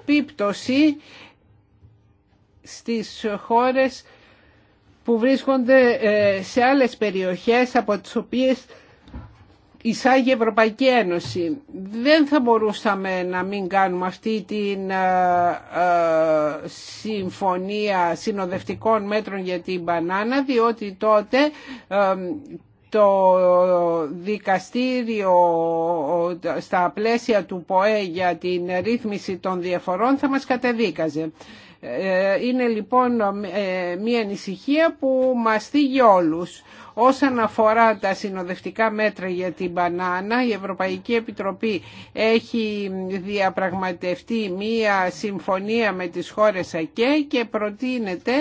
[SPEAKER 1] επίπτωση στις χώρες που βρίσκονται ε, σε άλλες περιοχές από τις οποίες εισάγει η Ευρωπαϊκή Ένωση. Δεν θα μπορούσαμε να μην κάνουμε αυτή την ε, ε, συμφωνία συνοδευτικών μέτρων για την μπανάνα διότι τότε το δικαστήριο στα πλαίσια του ΠΟΕ για την ρύθμιση των διαφορών θα μας κατεδίκαζε. Ε, είναι λοιπόν ε, μια ανησυχία που μας θίγει όλους. Όσον αφορά τα συνοδευτικά μέτρα για την μπανάνα, η Ευρωπαϊκή Επιτροπή έχει διαπραγματευτεί μία συμφωνία με τις χώρες ΑΚΕ και προτείνεται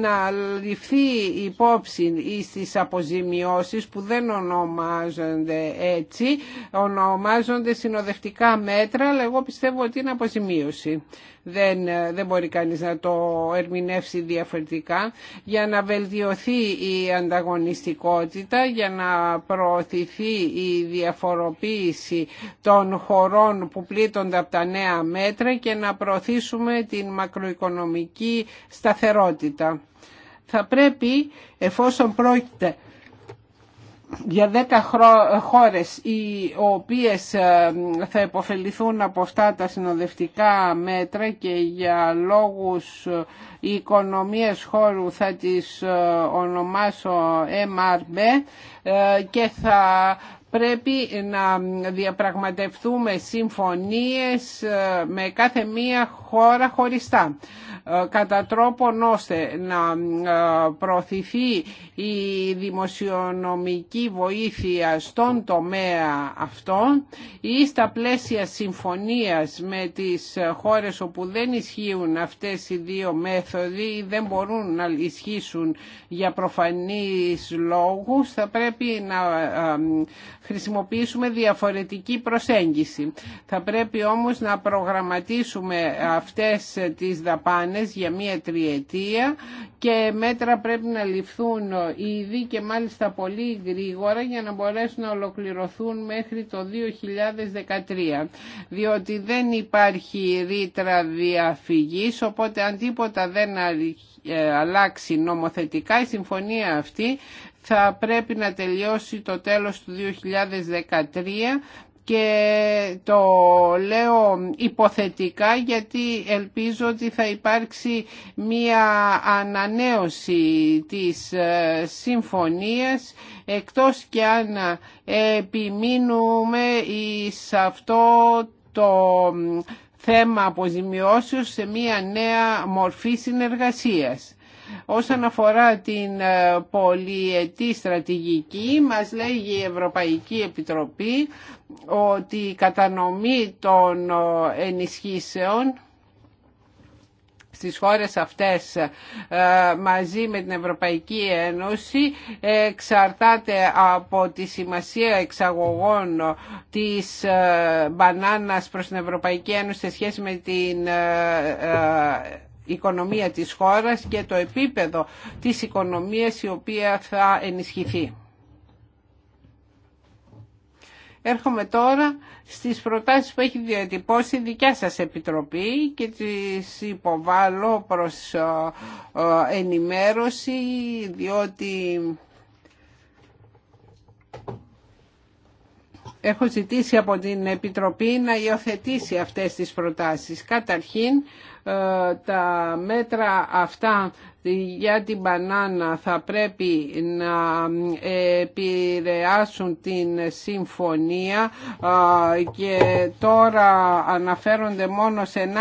[SPEAKER 1] να ληφθεί υπόψη στις αποζημιώσεις που δεν ονομάζονται έτσι, ονομάζονται συνοδευτικά μέτρα, αλλά εγώ πιστεύω ότι είναι αποζημίωση δεν, ε, δεν μπορεί κανείς να το ερμηνεύσει διαφορετικά για να βελτιωθεί η ανταγωνιστικότητα, για να προωθηθεί η διαφοροποίηση των χωρών που πλήττονται από τα νέα μέτρα και να προωθήσουμε την μακροοικονομική σταθερότητα. Θα πρέπει, εφόσον πρόκειται για 10 χώρες οι οποίες ε, θα υποφεληθούν από αυτά τα συνοδευτικά μέτρα και για λόγους ε, οικονομίας χώρου θα τις ε, ονομάσω MRB και θα πρέπει να διαπραγματευτούμε συμφωνίες με κάθε μία χώρα χωριστά. Ε, κατά τρόπον ώστε να ε, προωθηθεί η δημοσιονομική βοήθεια στον τομέα αυτό ή στα πλαίσια συμφωνίας με τις χώρες όπου δεν ισχύουν αυτές οι δύο μέθοδοι ή δεν μπορούν να ισχύσουν για προφανείς λόγους θα πρέπει να ε, χρησιμοποιήσουμε διαφορετική προσέγγιση. Θα πρέπει όμως να προγραμματίσουμε αυτές τις δαπάνες για μία τριετία και μέτρα πρέπει να ληφθούν ήδη και μάλιστα πολύ γρήγορα για να μπορέσουν να ολοκληρωθούν μέχρι το 2013 διότι δεν υπάρχει ρήτρα διαφυγής οπότε αν τίποτα δεν ε, αλλάξει νομοθετικά η συμφωνία αυτή θα πρέπει να τελειώσει το τέλος του 2013 και το λέω υποθετικά γιατί ελπίζω ότι θα υπάρξει μία ανανέωση της ε, συμφωνίας εκτός και αν επιμείνουμε σε αυτό το θέμα αποζημιώσεως σε μία νέα μορφή συνεργασίας. Όσον αφορά την ε, πολιετή στρατηγική, μας λέει η Ευρωπαϊκή Επιτροπή ότι η κατανομή των ε, ενισχύσεων στις χώρες αυτές ε, μαζί με την Ευρωπαϊκή Ένωση εξαρτάται από τη σημασία εξαγωγών της ε, μπανάνας προς την Ευρωπαϊκή Ένωση σε σχέση με την οικονομία της χώρας και το επίπεδο της οικονομίας η οποία θα ενισχυθεί. Έρχομαι τώρα στις προτάσεις που έχει διατυπώσει η δικιά σας Επιτροπή και τις υποβάλλω προς ε, ε, ενημέρωση διότι έχω ζητήσει από την Επιτροπή να υιοθετήσει αυτές τις προτάσεις. Καταρχήν ε, τα μέτρα αυτά για την μπανάνα θα πρέπει να επηρεάσουν την συμφωνία ε, και τώρα αναφέρονται μόνο σε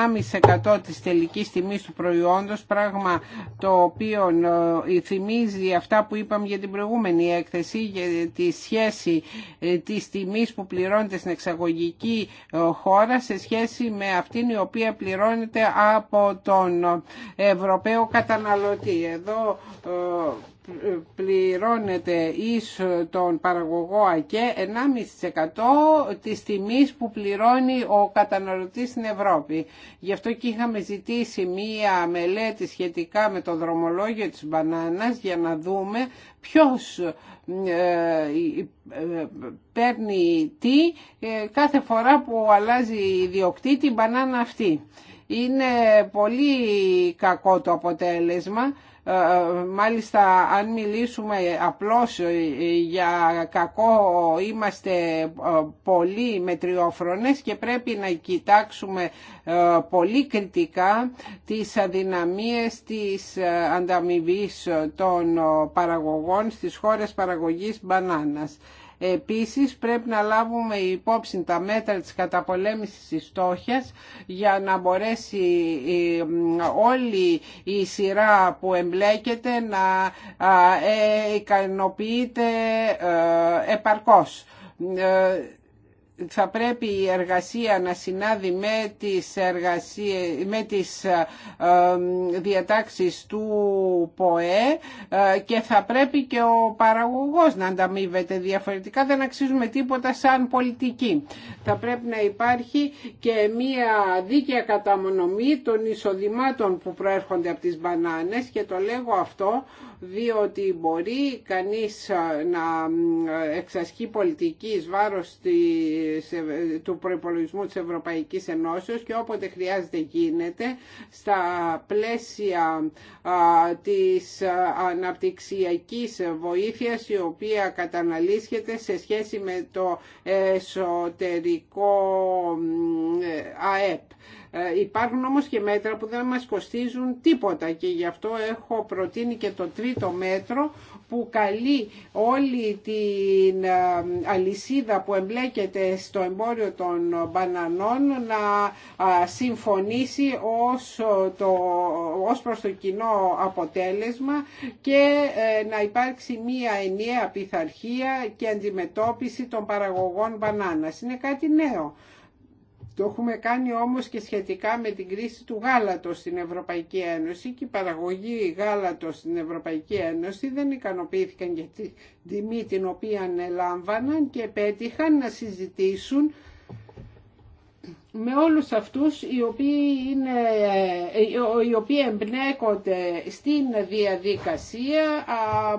[SPEAKER 1] 1,5% της τελικής τιμής του προϊόντος πράγμα το οποίο ε, θυμίζει αυτά που είπαμε για την προηγούμενη έκθεση για τη σχέση της τιμής που πληρώνεται στην εξαγωγική χώρα σε σχέση με αυτήν η οποία πληρώνεται από τον Ευρωπαίο καταναλωτή. Εδώ ε, πληρώνεται εις τον παραγωγό ΑΚΕ 1,5% της τιμής που πληρώνει ο καταναλωτής στην Ευρώπη. Γι' αυτό και είχαμε ζητήσει μία μελέτη σχετικά με το δρομολόγιο της μπανάνας για να δούμε ποιος ε, ε, παίρνει τι κάθε φορά που αλλάζει η διοκτήτη μπανάνα αυτή. Είναι πολύ κακό το αποτέλεσμα. Ε, ε, μάλιστα αν μιλήσουμε απλώς ε, για κακό είμαστε πολύ μετριόφρονες και πρέπει να κοιτάξουμε πολύ κριτικά τις αδυναμίες της ανταμοιβή των παραγωγών στις χώρες παραγωγής μπανάνας. Επίσης πρέπει να λάβουμε υπόψη τα μέτρα της καταπολέμησης της στόχιας για να μπορέσει ε, όλη η σειρά που εμπλέκεται να ε, ικανοποιείται ε, επαρκώς θα πρέπει η εργασία να συνάδει με τις, εργασίες, με ε, διατάξεις του ΠΟΕ ε, και θα πρέπει και ο παραγωγός να ανταμείβεται διαφορετικά δεν αξίζουμε τίποτα σαν πολιτική θα πρέπει να υπάρχει και μια δίκαια καταμονομή των εισοδημάτων που προέρχονται από τις μπανάνες και το λέγω αυτό διότι μπορεί κανείς να εξασκεί πολιτική εις βάρος του προϋπολογισμού της Ευρωπαϊκής Ενώσεως και όποτε χρειάζεται γίνεται στα πλαίσια της αναπτυξιακής βοήθειας η οποία καταναλύσχεται σε σχέση με το εσωτερικό ε, ΑΕΠ. Ε, υπάρχουν όμως και μέτρα που δεν μας κοστίζουν τίποτα και γι' αυτό έχω προτείνει και το τρίτο μέτρο που καλεί όλη την ε, αλυσίδα που εμπλέκεται στο εμπόριο των μπανανών να συμφωνήσει ως, το, ως προς το κοινό αποτέλεσμα και ε, να υπάρξει μία ενιαία πειθαρχία και αντιμετώπιση των παραγωγών μπανάνας. Είναι κάτι νέο το έχουμε κάνει όμως και σχετικά με την κρίση του γάλατος στην Ευρωπαϊκή Ένωση και η παραγωγή γάλατος στην Ευρωπαϊκή Ένωση δεν ικανοποιήθηκαν για τη τιμή την οποία ελάμβαναν και πέτυχαν να συζητήσουν με όλους αυτούς οι οποίοι, είναι, οι οποίοι εμπνέκονται στην διαδικασία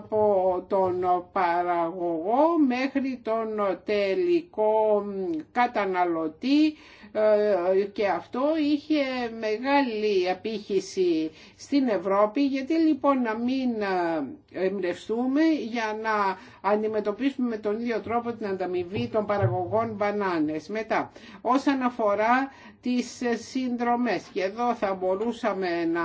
[SPEAKER 1] από τον παραγωγό μέχρι τον τελικό καταναλωτή ε, και αυτό είχε μεγάλη απήχηση στην Ευρώπη γιατί λοιπόν να μην ε, εμπνευστούμε για να αντιμετωπίσουμε με τον ίδιο τρόπο την ανταμοιβή των παραγωγών μπανάνες. Μετά, όσον αφορά τις ε, συνδρομές και εδώ θα μπορούσαμε να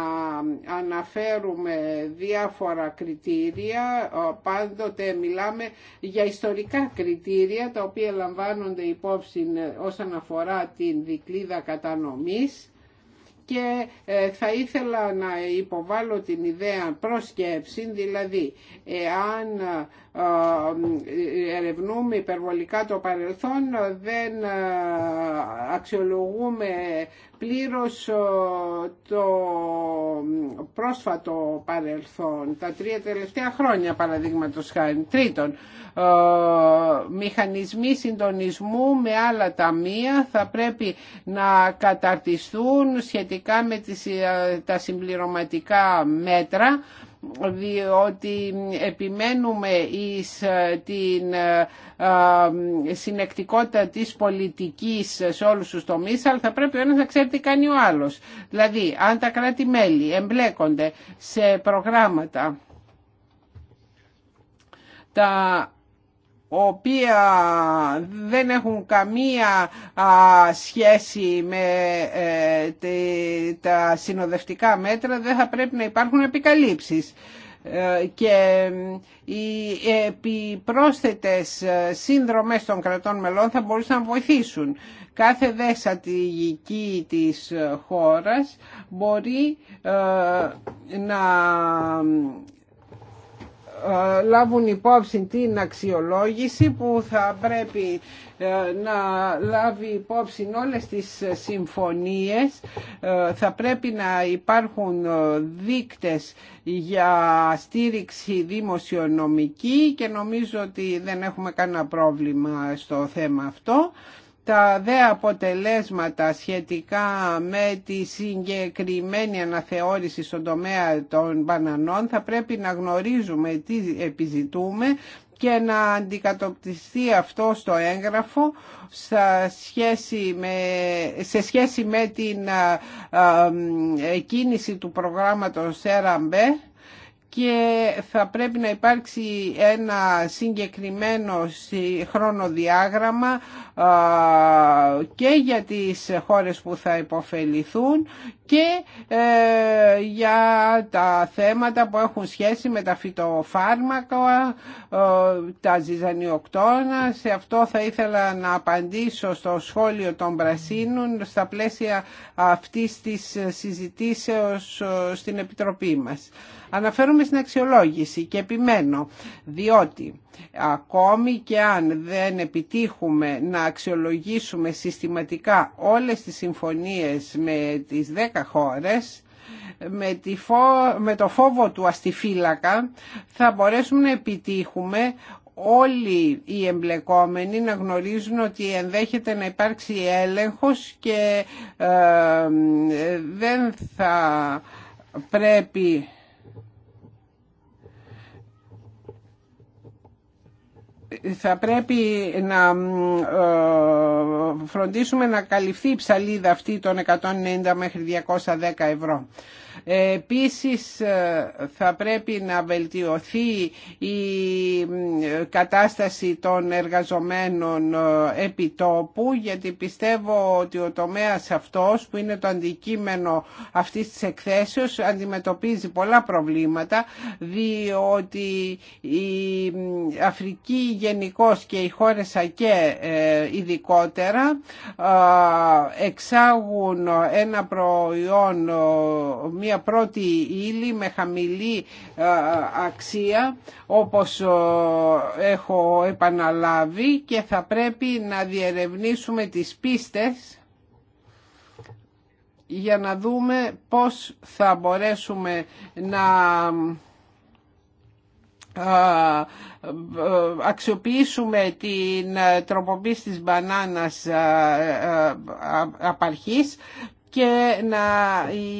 [SPEAKER 1] αναφέρουμε διάφορα κριτήρια πάντοτε μιλάμε για ιστορικά κριτήρια τα οποία λαμβάνονται υπόψη ε, όσον αφορά την δικλίδα κατανομής και ε, θα ήθελα να υποβάλω την ιδέα προσκέψη, δηλαδή εάν ερευνούμε υπερβολικά το παρελθόν, δεν ε, αξιολογούμε πλήρως ε, το πρόσφατο παρελθόν, τα τρία τελευταία χρόνια παραδείγματο χάρη. Τρίτον, ε, μηχανισμοί συντονισμού με άλλα ταμεία θα πρέπει να καταρτιστούν σχετικά με τις, τα συμπληρωματικά μέτρα διότι επιμένουμε εις ε, την ε, συνεκτικότητα της πολιτικής σε όλους τους τομείς, αλλά θα πρέπει ο ένας να ξέρει τι κάνει ο άλλος. Δηλαδή, αν τα κράτη-μέλη εμπλέκονται σε προγράμματα τα οποία δεν έχουν καμία σχέση με ε, τα συνοδευτικά μέτρα δεν θα πρέπει να υπάρχουν επικαλύψεις ε, και οι επιπρόσθετες ε, σύνδρομες των κρατών μελών θα μπορούσαν να βοηθήσουν. Κάθε δέσατη της χώρας μπορεί να ε, λάβουν υπόψη την αξιολόγηση που θα πρέπει ε, να λάβει υπόψη όλες τις συμφωνίες. Ε, θα πρέπει να υπάρχουν δίκτες για στήριξη δημοσιονομική και νομίζω ότι δεν έχουμε κανένα πρόβλημα στο θέμα αυτό τα δε αποτελέσματα σχετικά με τη συγκεκριμένη αναθεώρηση στον τομέα των μπανανών θα πρέπει να γνωρίζουμε τι επιζητούμε και να αντικατοπτιστεί αυτό στο έγγραφο σε σχέση με, την α, κίνηση του προγράμματος ΕΡΑΜΠΕ και θα πρέπει να υπάρξει ένα συγκεκριμένο χρονοδιάγραμμα και για τις χώρες που θα υποφεληθούν και ε, για τα θέματα που έχουν σχέση με τα φυτοφάρμακα, ε, τα ζυζανιοκτώνα. Σε αυτό θα ήθελα να απαντήσω στο σχόλιο των Πρασίνων στα πλαίσια αυτής της συζητήσεως ε, στην Επιτροπή μας. Αναφέρομαι στην αξιολόγηση και επιμένω, διότι Ακόμη και αν δεν επιτύχουμε να αξιολογήσουμε συστηματικά όλες τις συμφωνίες με τις 10 χώρες, με το φόβο του αστιφύλακα θα μπορέσουμε να επιτύχουμε όλοι οι εμπλεκόμενοι να γνωρίζουν ότι ενδέχεται να υπάρξει έλεγχος και ε, ε, δεν θα πρέπει θα πρέπει να ε, φροντίσουμε να καλυφθεί η ψαλίδα αυτή των 190 μέχρι 210 ευρώ. Επίσης ε, θα πρέπει να βελτιωθεί η κατάσταση των εργαζομένων ε, επιτόπου γιατί πιστεύω ότι ο τομέας αυτός που είναι το αντικείμενο αυτής της εκθέσεως αντιμετωπίζει πολλά προβλήματα διότι η Αφρική γενικώ και οι χώρες ΑΚΕ ε, ειδικότερα εξάγουν ένα προϊόν μια πρώτη ύλη με χαμηλή ε, αξία όπως ε, έχω επαναλάβει και θα πρέπει να διερευνήσουμε τις πίστες για να δούμε πώς θα μπορέσουμε να ε, αξιοποιήσουμε την τροποποίηση της μπανάνας απαρχής και να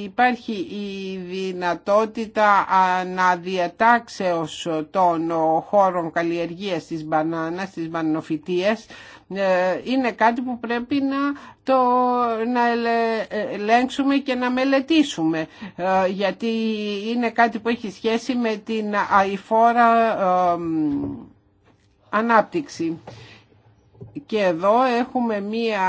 [SPEAKER 1] υπάρχει η δυνατότητα αναδιατάξεως των χώρων καλλιεργίας της μπανάνας, της μπανοφυτίας ε, είναι κάτι που πρέπει να το να ελέγξουμε και να μελετήσουμε ε, γιατί είναι κάτι που έχει σχέση με την αηφόρα ε, ανάπτυξη και εδώ έχουμε μία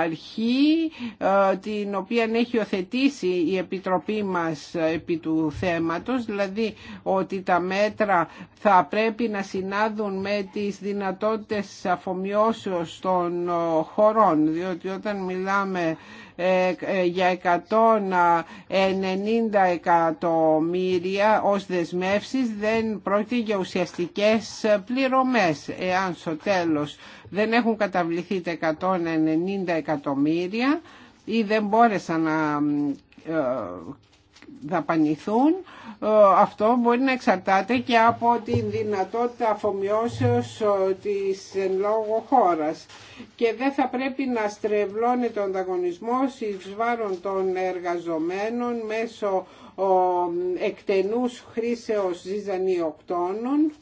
[SPEAKER 1] αρχή ε, την οποία έχει οθετήσει η Επιτροπή μας επί του θέματος, δηλαδή ότι τα μέτρα θα πρέπει να συνάδουν με τις δυνατότητες αφομοιώσεως των ε, χωρών, διότι όταν μιλάμε ε, για 190 εκατομμύρια ως δεσμεύσεις δεν πρόκειται για ουσιαστικές πληρωμές εάν στο τέλος δεν έχουν καταβληθεί τα 190 εκατομμύρια ή δεν μπόρεσαν να ε, δαπανηθούν ε, αυτό μπορεί να εξαρτάται και από τη δυνατότητα αφομοιώσεως ε, της εν λόγω χώρας και δεν θα πρέπει να στρεβλώνει τον ανταγωνισμό εις βάρον των εργαζομένων μέσω εκτενούς χρήσεως ζυζανιοκτώνων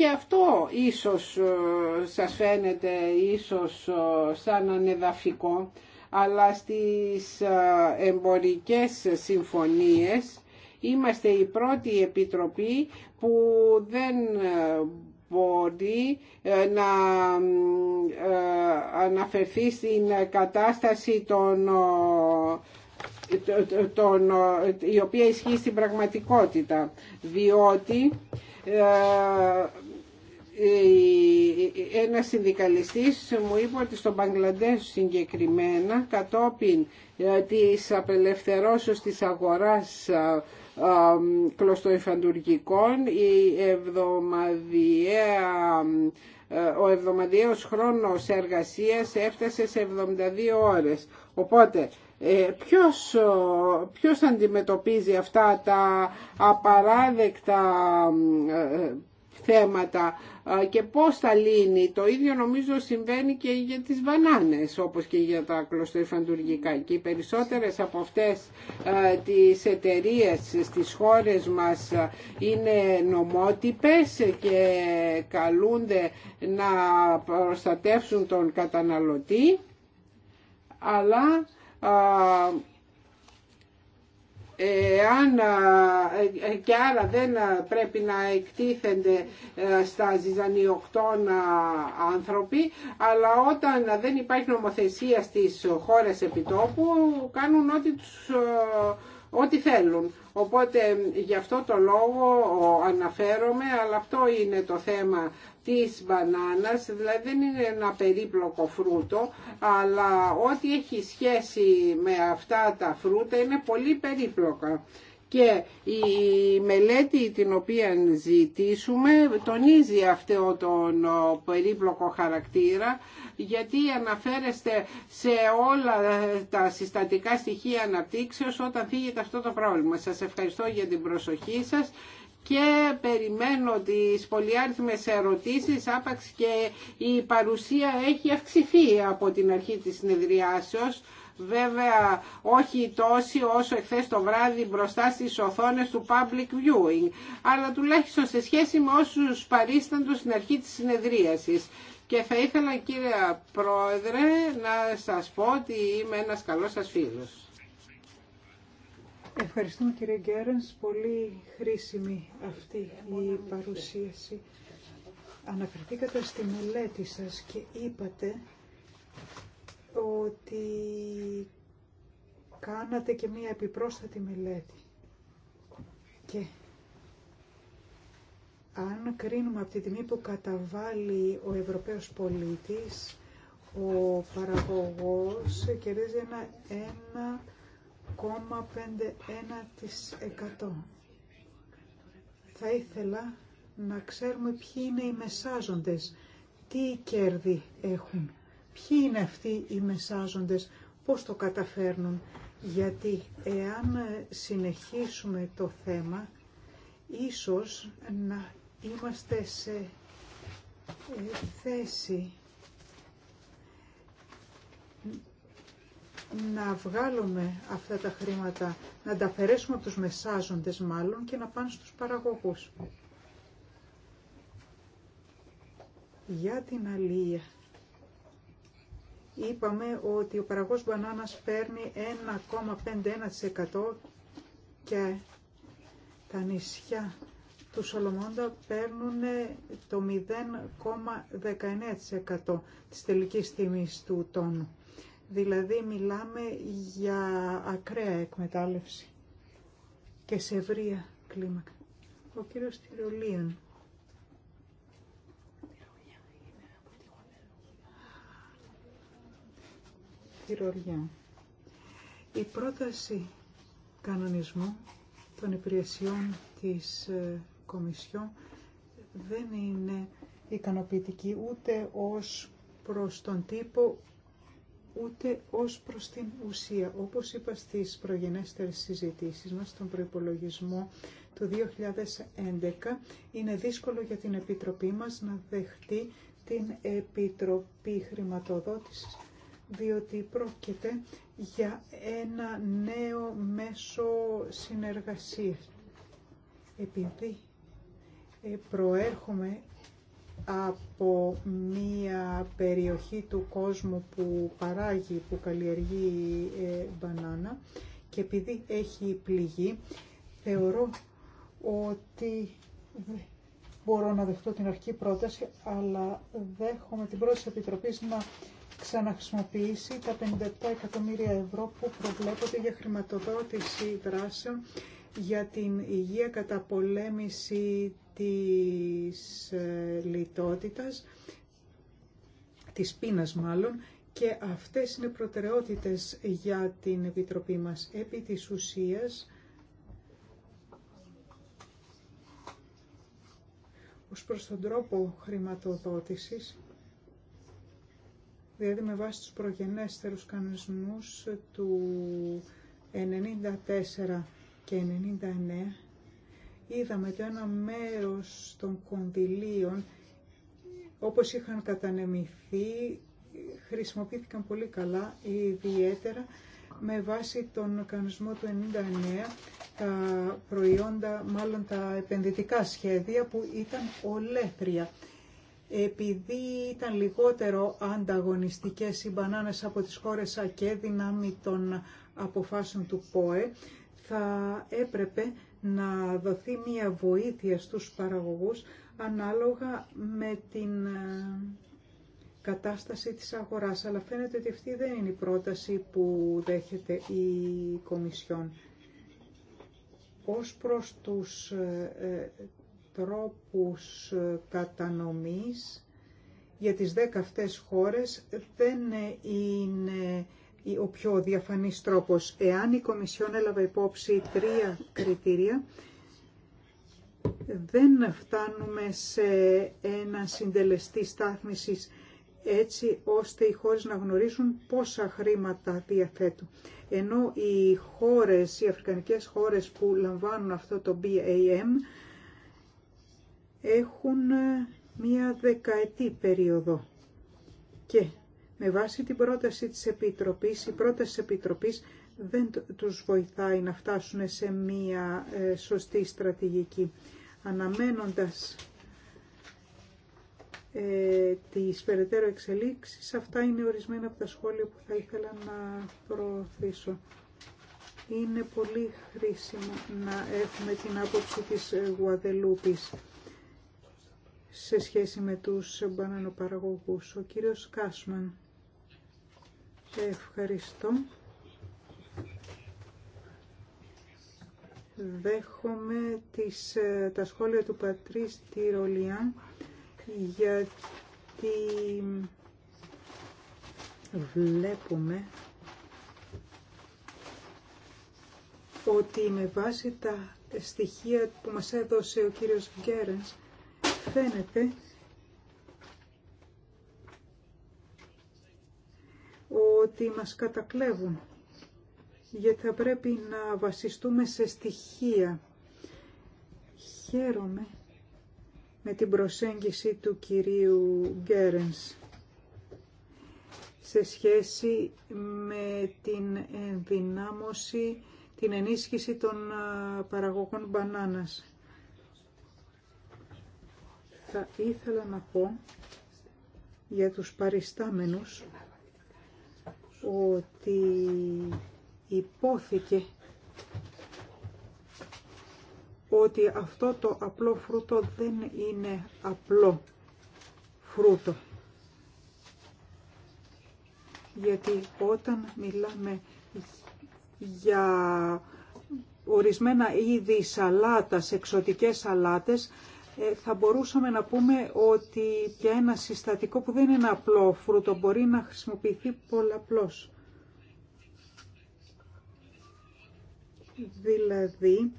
[SPEAKER 1] και αυτό ίσως ε, σας φαίνεται ίσως ε, σαν ανεδαφικό, αλλά στις ε, εμπορικές συμφωνίες είμαστε η πρώτη επιτροπή που δεν μπορεί να αναφερθεί στην κατάσταση των τον, η οποία ισχύει στην πραγματικότητα διότι ε, ε, ένας συνδικαλιστής μου είπε ότι στο Μπαγκλαντές συγκεκριμένα κατόπιν ε, της απελευθερώσεως της αγοράς κλωστοϊφαντουργικών η εβδομαδιαία ο εβδομαδιαίος χρόνος εργασίας έφτασε σε 72 ώρες. Οπότε, ποιος, ποιος αντιμετωπίζει αυτά τα απαράδεκτα θέματα και πώς θα λύνει. Το ίδιο νομίζω συμβαίνει και για τις βανάνες όπως και για τα κλωστοϊφαντουργικά και οι περισσότερες από αυτές τις εταιρείες στις χώρες μας είναι νομότυπες και καλούνται να προστατεύσουν τον καταναλωτή αλλά αν ε, και άρα δεν πρέπει να εκτίθενται ε, στα ζυζανιοκτώνα άνθρωποι, αλλά όταν δεν υπάρχει νομοθεσία στις χώρες επιτόπου κάνουν ό,τι τους ό,τι θέλουν. Οπότε γι' αυτό το λόγο αναφέρομαι, αλλά αυτό είναι το θέμα της μπανάνας, δηλαδή δεν είναι ένα περίπλοκο φρούτο, αλλά ό,τι έχει σχέση με αυτά τα φρούτα είναι πολύ περίπλοκα. Και η μελέτη την οποία ζητήσουμε τονίζει αυτό τον περίπλοκο χαρακτήρα γιατί αναφέρεστε σε όλα τα συστατικά στοιχεία αναπτύξεως όταν φύγετε αυτό το πρόβλημα. Σας ευχαριστώ για την προσοχή σας και περιμένω τις πολυάριθμες ερωτήσεις άπαξ και η παρουσία έχει αυξηθεί από την αρχή της συνεδριάσεως βέβαια όχι τόση όσο εχθές το βράδυ μπροστά στις οθόνες του public viewing, αλλά τουλάχιστον σε σχέση με όσους παριστάντου στην αρχή της συνεδρίασης. Και θα ήθελα κύριε Πρόεδρε να σας πω ότι είμαι ένας καλός σας φίλος.
[SPEAKER 3] Ευχαριστούμε κύριε Γκέρενς. Πολύ χρήσιμη αυτή η παρουσίαση. Αναφερθήκατε στη μελέτη σας και είπατε ότι κάνατε και μία επιπρόσθετη μελέτη. Και αν κρίνουμε από τη τιμή που καταβάλει ο Ευρωπαίος πολίτης, ο παραγωγός κερδίζει ένα, ένα 0,51%. Θα ήθελα να ξέρουμε ποιοι είναι οι μεσάζοντες, τι κέρδη έχουν, ποιοι είναι αυτοί οι μεσάζοντες, πώς το καταφέρνουν. Γιατί εάν συνεχίσουμε το θέμα, ίσως να είμαστε σε ε, θέση να βγάλουμε αυτά τα χρήματα, να τα αφαιρέσουμε από τους μεσάζοντες μάλλον και να πάνε στους παραγωγούς. Για την αλία. Είπαμε ότι ο παραγωγός μπανάνας παίρνει 1,51% και τα νησιά του Σολομόντα παίρνουν το 0,19% της τελικής τιμής του τόνου. Δηλαδή μιλάμε για ακραία εκμετάλλευση και σε ευρεία κλίμακα. Ο κύριος Τυρολίων. Τυρολιά. Η πρόταση κανονισμού των υπηρεσιών της ε, Κομισιόν δεν είναι ικανοποιητική ούτε ως προς τον τύπο ούτε ως προς την ουσία. Όπως είπα στις προγενέστερες συζητήσεις μας, στον προϋπολογισμό του 2011, είναι δύσκολο για την Επιτροπή μας να δεχτεί την Επιτροπή Χρηματοδότησης, διότι πρόκειται για ένα νέο μέσο συνεργασίας. Επειδή ε, προέρχομαι από μία περιοχή του κόσμου που παράγει, που καλλιεργεί ε, μπανάνα και επειδή έχει πληγή θεωρώ ότι μπορώ να δεχτώ την αρχή πρόταση, αλλά δέχομαι την πρόταση Επιτροπής να ξαναχρησιμοποιήσει τα 57 εκατομμύρια ευρώ που προβλέπονται για χρηματοδότηση δράσεων για την υγεία κατά πολέμηση της ε, λιτότητας, της πείνας μάλλον, και αυτές είναι προτεραιότητες για την Επιτροπή μας. Επί της ουσίας, ως προς τον τρόπο χρηματοδότησης, δηλαδή με βάση τους προγενέστερους κανονισμούς του 94 και 99 είδαμε ότι ένα μέρος των κονδυλίων όπως είχαν κατανεμηθεί χρησιμοποιήθηκαν πολύ καλά ιδιαίτερα με βάση τον κανονισμό του 99 τα προϊόντα, μάλλον τα επενδυτικά σχέδια που ήταν ολέθρια. Επειδή ήταν λιγότερο ανταγωνιστικές οι μπανάνες από τις χώρες και δυνάμει των αποφάσεων του ΠΟΕ, θα έπρεπε να δοθεί μία βοήθεια στους παραγωγούς ανάλογα με την ε, κατάσταση της αγοράς. Αλλά φαίνεται ότι αυτή δεν είναι η πρόταση που δέχεται η Κομισιόν. Ως προς τους ε, ε, τρόπους κατανομής για τις δέκα αυτές χώρες δεν είναι ο πιο διαφανής τρόπος. Εάν η Κομισιόν έλαβε υπόψη τρία κριτήρια, δεν φτάνουμε σε ένα συντελεστή στάθμισης έτσι ώστε οι χώρες να γνωρίζουν πόσα χρήματα διαθέτουν. Ενώ οι χώρες, οι αφρικανικές χώρες που λαμβάνουν αυτό το BAM έχουν μία δεκαετή περίοδο και με βάση την πρόταση της Επιτροπής, η πρόταση της Επιτροπής δεν τους βοηθάει να φτάσουν σε μία ε, σωστή στρατηγική. Αναμένοντας ε, τις περαιτέρω εξελίξεις, αυτά είναι ορισμένα από τα σχόλια που θα ήθελα να προωθήσω. Είναι πολύ χρήσιμο να έχουμε την άποψη της Γουαδελούπης σε σχέση με τους μπανανοπαραγωγούς. Ο κύριος Κάσμαν. Ευχαριστώ. Δέχομαι τις, ε, τα σχόλια του Πατρίς Τυρολιάν γιατί βλέπουμε ότι με βάση τα στοιχεία που μας έδωσε ο κύριος Γκέρενς φαίνεται ότι μας κατακλέβουν, γιατί θα πρέπει να βασιστούμε σε στοιχεία. Χαίρομαι με την προσέγγιση του κυρίου Γκέρενς σε σχέση με την ενδυνάμωση, την ενίσχυση των παραγωγών μπανάνας. Θα ήθελα να πω για τους παριστάμενους ότι υπόθηκε ότι αυτό το απλό φρούτο δεν είναι απλό φρούτο. Γιατί όταν μιλάμε για ορισμένα είδη σαλάτας, εξωτικές σαλάτες, ε, θα μπορούσαμε να πούμε ότι για ένα συστατικό που δεν είναι απλό φρούτο μπορεί να χρησιμοποιηθεί πολλαπλώς. Δηλαδή,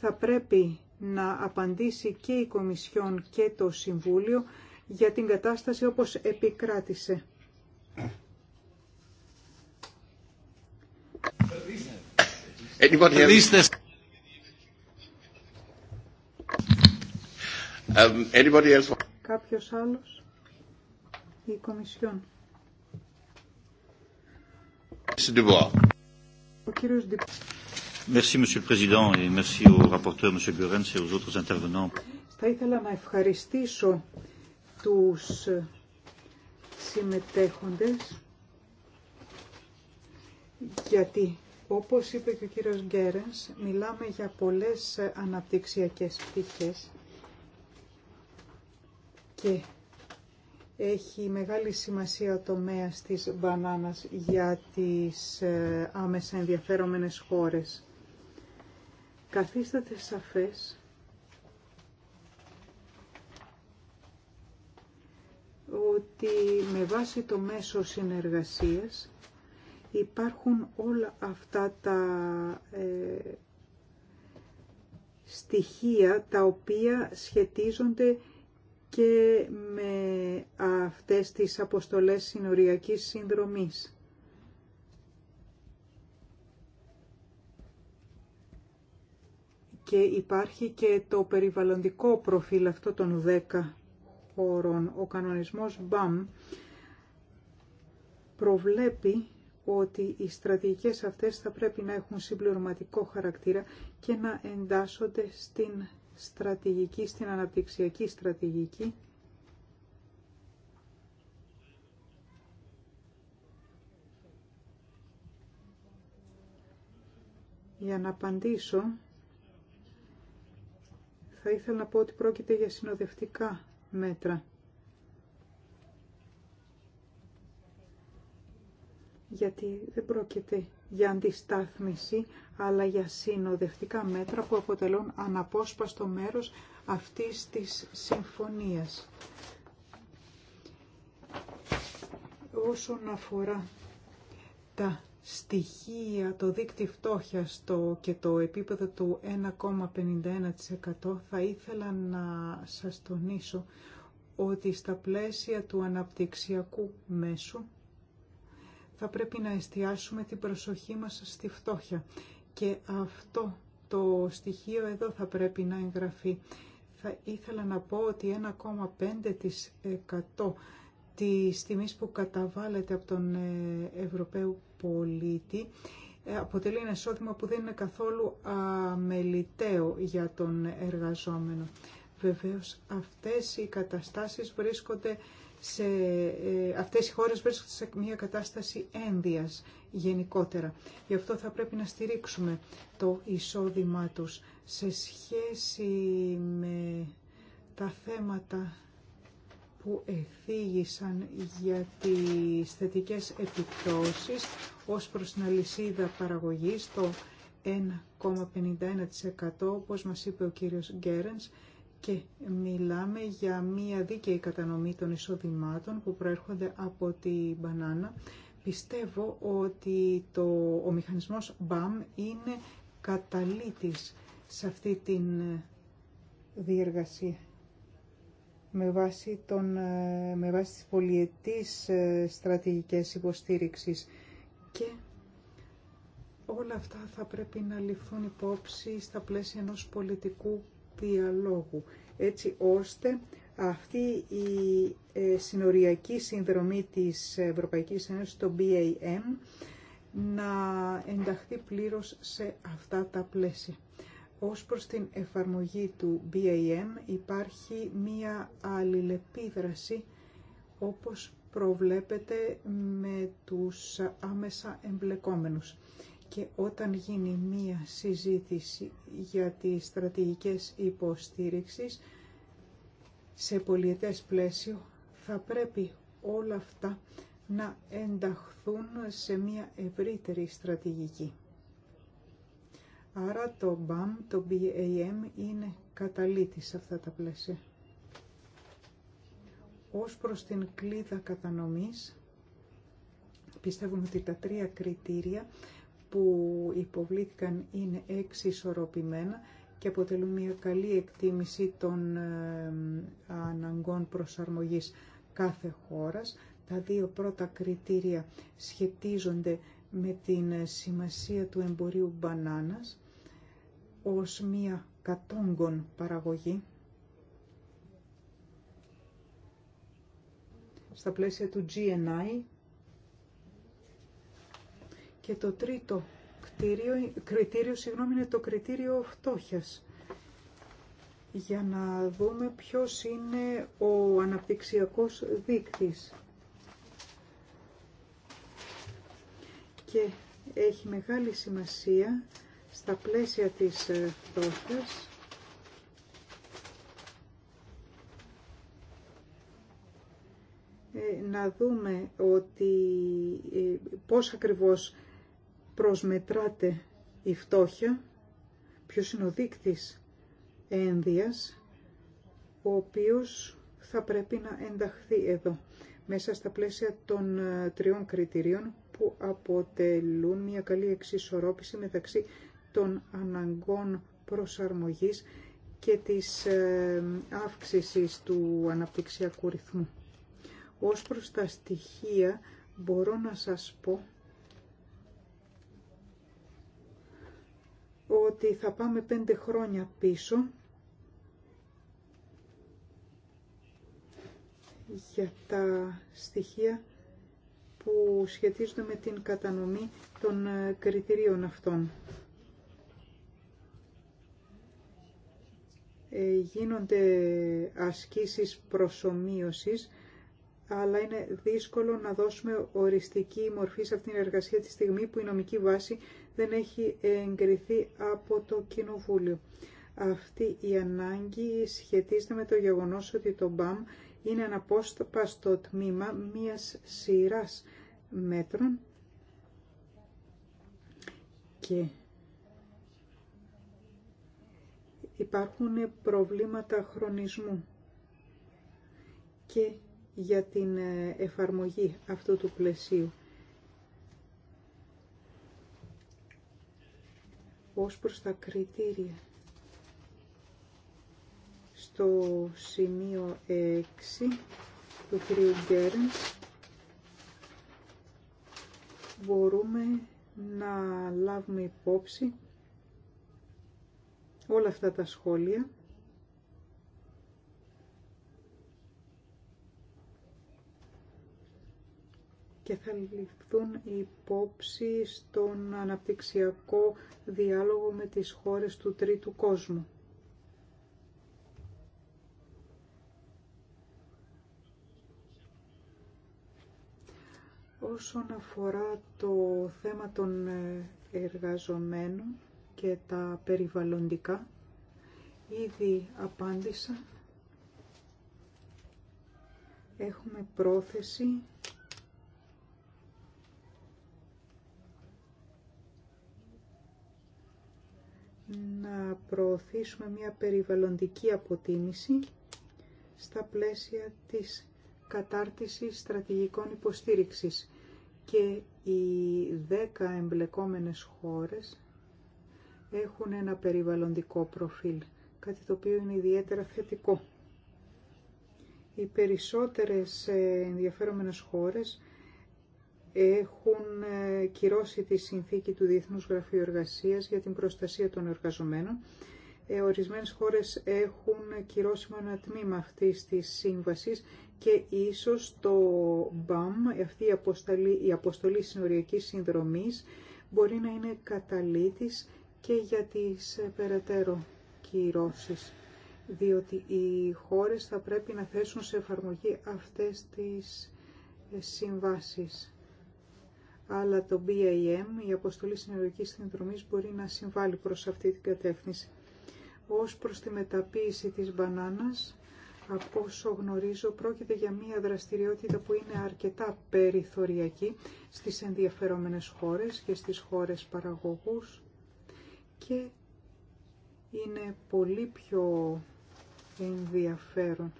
[SPEAKER 3] θα πρέπει να απαντήσει και η Κομισιόν και το Συμβούλιο για την κατάσταση όπως επικράτησε.
[SPEAKER 1] Um, anybody else?
[SPEAKER 3] Κάποιος άλλος. Η Κομισιόν. Ο κύριος Merci, Monsieur le Président, et merci au rapporteur, Monsieur Goerens, et aux autres intervenants. Θα ήθελα να ευχαριστήσω τους συμμετέχοντες γιατί όπως είπε και ο κύριος Γκέρενς μιλάμε για πολλές αναπτυξιακές πτυχές έχει μεγάλη σημασία ο τομέας της μπανάνας για τις ε, άμεσα ενδιαφέρομενες χώρες. Καθίσταται σαφές ότι με βάση το μέσο συνεργασίας υπάρχουν όλα αυτά τα ε, στοιχεία τα οποία σχετίζονται και με αυτές τις αποστολές συνοριακής συνδρομής. Και υπάρχει και το περιβαλλοντικό προφίλ αυτό των 10 χωρών. Ο κανονισμός BAM προβλέπει ότι οι στρατηγικές αυτές θα πρέπει να έχουν συμπληρωματικό χαρακτήρα και να εντάσσονται στην στρατηγική στην αναπτυξιακή στρατηγική. Για να απαντήσω, θα ήθελα να πω ότι πρόκειται για συνοδευτικά μέτρα. γιατί δεν πρόκειται για αντιστάθμιση, αλλά για συνοδευτικά μέτρα που αποτελούν αναπόσπαστο μέρος αυτής της συμφωνίας. Όσον αφορά τα στοιχεία, το δίκτυο φτώχεια και το επίπεδο του 1,51% θα ήθελα να σας τονίσω ότι στα πλαίσια του αναπτυξιακού μέσου θα πρέπει να εστιάσουμε την προσοχή μας στη φτώχεια. Και αυτό το στοιχείο εδώ θα πρέπει να εγγραφεί. Θα ήθελα να πω ότι 1,5% της τιμής που καταβάλλεται από τον ε, Ευρωπαίο πολίτη ε, αποτελεί ένα εισόδημα που δεν είναι καθόλου αμεληταίο για τον εργαζόμενο. Βεβαίως αυτές οι καταστάσεις βρίσκονται σε ε, αυτές οι χώρες βρίσκονται σε μια κατάσταση ένδυας γενικότερα. Γι' αυτό θα πρέπει να στηρίξουμε το εισόδημά τους σε σχέση με τα θέματα που εφήγησαν για τις θετικές επιπτώσεις ως προς την αλυσίδα παραγωγής το 1,51% όπως μας είπε ο κύριος Γκέρενς και μιλάμε για μία δίκαιη κατανομή των εισοδημάτων που προέρχονται από την μπανάνα. Πιστεύω ότι το, ο μηχανισμός BAM είναι καταλήτης σε αυτή την ε, διεργασία. Με βάση, τον, ε, με βάση τις πολιετής ε, στρατηγικές υποστήριξης και όλα αυτά θα πρέπει να ληφθούν υπόψη στα πλαίσια ενός πολιτικού διαλόγου, έτσι ώστε αυτή η ε, συνοριακή συνδρομή της Ευρωπαϊκής Ένωσης, το BAM, να ενταχθεί πλήρως σε αυτά τα πλαίσια. Ως προς την εφαρμογή του BAM υπάρχει μία αλληλεπίδραση όπως προβλέπεται με τους άμεσα εμπλεκόμενους και όταν γίνει μία συζήτηση για τις στρατηγικές υποστήριξης σε πολιετές πλαίσιο θα πρέπει όλα αυτά να ενταχθούν σε μία ευρύτερη στρατηγική. Άρα το BAM, το BAM είναι καταλήτη σε αυτά τα πλαίσια. Ως προς την κλίδα κατανομής, πιστεύουμε ότι τα τρία κριτήρια που υποβλήθηκαν είναι εξισορροπημένα και αποτελούν μια καλή εκτίμηση των αναγκών προσαρμογής κάθε χώρας. Τα δύο πρώτα κριτήρια σχετίζονται με την σημασία του εμπορίου μπανάνας ως μια κατόγκον παραγωγή στα πλαίσια του GNI και το τρίτο κριτήριο συγγνώμη, είναι το κριτήριο φτώχειας για να δούμε ποιος είναι ο αναπτυξιακός δείκτης. Και έχει μεγάλη σημασία στα πλαίσια της ε, φτώχειας ε, να δούμε ότι ε, πώς ακριβώς προσμετράται η φτώχεια, ποιος είναι ο δείκτης ένδυας, ο οποίος θα πρέπει να ενταχθεί εδώ, μέσα στα πλαίσια των ε, τριών κριτηρίων που αποτελούν μια καλή εξισορρόπηση μεταξύ των αναγκών προσαρμογής και της ε, αύξησης του αναπτυξιακού ρυθμού. Ως προς τα στοιχεία μπορώ να σας πω ότι θα πάμε πέντε χρόνια πίσω για τα στοιχεία που σχετίζονται με την κατανομή των ε, κριτηρίων αυτών. Ε, γίνονται ασκήσεις προσωμείωσης, αλλά είναι δύσκολο να δώσουμε οριστική μορφή σε αυτήν την εργασία τη στιγμή που η νομική βάση δεν έχει εγκριθεί από το Κοινοβούλιο. Αυτή η ανάγκη σχετίζεται με το γεγονός ότι το ΜΠΑΜ είναι αναπόσπαστο τμήμα μίας σειράς μέτρων και υπάρχουν προβλήματα χρονισμού και για την ε, εφαρμογή αυτού του πλαισίου. ως προς τα κριτήρια. Στο σημείο 6 του κ. Γκέρνς μπορούμε να λάβουμε υπόψη όλα αυτά τα σχόλια και θα ληφθούν υπόψη στον αναπτυξιακό διάλογο με τις χώρες του τρίτου κόσμου. Όσον αφορά το θέμα των εργαζομένων και τα περιβαλλοντικά, ήδη απάντησα. Έχουμε πρόθεση να προωθήσουμε μια περιβαλλοντική αποτίμηση στα πλαίσια της κατάρτισης στρατηγικών υποστήριξης και οι 10 εμπλεκόμενες χώρες έχουν ένα περιβαλλοντικό προφίλ, κάτι το οποίο είναι ιδιαίτερα θετικό. Οι περισσότερες ε, ενδιαφέρομενες χώρες έχουν ε, κυρώσει τη συνθήκη του Διεθνούς Γραφείου Εργασίας για την προστασία των εργαζομένων. Ε, ορισμένες χώρες έχουν κυρώσει μόνο ένα τμήμα αυτής της σύμβασης και ίσως το BAM, αυτή η αποστολή, η αποστολή συνοριακής συνδρομής, μπορεί να είναι καταλήτης και για τις ε, περαιτέρω κυρώσεις διότι οι χώρες θα πρέπει να θέσουν σε εφαρμογή αυτές τις συμβάσεις αλλά το BAM, η αποστολή συνεργικής συνδρομής, μπορεί να συμβάλλει προς αυτή την κατεύθυνση. Ως προς τη μεταποίηση της μπανάνας, από όσο γνωρίζω, πρόκειται για μια δραστηριότητα που είναι αρκετά περιθωριακή στις ενδιαφερόμενες χώρες και στις χώρες παραγωγούς και είναι πολύ πιο ενδιαφέρον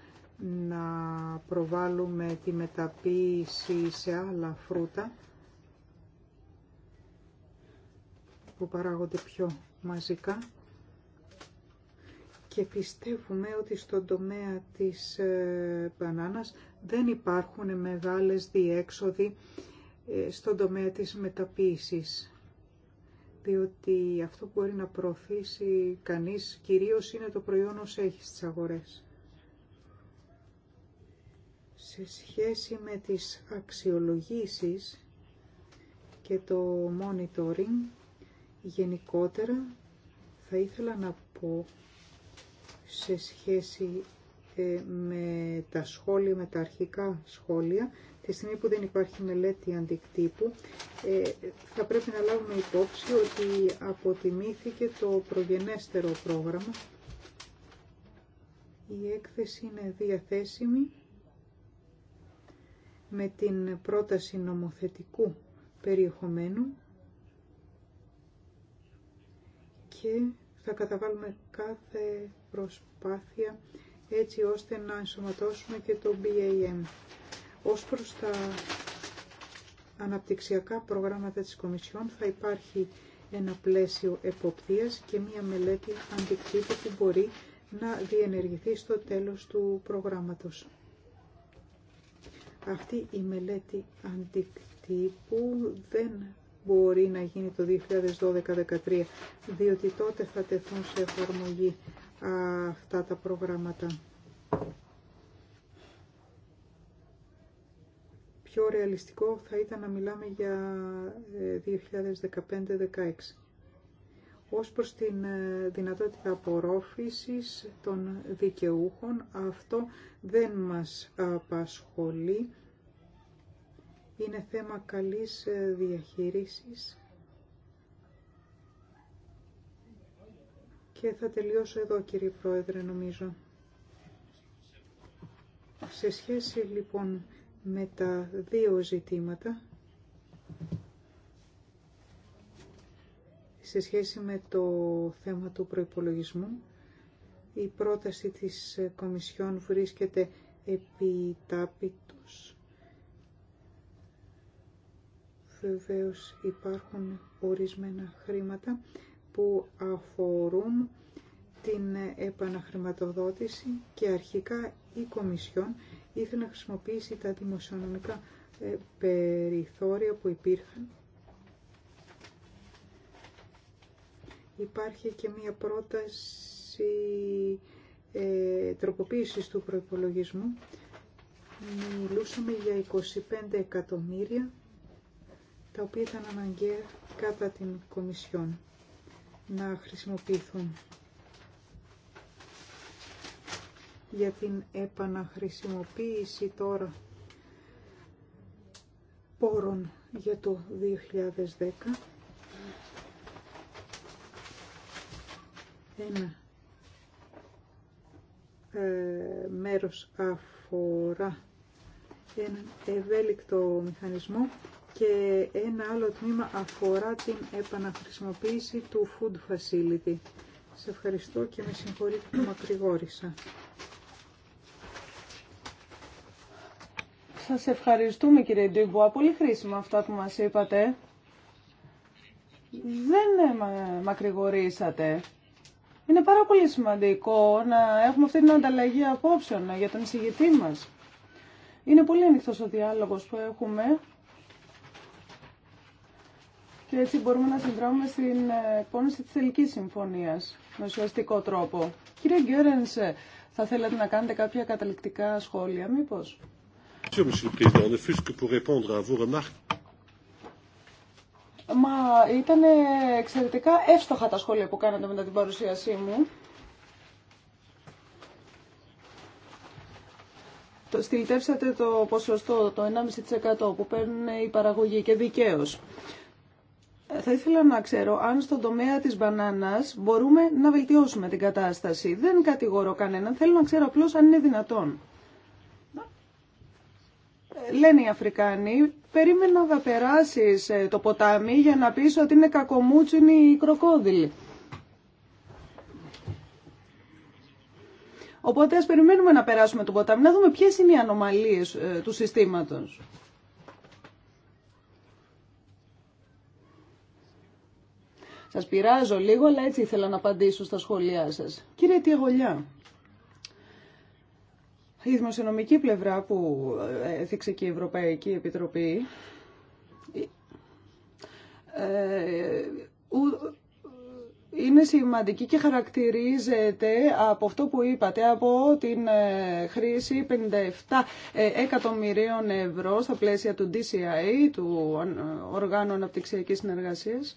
[SPEAKER 3] να προβάλλουμε τη μεταποίηση σε άλλα φρούτα που παράγονται πιο μαζικά και πιστεύουμε ότι στον τομέα της ε, μπανάνας δεν υπάρχουν μεγάλες διέξοδοι ε, στον τομέα της μεταποίησης διότι αυτό που μπορεί να προωθήσει κανείς κυρίως είναι το προϊόν όσο έχει στις αγορές. Σε σχέση με τις αξιολογήσεις και το monitoring, Γενικότερα θα ήθελα να πω σε σχέση ε, με τα σχόλια, με τα αρχικά σχόλια, τη στιγμή που δεν υπάρχει μελέτη αντικτύπου, ε, θα πρέπει να λάβουμε υπόψη ότι αποτιμήθηκε το προγενέστερο πρόγραμμα. Η έκθεση είναι διαθέσιμη με την πρόταση νομοθετικού περιεχομένου Και Θα καταβάλουμε κάθε προσπάθεια έτσι ώστε να ενσωματώσουμε και το BAM. Ως προς τα αναπτυξιακά προγράμματα της Κομισιόν θα υπάρχει ένα πλαίσιο εποπτείας και μία μελέτη αντικτύπου που μπορεί να διενεργηθεί στο τέλος του προγράμματος. Αυτή η μελέτη αντικτύπου δεν μπορεί να γίνει το 2012-2013, διότι τότε θα τεθούν σε εφαρμογή αυτά τα προγράμματα. Πιο ρεαλιστικό θα ήταν να μιλάμε για 2015-2016. Ε, Ως προς την ε, δυνατότητα απορρόφησης των δικαιούχων, αυτό δεν μας απασχολεί είναι θέμα καλής ε, διαχείρισης και θα τελειώσω εδώ κύριε Πρόεδρε νομίζω. Σε σχέση λοιπόν με τα δύο ζητήματα, σε σχέση με το θέμα του προϋπολογισμού, η πρόταση της Κομισιόν βρίσκεται επί Βεβαίως υπάρχουν ορισμένα χρήματα που αφορούν την επαναχρηματοδότηση και αρχικά η Κομισιόν ήθελε να χρησιμοποιήσει τα δημοσιονομικά ε, περιθώρια που υπήρχαν. Υπάρχει και μία πρόταση ε, τροποποίησης του προϋπολογισμού. Μιλούσαμε για 25 εκατομμύρια τα οποία ήταν αναγκαία κατά την Κομισιόν να χρησιμοποιηθούν για την επαναχρησιμοποίηση τώρα πόρων για το 2010 ένα ε, μέρος αφορά έναν ευέλικτο μηχανισμό και ένα άλλο τμήμα αφορά την επαναχρησιμοποίηση του food facility. Σε ευχαριστώ και με συγχωρείτε που μακρηγόρησα. Σας ευχαριστούμε
[SPEAKER 2] κύριε Ντύμπουα. Πολύ χρήσιμα αυτά που μας είπατε. Δεν ε, μακρηγορήσατε. Είναι πάρα πολύ σημαντικό να έχουμε αυτή την ανταλλαγή απόψεων για τον εισηγητή μας. Είναι πολύ ανοιχτός ο διάλογος που έχουμε και έτσι μπορούμε να συνδράμουμε στην ε, πόνηση της τελικής συμφωνίας με ουσιαστικό τρόπο. Κύριε Γκέρενς, ε, θα θέλατε να κάνετε κάποια καταληκτικά σχόλια, μήπως. Μα ήταν ε, εξαιρετικά εύστοχα τα σχόλια που κάνατε μετά την παρουσίασή μου. Στυλιτεύσατε το ποσοστό, το 1,5% που παίρνουν οι παραγωγοί και δικαίως. Θα ήθελα να ξέρω αν στον τομέα της μπανάνας μπορούμε να βελτιώσουμε την κατάσταση. Δεν κατηγορώ κανέναν, θέλω να ξέρω απλώς αν είναι δυνατόν. Λένε οι Αφρικάνοι, περίμενα να περάσεις ε, το ποτάμι για να πεις ότι είναι κακομούτσινοι οι κροκόδιλοι. Οπότε ας περιμένουμε να περάσουμε το ποτάμι, να δούμε ποιες είναι οι ανομαλίες ε, του συστήματος. Σας πειράζω λίγο, αλλά έτσι ήθελα να απαντήσω στα σχόλιά σας. Κύριε Τιεγολιά, η δημοσιονομική πλευρά που ε, έθιξε και η Ευρωπαϊκή Επιτροπή ε, ε, είναι σημαντική και χαρακτηρίζεται από αυτό που είπατε, από την χρήση 57 εκατομμυρίων ευρώ στα πλαίσια του DCI, του Οργάνου Αναπτυξιακής Συνεργασίας.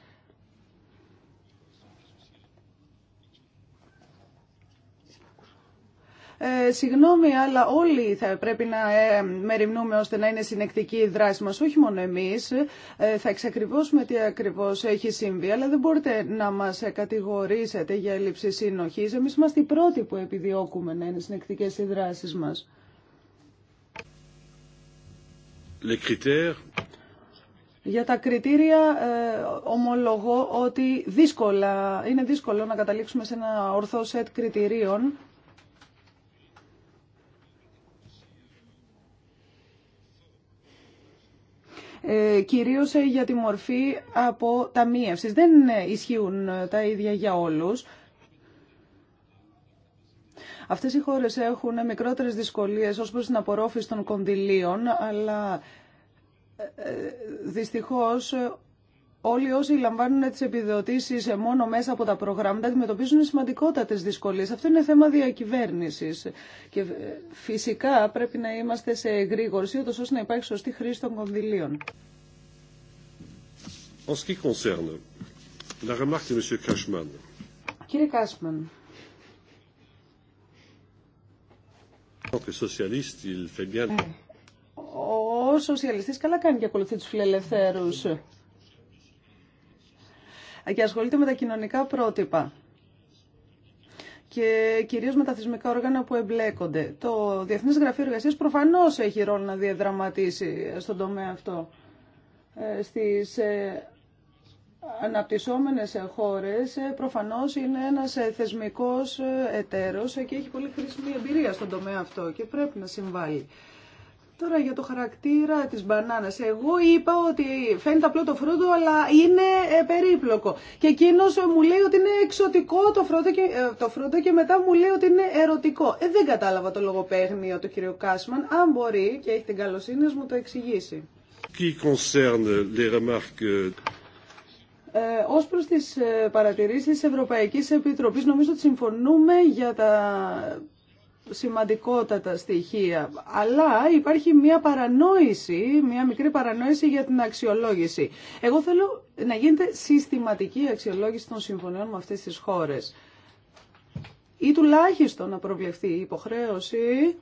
[SPEAKER 2] Ε, συγγνώμη, αλλά όλοι θα πρέπει να ε, μεριμνούμε ώστε να είναι συνεκτική η δράση μας, όχι μόνο εμείς. Ε, θα εξακριβώσουμε τι ακριβώς έχει συμβεί, αλλά δεν μπορείτε να μας κατηγορήσετε για έλλειψη συνοχής. Εμείς είμαστε οι πρώτοι που επιδιώκουμε να είναι συνεκτικές οι δράσεις μας. Για τα κριτήρια ε, ομολογώ ότι δύσκολα, είναι δύσκολο να καταλήξουμε σε ένα ορθό σετ κριτηρίων. Ε, κυρίως ε, για τη μορφή από ταμείευσης. Δεν ε, ισχύουν τα ίδια για όλους. Αυτές οι χώρες έχουν μικρότερες δυσκολίες ως προς την απορρόφηση των κονδυλίων, αλλά δυστυχώς όλοι όσοι λαμβάνουν τι επιδοτήσει μόνο μέσα από τα προγράμματα αντιμετωπίζουν σημαντικότατε δυσκολίε. Αυτό είναι θέμα διακυβέρνηση. και φυσικά πρέπει να είμαστε σε εγρήγορση ώστε να υπάρχει σωστή χρήση των κονδυλίων. Κύριε Κάσμαν, ο σοσιαλιστής καλά κάνει και ακολουθεί τους φιλελευθέρους και ασχολείται με τα κοινωνικά πρότυπα και κυρίως με τα θεσμικά όργανα που εμπλέκονται. Το Διεθνές Γραφείο Εργασίας προφανώς έχει ρόλο να διαδραματίσει στον τομέα αυτό. Ε, στις ε, αναπτυσσόμενες χώρες ε, προφανώς είναι ένας θεσμικός εταίρος και έχει πολύ χρήσιμη εμπειρία στον τομέα αυτό και πρέπει να συμβάλλει. Τώρα για το χαρακτήρα της μπανάνας. Εγώ είπα ότι φαίνεται απλό το φρούτο, αλλά είναι ε, περίπλοκο. Και εκείνο μου λέει ότι είναι εξωτικό το φρούτο, και, ε, το φρούτο και μετά μου λέει ότι είναι ερωτικό. Ε, δεν κατάλαβα το λογοπαίγνιο του κ. Κάσμαν. Αν μπορεί και έχει την καλοσύνη, μου το εξηγήσει. Ε, ως προς τις ε, παρατηρήσεις της Ευρωπαϊκής Επιτροπής, νομίζω ότι συμφωνούμε για τα σημαντικότατα στοιχεία. Αλλά υπάρχει μια παρανόηση, μια μικρή παρανόηση για την αξιολόγηση. Εγώ θέλω να γίνεται συστηματική αξιολόγηση των συμφωνιών με αυτές τις χώρες. Ή τουλάχιστον να προβλεφθεί η υποχρέωση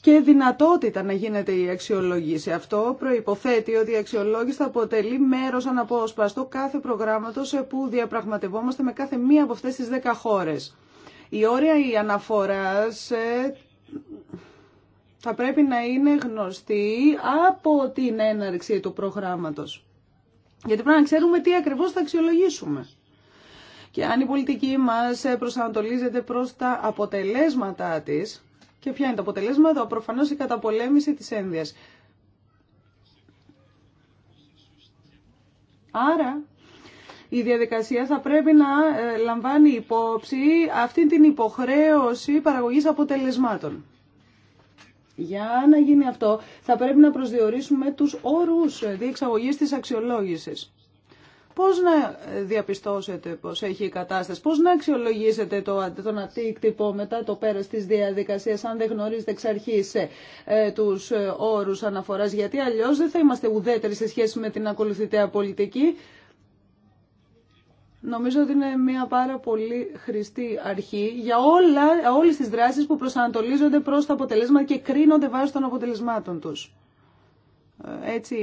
[SPEAKER 2] και δυνατότητα να γίνεται η αξιολόγηση. Αυτό προϋποθέτει ότι η αξιολόγηση θα αποτελεί μέρος αναπόσπαστο κάθε προγράμματος που διαπραγματευόμαστε με κάθε μία από αυτές τις δέκα χώρες. Η όρια η αναφοράς θα πρέπει να είναι γνωστή από την έναρξη του προγράμματος. Γιατί πρέπει να ξέρουμε τι ακριβώς θα αξιολογήσουμε. Και αν η πολιτική μας προσανατολίζεται προς τα αποτελέσματά της, και ποια είναι τα αποτελέσματα, προφανώς η καταπολέμηση της ένδυας. Άρα η διαδικασία θα πρέπει να ε, λαμβάνει υπόψη αυτή την υποχρέωση παραγωγής αποτελεσμάτων. Για να γίνει αυτό θα πρέπει να προσδιορίσουμε τους όρους διεξαγωγής της αξιολόγησης. Πώς να διαπιστώσετε πώς έχει η κατάσταση, πώς να αξιολογήσετε το, τον αντίκτυπο μετά το πέρας της διαδικασίας, αν δεν γνωρίζετε εξ αρχής ε, τους όρους αναφοράς, γιατί αλλιώς δεν θα είμαστε ουδέτεροι σε σχέση με την ακολουθητέα πολιτική. Νομίζω ότι είναι μια πάρα πολύ χρηστή αρχή για όλα, όλες τις δράσεις που προσανατολίζονται προς τα αποτελέσματα και κρίνονται βάσει των αποτελεσμάτων τους. Ε, έτσι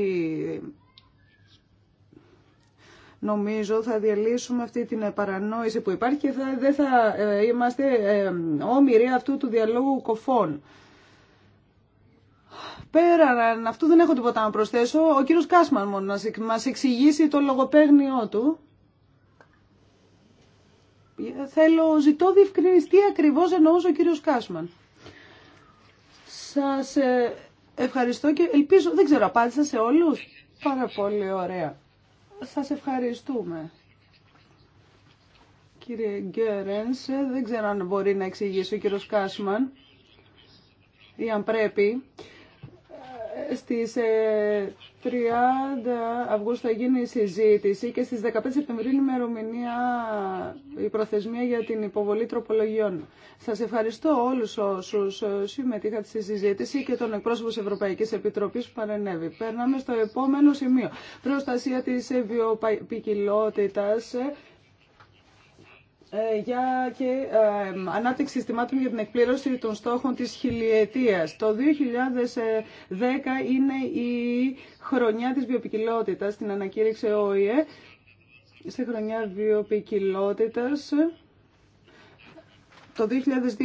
[SPEAKER 2] νομίζω θα διαλύσουμε αυτή την παρανόηση που υπάρχει και θα, δεν θα ε, είμαστε ε, όμοιροι αυτού του διαλόγου κοφών. Πέραν αυτού δεν έχω τίποτα να προσθέσω. Ο κύριος Κάσμαν μόνο να μας εξηγήσει το λογοπαίγνιό του. Θέλω, ζητώ διευκρινιστή τι ακριβώς εννοούσε ο κύριος Κάσμαν. Σας ε, ευχαριστώ και ελπίζω, δεν ξέρω, απάντησα σε όλους. Πάρα πολύ ωραία. Σας ευχαριστούμε. Κύριε Γκέρενς, ε, δεν ξέρω αν μπορεί να εξηγήσει ο κύριος Κάσμαν ή αν πρέπει στις 30 ε, Αυγούστου θα γίνει η συζήτηση και στις 15 Σεπτεμβρίου η ημερομηνία, η προθεσμία για την υποβολή τροπολογιών. Σας ευχαριστώ όλους όσους ε, συμμετείχατε στη συζήτηση και τον εκπρόσωπο της Ευρωπαϊκής Επιτροπής που παρενέβη. Περνάμε στο επόμενο σημείο. Προστασία της βιοπικιλότητας ε, για και ε, ανάπτυξη συστημάτων για την εκπλήρωση των στόχων της χιλιετίας. Το 2010 είναι η χρονιά της βιοπικιλότητας, στην ανακήρυξη ΟΗΕ, Στη χρονιά βιοπικιλότητας. Το 2002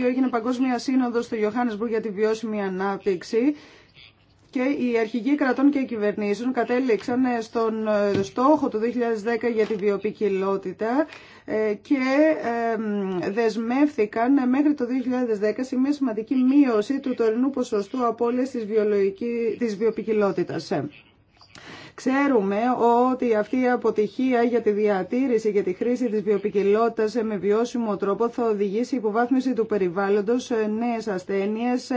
[SPEAKER 2] έγινε Παγκόσμια Σύνοδος στο Ιωάννησμπουργκ για τη βιώσιμη ανάπτυξη και οι αρχηγοί κρατών και κυβερνήσεων κατέληξαν ε, στον ε, στόχο του 2010 για τη βιοπικιλότητα ε, και δεσμεύθηκαν μέχρι το 2010 σε μια σημαντική μείωση του τωρινού ποσοστού απώλειας της, της βιοπικιλότητας. Ξέρουμε ότι αυτή η αποτυχία για τη διατήρηση και τη χρήση της βιοπικιλότητας με βιώσιμο τρόπο θα οδηγήσει υποβάθμιση του περιβάλλοντος, νέες ασθένειες,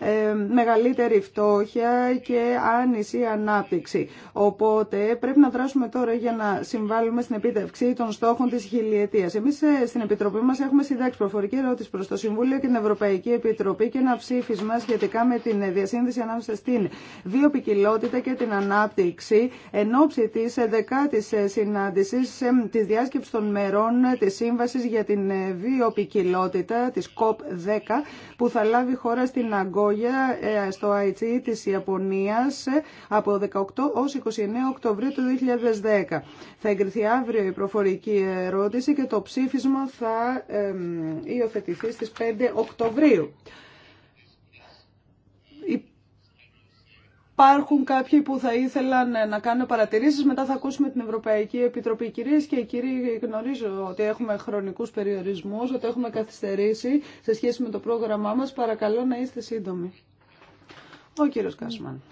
[SPEAKER 2] ε, μεγαλύτερη φτώχεια και άνηση ανάπτυξη. Οπότε πρέπει να δράσουμε τώρα για να συμβάλλουμε στην επίτευξη των στόχων της χιλιετίας. Εμείς ε, στην Επιτροπή μα έχουμε συντάξει προφορική ερώτηση προ το Συμβούλιο και την Ευρωπαϊκή Επιτροπή και ένα ψήφισμα σχετικά με την διασύνδεση ανάμεσα στην βιοπικιλότητα και την ανάπτυξη εν ώψη τη 11 συνάντηση συνάντησης ε, της διάσκεψης των μερών τη σύμβαση για την Βιοπικιλότητα τη COP10 που θα λάβει χώρα στην ε, στο Αϊτσί της Ιαπωνίας ε, από 18 ως 29 Οκτωβρίου του 2010. Θα εγκριθεί αύριο η προφορική ερώτηση και το ψήφισμα θα υιοθετηθεί στις 5 Οκτωβρίου. υπάρχουν κάποιοι που θα ήθελαν ε, να κάνουν παρατηρήσεις. Μετά θα ακούσουμε την Ευρωπαϊκή Επιτροπή. Κυρίες και κύριοι, γνωρίζω ότι έχουμε χρονικούς περιορισμούς, ότι έχουμε καθυστερήσει σε σχέση με το πρόγραμμά μας. Παρακαλώ να είστε σύντομοι. Ο κύριος Κάσμαν.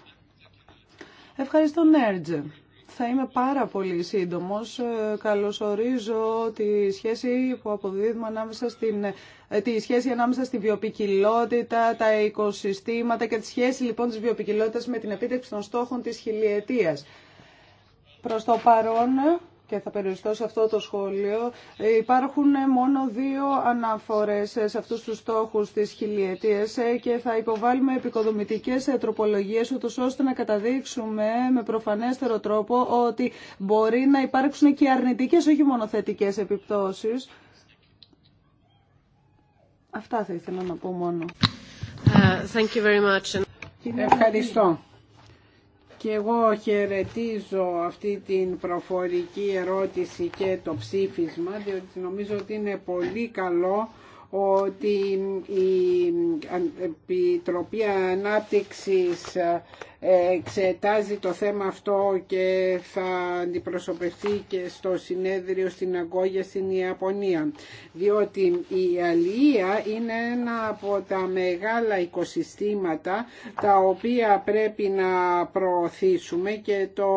[SPEAKER 2] Ευχαριστώ, Νέρτζε. Θα είμαι πάρα πολύ σύντομος. Ε, καλωσορίζω τη σχέση που αποδίδουμε ανάμεσα στην ε, τη σχέση ανάμεσα στη βιοπικιλότητα, τα οικοσυστήματα και τη σχέση λοιπόν της βιοπικιλότητας με την επίτευξη των στόχων της χιλιετίας. Προς το παρόν, και θα περιοριστώ σε αυτό το σχόλιο. Υπάρχουν μόνο δύο αναφορές σε αυτούς τους στόχους της χιλιετίας και θα υποβάλουμε επικοδομητικές τροπολογίες ούτως ώστε να καταδείξουμε με προφανέστερο τρόπο ότι μπορεί να υπάρξουν και αρνητικές όχι μόνο θετικές επιπτώσεις. Αυτά θα ήθελα να πω μόνο. Thank you very much. Ευχαριστώ
[SPEAKER 1] και εγώ χαιρετίζω αυτή την προφορική ερώτηση και το ψήφισμα διότι νομίζω ότι είναι πολύ καλό ότι η Επιτροπή Ανάπτυξης εξετάζει το θέμα αυτό και θα αντιπροσωπευτεί και στο συνέδριο στην Αγκόγια στην Ιαπωνία. Διότι η αλληλεία είναι ένα από τα μεγάλα οικοσυστήματα τα οποία πρέπει να προωθήσουμε και το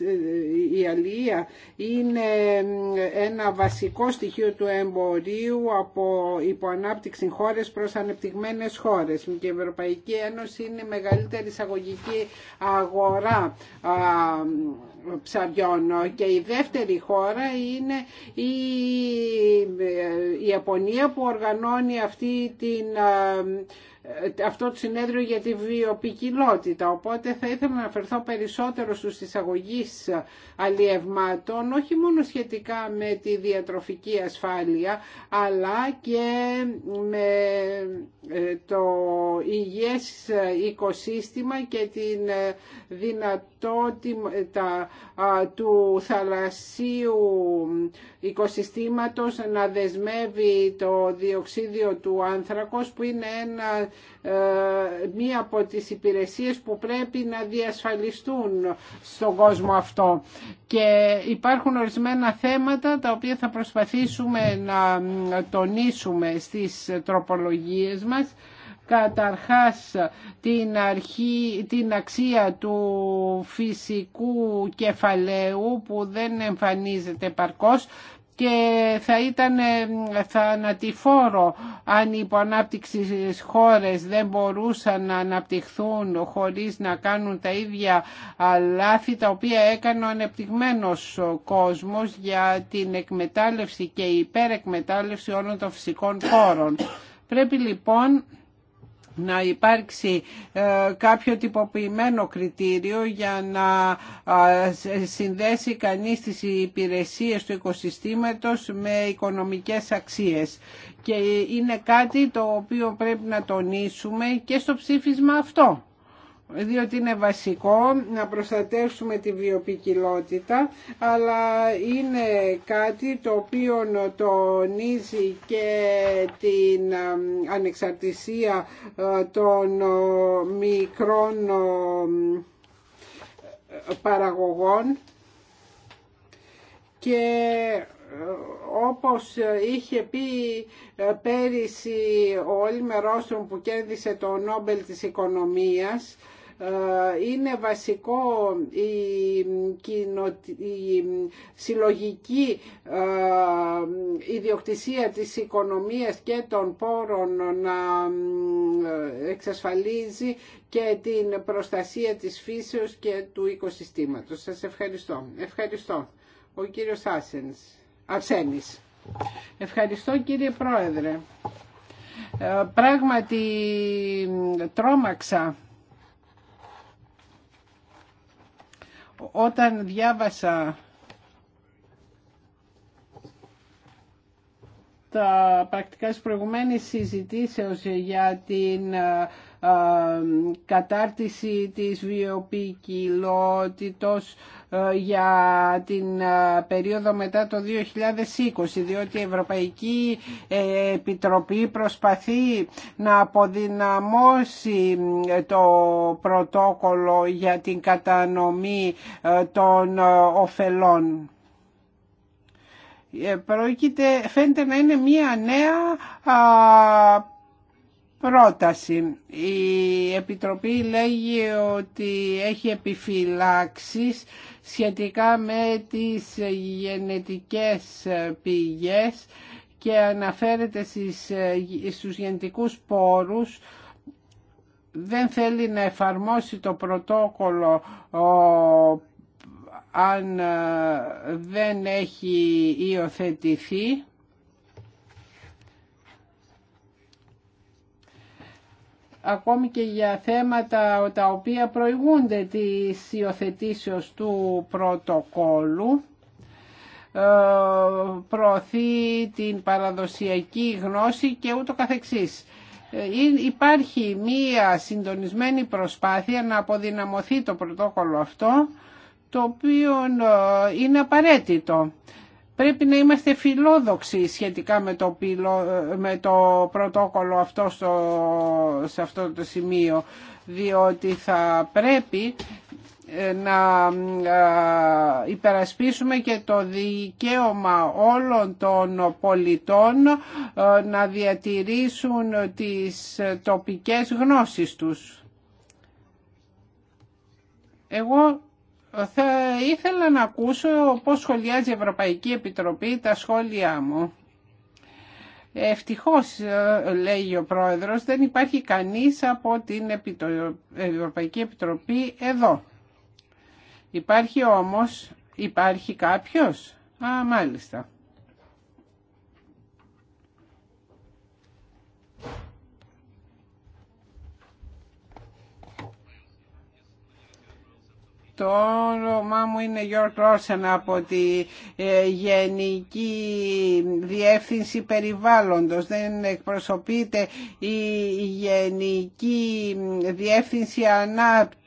[SPEAKER 1] ε, η αλληλεία είναι ε, ένα βασικό στοιχείο του εμπορίου από υποανάπτυξη χώρες προς ανεπτυγμένες χώρες και η Ευρωπαϊκή Ένωση είναι η μεγαλύτερη εισαγωγική αγορά ψαριών και η δεύτερη χώρα είναι η ε, Ιαπωνία που οργανώνει αυτή την ε, αυτό το συνέδριο για τη βιοπικιλότητα. Οπότε θα ήθελα να αφερθώ περισσότερο στους εισαγωγείς αλλιευμάτων, όχι μόνο σχετικά με τη διατροφική ασφάλεια, αλλά και με ε, το υγιές οικοσύστημα και την ε, δυνατότητα ε, τα του θαλασσίου οικοσυστήματος να δεσμεύει το διοξίδιο του άνθρακος που είναι ένα, ε, μία από τις υπηρεσίες που πρέπει να διασφαλιστούν στον κόσμο αυτό. Και υπάρχουν ορισμένα θέματα τα οποία θα προσπαθήσουμε να τονίσουμε στις τροπολογίες μας καταρχάς την, αρχή, την αξία του φυσικού κεφαλαίου που δεν εμφανίζεται παρκώς και θα ήταν ε, θανατηφόρο αν οι υποανάπτυξης χώρες δεν μπορούσαν να αναπτυχθούν χωρίς να κάνουν τα ίδια λάθη τα οποία έκανε ο ανεπτυγμένος κόσμος για την εκμετάλλευση και υπερεκμετάλλευση όλων των φυσικών χώρων. Πρέπει λοιπόν να υπάρξει ε, κάποιο τυποποιημένο κριτήριο για να συνδέσει κανείς τις υπηρεσίες του οικοσυστήματος με οικονομικές αξίες. Και είναι κάτι το οποίο πρέπει να τονίσουμε και στο ψήφισμα αυτό διότι είναι βασικό να προστατεύσουμε τη βιοπικιλότητα, αλλά είναι κάτι το οποίο τονίζει και την ανεξαρτησία ε, των ε, μικρών ε, παραγωγών και όπως είχε πει πέρυσι ο Όλη που κέρδισε το Νόμπελ της Οικονομίας, ε, είναι βασικό η συλλογική ε, ιδιοκτησία της οικονομίας και των πόρων να ε, εξασφαλίζει και την προστασία της φύσεως και του οικοσυστήματος. Σας ευχαριστώ. Ευχαριστώ. Ο κύριος Άσενς. Αρσένης. Ευχαριστώ κύριε Πρόεδρε. Πράγματι τρόμαξα όταν διάβασα τα πρακτικά της προηγουμένης συζητήσεως για την ε, κατάρτιση της βιοποικιλότητος ε, για την ε, περίοδο μετά το 2020 διότι η Ευρωπαϊκή ε, Επιτροπή προσπαθεί να αποδυναμώσει το πρωτόκολλο για την κατανομή των ωφελών. Πρόκειται, φαίνεται να είναι μία νέα πρόταση. Η Επιτροπή λέγει ότι έχει επιφυλάξεις σχετικά με τις γενετικές πηγές και αναφέρεται στις, στους γενετικούς πόρους δεν θέλει να εφαρμόσει το πρωτόκολλο αν ε, δεν έχει υιοθετηθεί ακόμη και για θέματα τα οποία προηγούνται της υιοθετήσεως του πρωτοκόλου ε, προωθεί την παραδοσιακή γνώση και ούτω καθεξής. Ε, υπάρχει μία συντονισμένη προσπάθεια να αποδυναμωθεί το πρωτόκολλο αυτό, το οποίο ε, είναι απαραίτητο. Πρέπει να είμαστε φιλόδοξοι σχετικά με το, με το πρωτόκολλο αυτό στο, σε αυτό το σημείο, διότι θα πρέπει ε, να ε, υπερασπίσουμε και το δικαίωμα όλων των πολιτών ε, να διατηρήσουν τις τοπικές γνώσεις τους. Εγώ θα ήθελα να ακούσω πώς σχολιάζει η Ευρωπαϊκή Επιτροπή τα σχόλιά μου. Ευτυχώς, λέει ο Πρόεδρος, δεν υπάρχει κανείς από την Ευρωπαϊκή Επιτροπή εδώ. Υπάρχει όμως, υπάρχει κάποιος. Α, μάλιστα. Το όνομά μου είναι Γιώργ Ρόρσεν από τη ε, Γενική Διεύθυνση Περιβάλλοντος. Δεν εκπροσωπείται η Γενική Διεύθυνση Ανάπτυξης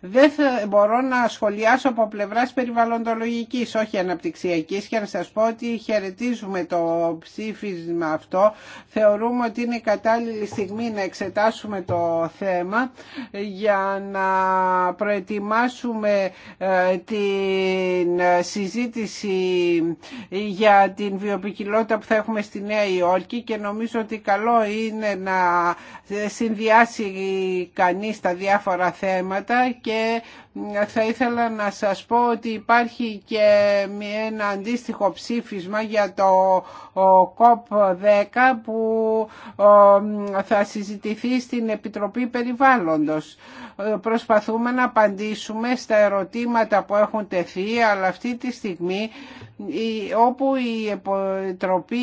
[SPEAKER 1] δεν μπορώ να σχολιάσω από πλευράς περιβαλλοντολογικής, όχι αναπτυξιακής και να σας πω ότι χαιρετίζουμε το ψήφισμα αυτό. Θεωρούμε ότι είναι κατάλληλη στιγμή να εξετάσουμε το θέμα για να προετοιμάσουμε ε, την συζήτηση για την βιοπικιλότητα που θα έχουμε στη Νέα Υόρκη και νομίζω ότι καλό είναι να συνδυάσει κανείς τα διάφορα θέματα θέματα και θα ήθελα να σας πω ότι υπάρχει και ένα αντίστοιχο ψήφισμα για το COP10 που θα συζητηθεί στην Επιτροπή Περιβάλλοντος. Προσπαθούμε να απαντήσουμε στα ερωτήματα που έχουν τεθεί αλλά αυτή τη στιγμή όπου η Επιτροπή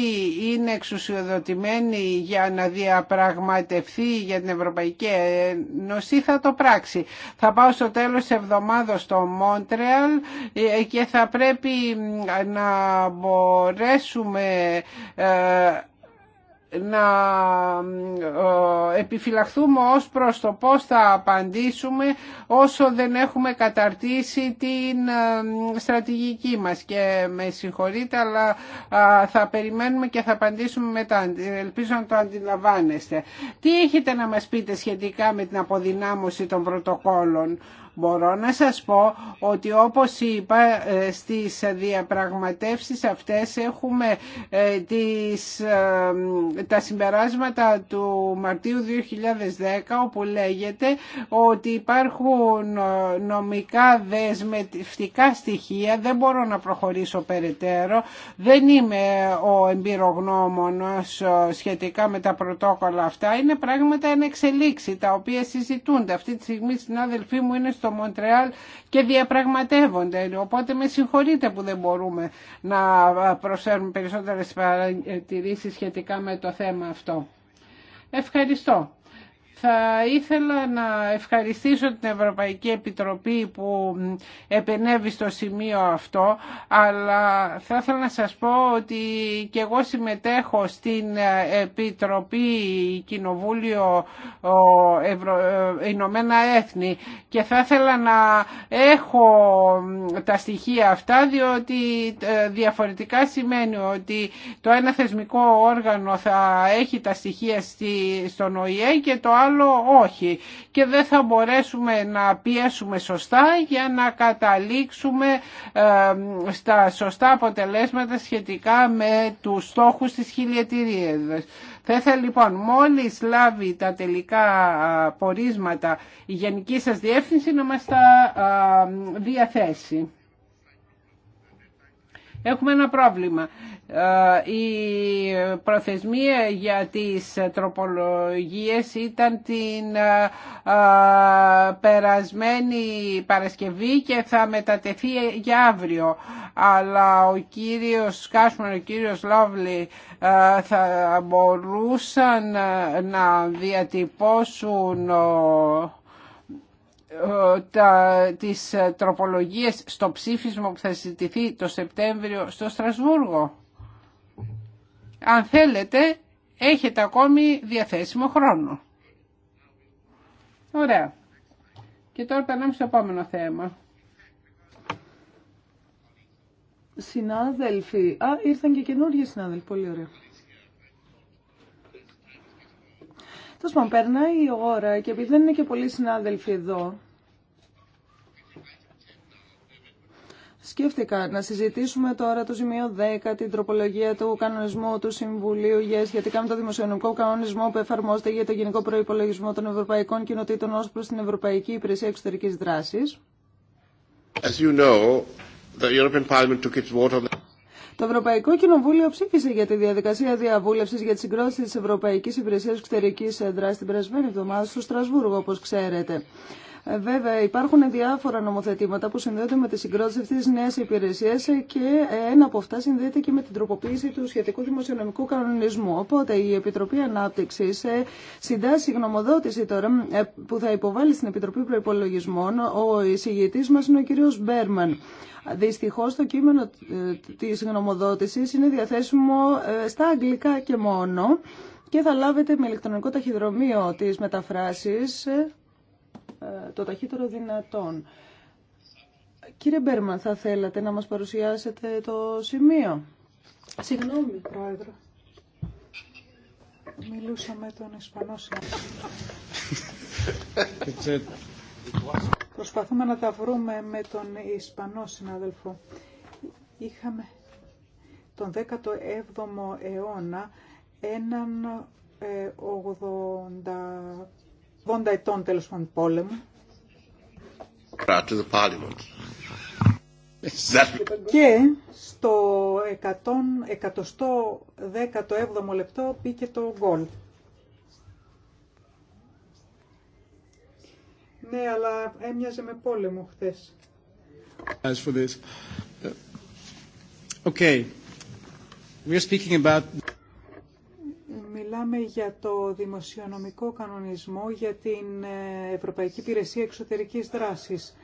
[SPEAKER 1] είναι εξουσιοδοτημένη για να διαπραγματευτεί για την Ευρωπαϊκή Ένωση θα το πράξει. Θα πάω στο τέλος της στο Μόντρεαλ ε, και θα πρέπει να μπορέσουμε ε, να ε, ε, επιφυλαχθούμε ως προς το πώς θα απαντήσουμε όσο δεν έχουμε καταρτήσει την ε, στρατηγική μας και με συγχωρείτε αλλά θα περιμένουμε και θα απαντήσουμε μετά ελπίζω να το αντιλαμβάνεστε τι έχετε να μας πείτε σχετικά με την αποδυνάμωση των πρωτοκόλων Μπορώ να σας πω ότι όπως είπα ε, στις διαπραγματεύσεις αυτές έχουμε ε, τις, ε, τα συμπεράσματα του Μαρτίου 2010 όπου λέγεται ότι υπάρχουν νομικά δεσμευτικά στοιχεία, δεν μπορώ να προχωρήσω περαιτέρω, δεν είμαι ο εμπειρογνώμονος σχετικά με τα πρωτόκολλα αυτά, είναι πράγματα εν τα οποία συζητούνται. Αυτή τη στιγμή αδελφή μου είναι στο Μοντρεάλ και διαπραγματεύονται. Οπότε με συγχωρείτε που δεν μπορούμε να προσφέρουμε περισσότερες παρατηρήσεις σχετικά με το θέμα αυτό. Ευχαριστώ. Θα ήθελα να ευχαριστήσω την Ευρωπαϊκή Επιτροπή που επενεύει στο σημείο αυτό, αλλά θα ήθελα να σας πω ότι και εγώ συμμετέχω στην Επιτροπή Κοινοβούλιο Ευρω... Ε, Ηνωμένα Έθνη και θα ήθελα να έχω τα στοιχεία αυτά διότι ε, διαφορετικά σημαίνει ότι το ένα θεσμικό όργανο θα έχει τα στοιχεία στον ΟΗΕ και το άλλο όχι. Και δεν θα μπορέσουμε να πιέσουμε σωστά για να καταλήξουμε ε, στα σωστά αποτελέσματα σχετικά με τους στόχους της χιλιετηρίας. Θα ήθελα λοιπόν μόλις λάβει τα τελικά πορίσματα η Γενική σας Διεύθυνση να μας τα διαθέσει. Έχουμε ένα πρόβλημα. Ε, η προθεσμία για τις τροπολογίες ήταν την ε, ε, περασμένη Παρασκευή και θα μετατεθεί για αύριο. Αλλά ο κύριος Κάσμαν, ο κύριος Λόβλη θα μπορούσαν να διατυπώσουν ε, τα, τις ε, τροπολογίες στο ψήφισμα που θα συζητηθεί το Σεπτέμβριο στο Στρασβούργο. Αν θέλετε, έχετε ακόμη διαθέσιμο χρόνο. Ωραία.
[SPEAKER 2] Και τώρα περνάμε στο επόμενο θέμα. Συνάδελφοι. Α, ήρθαν και καινούργιοι συνάδελφοι. Πολύ ωραία. Τόσο πάντων, περνάει η ώρα και επειδή δεν είναι και πολλοί συνάδελφοι εδώ, Σκέφτηκα να συζητήσουμε τώρα το σημείο 10, την τροπολογία του κανονισμού του Συμβουλίου για σχετικά με το δημοσιονομικό κανονισμό που εφαρμόζεται για το Γενικό Προπολογισμό των Ευρωπαϊκών Κοινοτήτων ω προ την Ευρωπαϊκή Υπηρεσία Εξωτερική Δράση.
[SPEAKER 1] You know,
[SPEAKER 2] το Ευρωπαϊκό Κοινοβούλιο ψήφισε για τη διαδικασία διαβούλευση για τη συγκρότηση τη Ευρωπαϊκή Υπηρεσία Εξωτερική Δράση την περασμένη εβδομάδα στο Στρασβούργο, όπω ξέρετε. Ε, βέβαια, υπάρχουν διάφορα νομοθετήματα που συνδέονται με τη συγκρότηση αυτή τη νέα υπηρεσία και ένα από αυτά συνδέεται και με την τροποποίηση του σχετικού δημοσιονομικού κανονισμού. Οπότε, η Επιτροπή Ανάπτυξη ε, συντάσσει γνωμοδότηση τώρα ε, που θα υποβάλει στην Επιτροπή Προπολογισμών. Ο εισηγητή μα είναι ο κ. Μπέρμαν. Δυστυχώ το κείμενο τη γνωμοδότηση είναι διαθέσιμο στα αγγλικά και μόνο και θα λάβετε με ηλεκτρονικό ταχυδρομείο τις μεταφράσεις ε, το ταχύτερο δυνατόν. Κύριε Μπέρμαν, θα θέλατε να μας παρουσιάσετε το σημείο. Συγγνώμη, Πρόεδρο.
[SPEAKER 3] Μιλούσα με τον Ισπανό συνάδελφο. Προσπαθούμε να τα βρούμε με τον Ισπανό συνάδελφο. Είχαμε τον 17ο αιώνα έναν ε, 80 ετών τέλος πάντων πόλεμου. Και στο 117ο λεπτό πήκε το γκολ. Ναι, αλλά έμοιαζε με πόλεμο χθες.
[SPEAKER 2] As for this. Uh,
[SPEAKER 1] okay. We are speaking about
[SPEAKER 3] Μιλάμε για το δημοσιονομικό κανονισμό για την ε, Ευρωπαϊκή Υπηρεσία Εξωτερικής Δράσης.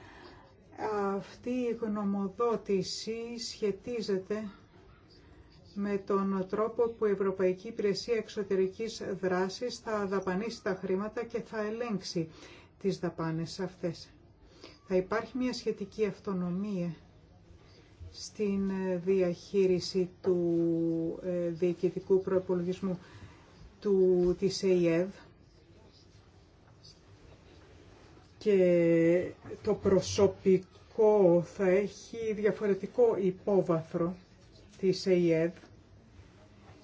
[SPEAKER 3] Αυτή η γνωμοδότηση σχετίζεται με τον τρόπο που η Ευρωπαϊκή Υπηρεσία Εξωτερικής Δράσης θα δαπανίσει τα χρήματα και θα ελέγξει τις δαπάνες αυτές. Θα υπάρχει μια σχετική αυτονομία στην ε, διαχείριση του ε, διοικητικού προϋπολογισμού του, της ΕΙΕΒ και το προσωπικό θα έχει διαφορετικό υπόβαθρο της ΑΕΔ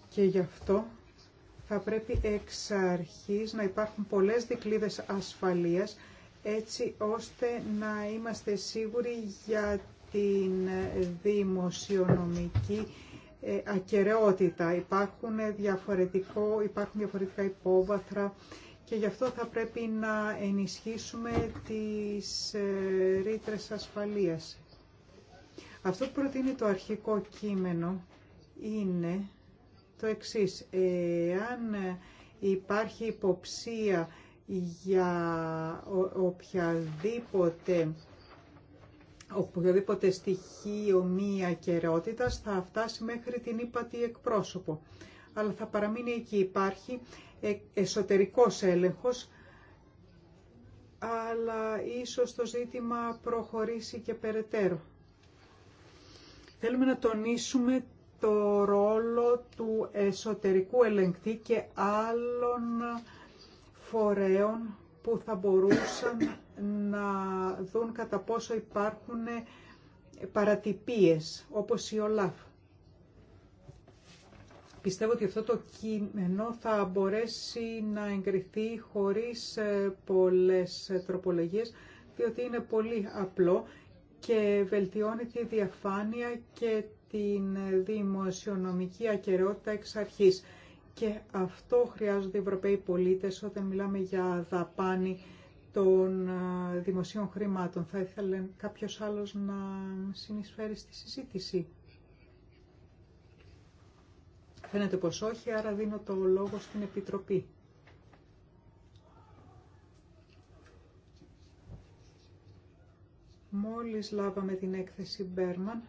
[SPEAKER 3] και γι' αυτό θα πρέπει εξ αρχής να υπάρχουν πολλές δικλείδες ασφαλείας έτσι ώστε να είμαστε σίγουροι για την δημοσιονομική ε, ακαιρεότητα. Υπάρχουν, διαφορετικό, υπάρχουν διαφορετικά υπόβαθρα και γι' αυτό θα πρέπει να ενισχύσουμε τις ε, ρήτρες ασφαλείας. Αυτό που προτείνει το αρχικό κείμενο είναι το εξής. Εάν υπάρχει υποψία για οποιαδήποτε οποιοδήποτε στοιχείο μία καιρότητας θα φτάσει μέχρι την ύπατη εκπρόσωπο. Αλλά θα παραμείνει εκεί. Υπάρχει ε, εσωτερικός έλεγχος, αλλά ίσως το ζήτημα προχωρήσει και περαιτέρω. Θέλουμε να τονίσουμε το ρόλο του εσωτερικού ελεγκτή και άλλων φορέων που θα μπορούσαν να δουν κατά πόσο υπάρχουν παρατυπίες, όπως η ΟΛΑΦ. Πιστεύω ότι αυτό το κείμενο θα μπορέσει να εγκριθεί χωρίς ε, πολλές ε, τροπολογίες, διότι είναι πολύ απλό και βελτιώνει τη διαφάνεια και την δημοσιονομική ακαιρεότητα εξ αρχής. Και αυτό χρειάζονται οι Ευρωπαίοι πολίτες όταν μιλάμε για δαπάνη των δημοσίων χρημάτων. Θα ήθελε κάποιος άλλος να συνεισφέρει στη συζήτηση. Φαίνεται πως όχι, άρα δίνω το λόγο στην Επιτροπή. Μόλις λάβαμε την έκθεση Μπέρμαν,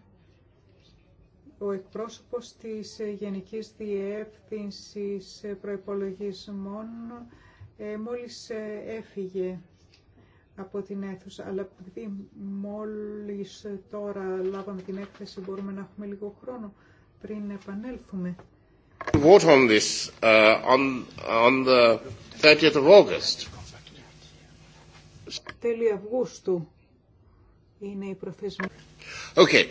[SPEAKER 3] ο εκπρόσωπος της Γενικής Διεύθυνσης Προϋπολογισμών ε, μόλις ε, έφυγε από την αίθουσα, αλλά επειδή μόλις τώρα λάβαμε την έκθεση μπορούμε να έχουμε λίγο χρόνο πριν επανέλθουμε.
[SPEAKER 1] Vote on this uh, on, uh, on the 30th of August.
[SPEAKER 3] Τέλη Αυγούστου είναι η προθεσμία.
[SPEAKER 1] Okay.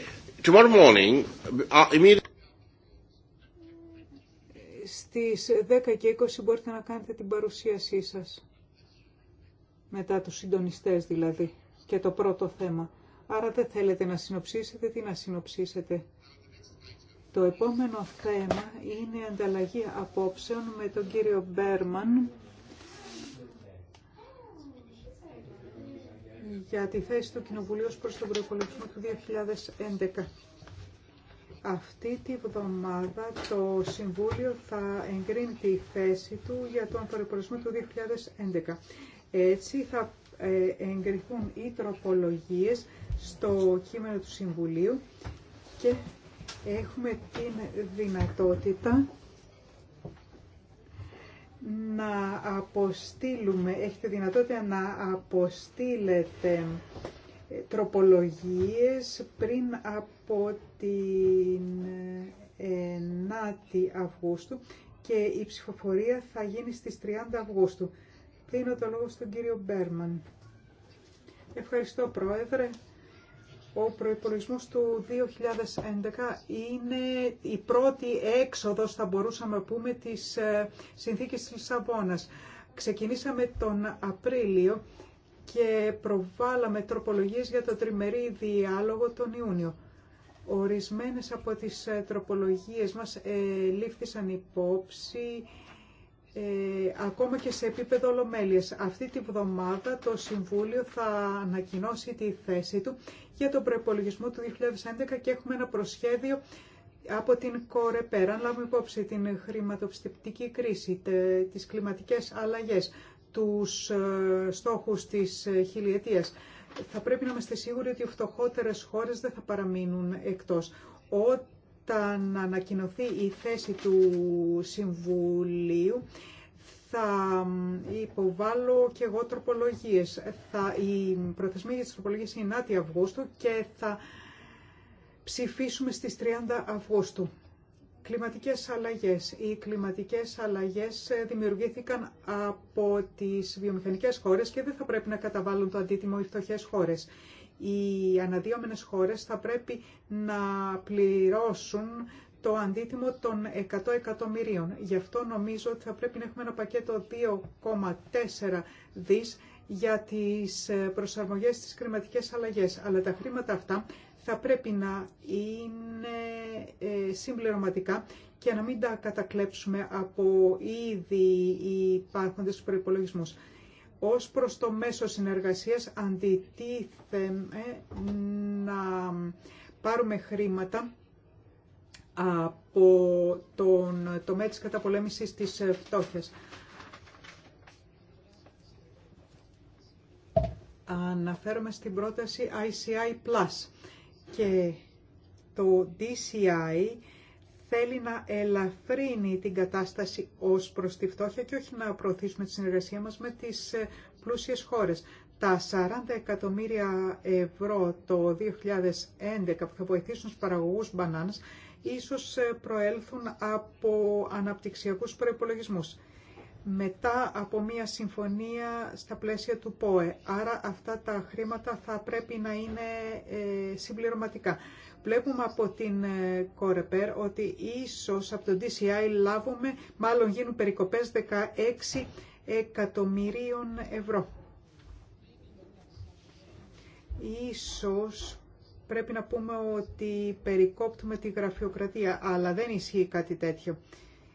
[SPEAKER 1] Tomorrow morning, uh, immediately
[SPEAKER 3] στις 10 και 20 μπορείτε να κάνετε την παρουσίασή σας μετά τους συντονιστές δηλαδή και το πρώτο θέμα. Άρα δεν θέλετε να συνοψίσετε, τι να συνοψίσετε. Το επόμενο θέμα είναι η ανταλλαγή απόψεων με τον κύριο Μπέρμαν για τη θέση του Κοινοβουλίου προς τον προϋπολογισμό του 2011. Αυτή τη βδομάδα το Συμβούλιο θα εγκρίνει τη θέση του για τον προϋπολογισμό του 2011. Έτσι θα ε, εγκριθούν οι τροπολογίες στο κείμενο του Συμβουλίου και έχουμε την δυνατότητα να αποστείλουμε, έχετε δυνατότητα να αποστείλετε ε, τροπολογίες πριν από την 9η ε, Αυγούστου και η ψηφοφορία θα γίνει στις 30 Αυγούστου. Δίνω το λόγο στον κύριο Μπέρμαν. Ευχαριστώ Πρόεδρε. Ο προϋπολογισμός του 2011 είναι η πρώτη έξοδος, θα μπορούσαμε να πούμε, της ε, συνθήκης της Λισαβόνας. Ξεκινήσαμε τον Απρίλιο και προβάλαμε τροπολογίες για το τριμερή διάλογο τον Ιούνιο. Ορισμένες από τις ε, τροπολογίες μας ε, λήφθησαν υπόψη ε, ακόμα και σε επίπεδο ολομέλειας. Αυτή τη βδομάδα το Συμβούλιο θα ανακοινώσει τη θέση του για τον προπολογισμό του 2011 και έχουμε ένα προσχέδιο από την Κορεπέρα. Αν λάβουμε υπόψη την χρηματοπιστική κρίση, τε, τις κλιματικές αλλαγές, τους ε, στόχους της ε, χιλιετίας, θα πρέπει να είμαστε σίγουροι ότι οι φτωχότερες χώρες δεν θα παραμείνουν εκτός. Ό, να ανακοινωθεί η θέση του Συμβουλίου θα υποβάλω και εγώ τροπολογίες. Θα, η προθεσμία για τις τροπολογίες είναι 9 Αυγούστου και θα ψηφίσουμε στις 30 Αυγούστου. Κλιματικές αλλαγές. Οι κλιματικές αλλαγές δημιουργήθηκαν από τις βιομηχανικές χώρες και δεν θα πρέπει να καταβάλουν το αντίτιμο οι φτωχές χώρες οι αναδύομενες χώρες θα πρέπει να πληρώσουν το αντίτιμο των 100 εκατομμυρίων. Γι' αυτό νομίζω ότι θα πρέπει να έχουμε ένα πακέτο 2,4 δις για τις ε, προσαρμογές στις κρηματικέ αλλαγές. Αλλά τα χρήματα αυτά θα πρέπει να είναι ε, συμπληρωματικά και να μην τα κατακλέψουμε από ήδη υπάρχοντες προϋπολογισμούς. Ως προς το μέσο συνεργασίας αντιτίθεμε να πάρουμε χρήματα από τον τομέα της καταπολέμησης της φτώχειας. Αναφέρομαι στην πρόταση ICI Plus και το DCI θέλει να ελαφρύνει την κατάσταση ως προς τη φτώχεια και όχι να προωθήσουμε τη συνεργασία μας με τις ε, πλούσιες χώρες. Τα 40 εκατομμύρια ευρώ το 2011 που θα βοηθήσουν στους παραγωγούς μπανάνας ίσως ε, προέλθουν από αναπτυξιακούς προϋπολογισμούς μετά από μια συμφωνία στα πλαίσια του ΠΟΕ. Άρα αυτά τα χρήματα θα πρέπει να είναι ε, συμπληρωματικά. Βλέπουμε από την ε, Κορεπέρ ότι ίσως από τον DCI λάβουμε, μάλλον γίνουν περικοπές 16 εκατομμυρίων ευρώ. Ίσως πρέπει να πούμε ότι περικόπτουμε τη γραφειοκρατία, αλλά δεν ισχύει κάτι τέτοιο.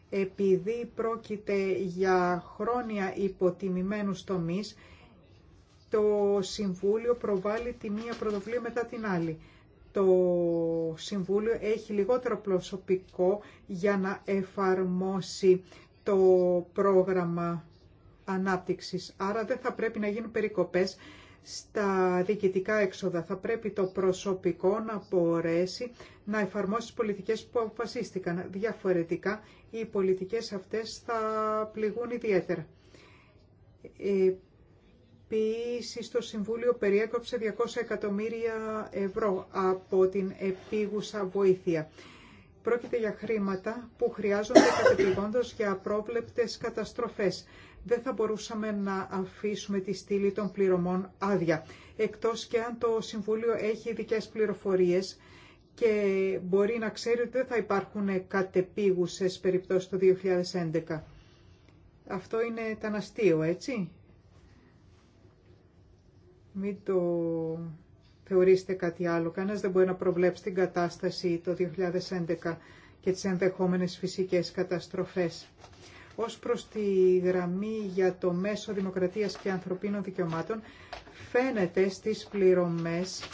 [SPEAKER 3] Επειδή πρόκειται για χρόνια υποτιμημένους τομείς, το Συμβούλιο προβάλλει τη μία πρωτοβουλία μετά την άλλη το Συμβούλιο έχει λιγότερο προσωπικό για να εφαρμόσει το πρόγραμμα ανάπτυξης. Άρα δεν θα πρέπει να γίνουν περικοπές στα διοικητικά έξοδα. Θα πρέπει το προσωπικό να μπορέσει να εφαρμόσει τις πολιτικές που αποφασίστηκαν. Διαφορετικά οι πολιτικές αυτές θα πληγούν ιδιαίτερα. Ε, Επίσης στο Συμβούλιο περιέκοψε 200 εκατομμύρια ευρώ από την επίγουσα βοήθεια. Πρόκειται για χρήματα που χρειάζονται κατεπηγόντως για απρόβλεπτες καταστροφές. Δεν θα μπορούσαμε να αφήσουμε τη στήλη των πληρωμών άδεια, εκτός και αν το Συμβούλιο έχει ειδικέ πληροφορίες και μπορεί να ξέρει ότι δεν θα υπάρχουν κατεπίγουσες περιπτώσεις το 2011. Αυτό είναι ταναστείο, έτσι. Μην το θεωρήσετε κάτι άλλο. Κανένας δεν μπορεί να προβλέψει την κατάσταση το 2011 και τις ενδεχόμενες φυσικές καταστροφές. Ως προς τη γραμμή για το μέσο δημοκρατίας και ανθρωπίνων δικαιωμάτων, φαίνεται στις πληρωμές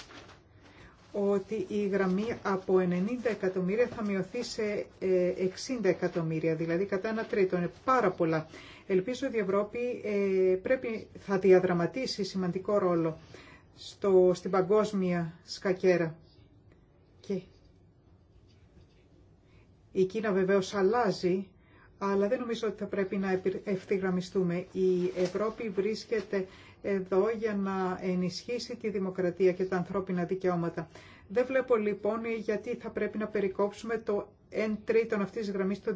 [SPEAKER 3] ότι η γραμμή από 90 εκατομμύρια θα μειωθεί σε 60 ε, εκατομμύρια, δηλαδή κατά ένα τρίτο. Είναι πάρα πολλά Ελπίζω ότι η Ευρώπη ε, πρέπει, θα διαδραματίσει σημαντικό ρόλο στο, στην παγκόσμια σκακέρα. Και η Κίνα βεβαίως αλλάζει, αλλά δεν νομίζω ότι θα πρέπει να ευθυγραμμιστούμε. Η Ευρώπη βρίσκεται εδώ για να ενισχύσει τη δημοκρατία και τα ανθρώπινα δικαιώματα. Δεν βλέπω λοιπόν γιατί θα πρέπει να περικόψουμε το εν τρίτον αυτής της γραμμής το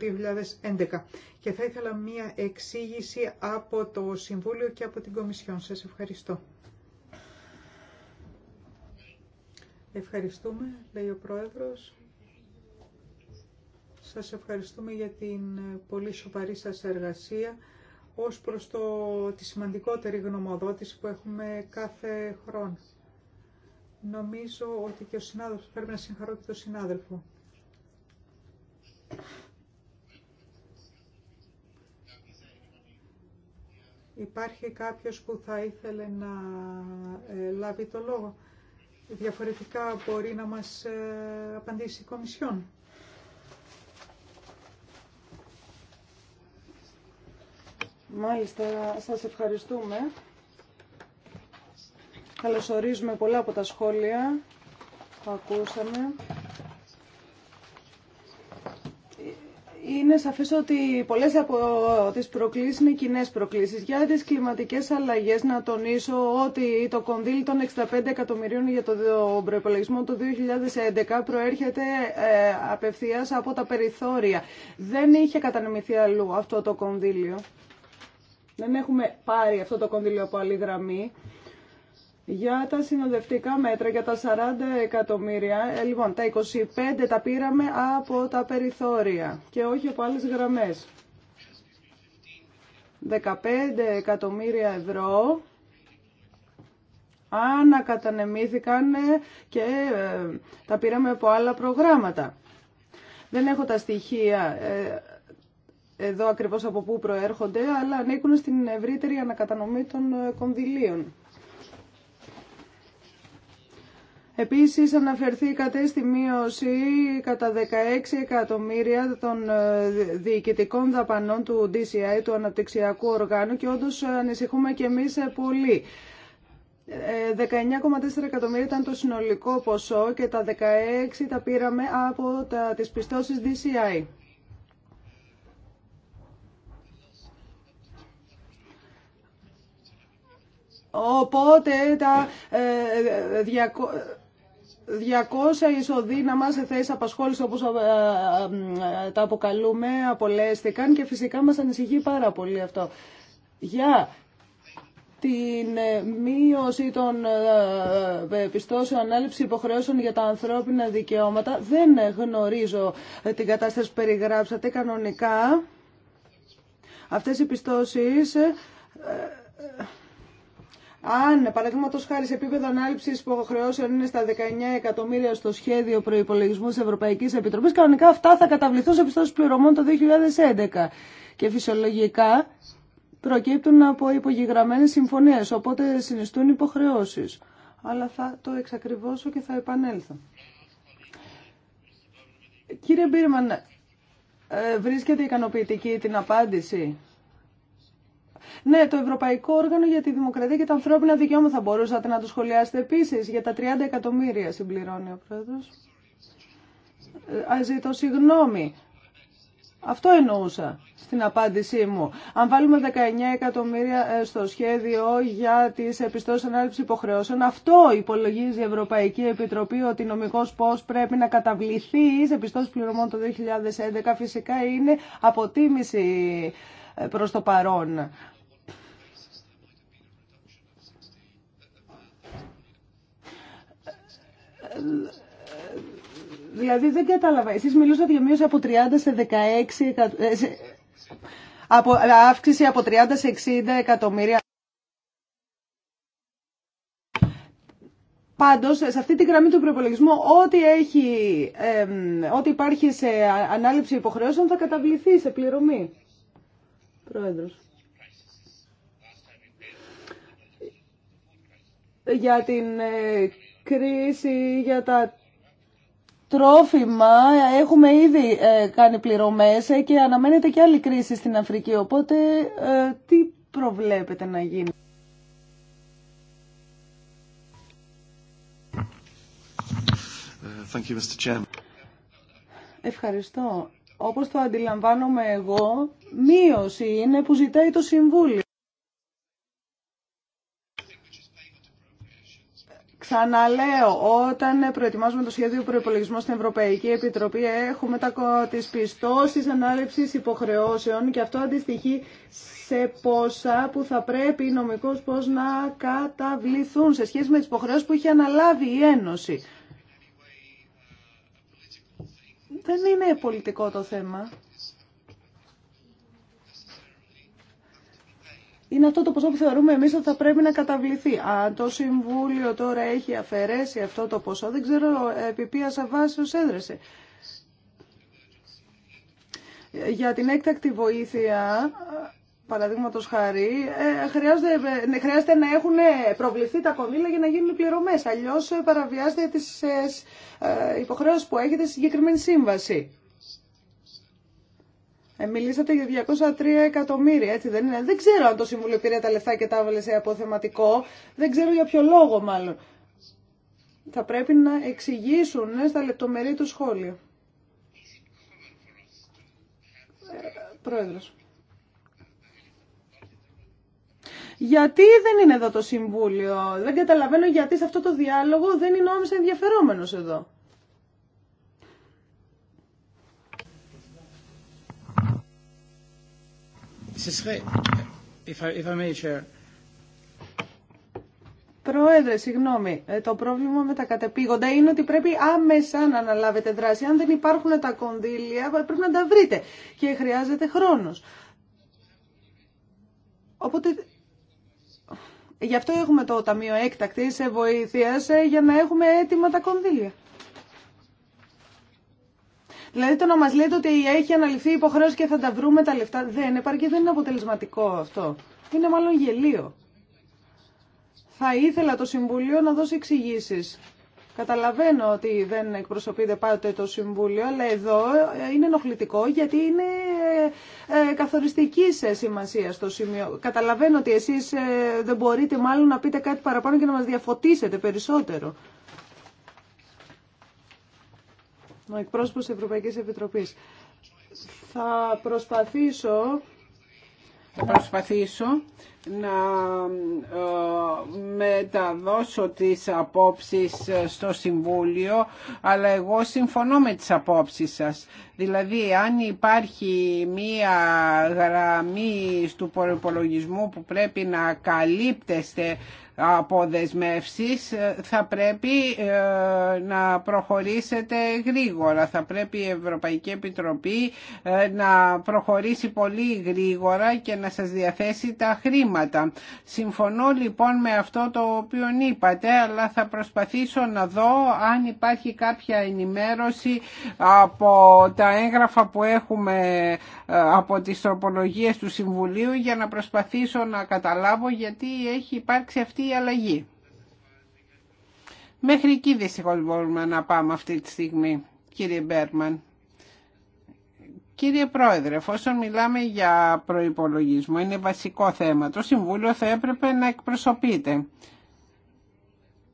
[SPEAKER 3] 2011. Και θα ήθελα μία εξήγηση από το Συμβούλιο και από την Κομισιόν. Σας ευχαριστώ. Ευχαριστούμε, λέει ο Πρόεδρος. Σας ευχαριστούμε για την πολύ σοβαρή σας εργασία ως προς το, τη σημαντικότερη γνωμοδότηση που έχουμε κάθε χρόνο. Νομίζω ότι και ο συνάδελφος, πρέπει να συγχαρώ και τον συνάδελφο. Υπάρχει κάποιος που θα ήθελε να ε, λάβει το λόγο. Διαφορετικά μπορεί να μας ε, απαντήσει η Κομισιόν.
[SPEAKER 2] Μάλιστα, σας ευχαριστούμε. Καλωσορίζουμε πολλά από τα σχόλια που ακούσαμε. Είναι σαφέ ότι πολλές από τις προκλήσεις είναι κοινέ προκλήσεις. Για τις κλιματικές αλλαγές να τονίσω ότι το κονδύλι των 65 εκατομμυρίων για τον προπολογισμό του 2011 προέρχεται ε, απευθεία από τα περιθώρια. Δεν είχε κατανεμηθεί αλλού αυτό το κονδύλιο. Δεν έχουμε πάρει αυτό το κονδύλιο από άλλη γραμμή. Για τα συνοδευτικά μέτρα, για τα 40 εκατομμύρια, ε, λοιπόν, τα 25 τα πήραμε από τα περιθώρια και όχι από άλλες γραμμές. 15 εκατομμύρια ευρώ ανακατανεμήθηκαν ε, και ε, τα πήραμε από άλλα προγράμματα. Δεν έχω τα στοιχεία εδώ ακριβώς από πού προέρχονται, αλλά ανήκουν στην ευρύτερη ανακατανομή των κονδυλίων. Επίσης αναφερθήκατε στη μείωση κατά 16 εκατομμύρια των ε, διοικητικών δαπανών του DCI, του Αναπτυξιακού Οργάνου και όντως ανησυχούμε και εμείς ε, πολύ. 19,4 ε, εκατομμύρια ήταν το συνολικό ποσό και τα 16 τα πήραμε από τα, τις πιστώσεις DCI. Οπότε τα 200 ισοδύναμα σε θέσει απασχόληση όπως ε, ε, ε, τα αποκαλούμε απολέστηκαν και φυσικά μας ανησυχεί πάρα πολύ αυτό. Για την μείωση των πιστώσεων ανάληψη υποχρεώσεων για τα ανθρώπινα δικαιώματα δεν γνωρίζω την κατάσταση που περιγράψατε κανονικά. Αυτές οι πιστώσεις αν, παραδείγματο χάρη, σε επίπεδο ανάληψη υποχρεώσεων είναι στα 19 εκατομμύρια στο σχέδιο προπολογισμού τη Ευρωπαϊκή Επιτροπή, κανονικά αυτά θα καταβληθούν σε πιστώσει πληρωμών το 2011. Και φυσιολογικά προκύπτουν από υπογεγραμμένε συμφωνίε, οπότε συνιστούν υποχρεώσει. Αλλά θα το εξακριβώσω και θα επανέλθω. Κύριε Μπίρμαν, ε, βρίσκεται ικανοποιητική την απάντηση ναι, το Ευρωπαϊκό Όργανο για τη Δημοκρατία και τα Ανθρώπινα Δικαιώματα θα μπορούσατε να το σχολιάσετε επίση για τα 30 εκατομμύρια συμπληρώνει ο πρόεδρο. Ε, ζητώ συγγνώμη. Αυτό εννοούσα στην απάντησή μου. Αν βάλουμε 19 εκατομμύρια ε, στο σχέδιο για τι επιστώσει ανάληψη υποχρεώσεων, αυτό υπολογίζει η Ευρωπαϊκή Επιτροπή ότι νομικός πώ πρέπει να καταβληθεί σε επιστώσει πληρωμών το 2011. Φυσικά είναι αποτίμηση ε, προς το παρόν. Δηλαδή δεν κατάλαβα. Εσείς μιλούσατε για μείωση από 30 σε 16 ε, από, αύξηση από 30 σε 60 εκατομμύρια. Πάντω, σε αυτή τη γραμμή του προπολογισμού, ό,τι, ε, υπάρχει σε ανάληψη υποχρεώσεων θα καταβληθεί σε πληρωμή. Πρόεδρος. Για την ε, κρίση για τα τρόφιμα. Έχουμε ήδη ε, κάνει πληρωμές ε, και αναμένεται και άλλη κρίση στην Αφρική. Οπότε ε, τι προβλέπετε να γίνει.
[SPEAKER 3] Thank you, Mr.
[SPEAKER 2] Ευχαριστώ. Όπως το αντιλαμβάνομαι εγώ, μείωση είναι που ζητάει το Συμβούλιο. Ξαναλέω, όταν προετοιμάζουμε το σχέδιο προπολογισμού στην Ευρωπαϊκή Επιτροπή, έχουμε τι τις ανάληψη υποχρεώσεων και αυτό αντιστοιχεί σε ποσά που θα πρέπει νομικώ πώ να καταβληθούν σε σχέση με τις υποχρεώσεις που είχε αναλάβει η Ένωση. Δεν είναι πολιτικό το θέμα. είναι αυτό το ποσό που θεωρούμε εμείς ότι θα πρέπει να καταβληθεί. Αν το Συμβούλιο τώρα έχει αφαιρέσει αυτό το ποσό, δεν ξέρω επί ποια βάσεως έδρασε. Για την έκτακτη βοήθεια, παραδείγματος χάρη, ε, ε, χρειάζεται, να έχουν ε, προβληθεί τα κονδύλια για να γίνουν πληρωμές. Αλλιώς παραβιάζεται τις υποχρεώσεις που έχετε στη συγκεκριμένη σύμβαση. Ε, μιλήσατε για 203 εκατομμύρια, έτσι δεν είναι. Δεν ξέρω αν το Συμβούλιο πήρε τα λεφτά και τα έβαλε σε αποθεματικό. Δεν ξέρω για ποιο λόγο μάλλον. Θα πρέπει να εξηγήσουν ε, στα λεπτομερή του σχόλιο. Ε, πρόεδρος. Γιατί δεν είναι εδώ το Συμβούλιο. Δεν καταλαβαίνω γιατί σε αυτό το διάλογο δεν είναι όμως ενδιαφερόμενος εδώ. Πρόεδρε, συγγνώμη, ε, το πρόβλημα με τα κατεπήγοντα είναι ότι πρέπει άμεσα να αναλάβετε δράση. Αν δεν υπάρχουν τα κονδύλια, ε, πρέπει να τα βρείτε και χρειάζεται χρόνο. Οπότε Γι' αυτό έχουμε το Ταμείο Έκτακτη Βοήθειας ε, για να έχουμε έτοιμα τα κονδύλια. Δηλαδή το να μα λέτε ότι έχει αναλυθεί υποχρέωση και θα τα βρούμε τα λεφτά. Δεν επαρκεί, δεν είναι αποτελεσματικό αυτό. Είναι μάλλον γελίο. Θα ήθελα το Συμβούλιο να δώσει εξηγήσει. Καταλαβαίνω ότι δεν εκπροσωπείται πάντοτε το Συμβούλιο, αλλά εδώ ε, είναι ενοχλητικό γιατί είναι ε, ε, καθοριστική σε σημασία στο σημείο. Καταλαβαίνω ότι εσείς δεν μπορείτε μάλλον να πείτε κάτι παραπάνω και να μας διαφωτίσετε περισσότερο ο εκπρόσωπος της Ευρωπαϊκής Επιτροπής. Θα προσπαθήσω θα
[SPEAKER 1] προσπαθήσω να ε, μεταδώσω τις απόψεις ε, στο Συμβούλιο, αλλά εγώ συμφωνώ με τις απόψεις σας. Δηλαδή, αν υπάρχει μία γραμμή του προπολογισμού που πρέπει να καλύπτεστε από ε, θα πρέπει ε, να προχωρήσετε γρήγορα. Θα πρέπει η Ευρωπαϊκή Επιτροπή ε, να προχωρήσει πολύ γρήγορα και να σας διαθέσει τα χρήματα. Συμφωνώ λοιπόν με αυτό το οποίο είπατε, αλλά θα προσπαθήσω να δω αν υπάρχει κάποια ενημέρωση από τα έγγραφα που έχουμε από τις τροπολογίες του Συμβουλίου για να προσπαθήσω να καταλάβω γιατί έχει υπάρξει αυτή αλλαγή. Μέχρι εκεί δυστυχώς μπορούμε να πάμε αυτή τη στιγμή, κύριε Μπέρμαν. Κύριε Πρόεδρε, εφόσον μιλάμε για προϋπολογισμό, είναι βασικό θέμα. Το Συμβούλιο θα έπρεπε να εκπροσωπείται.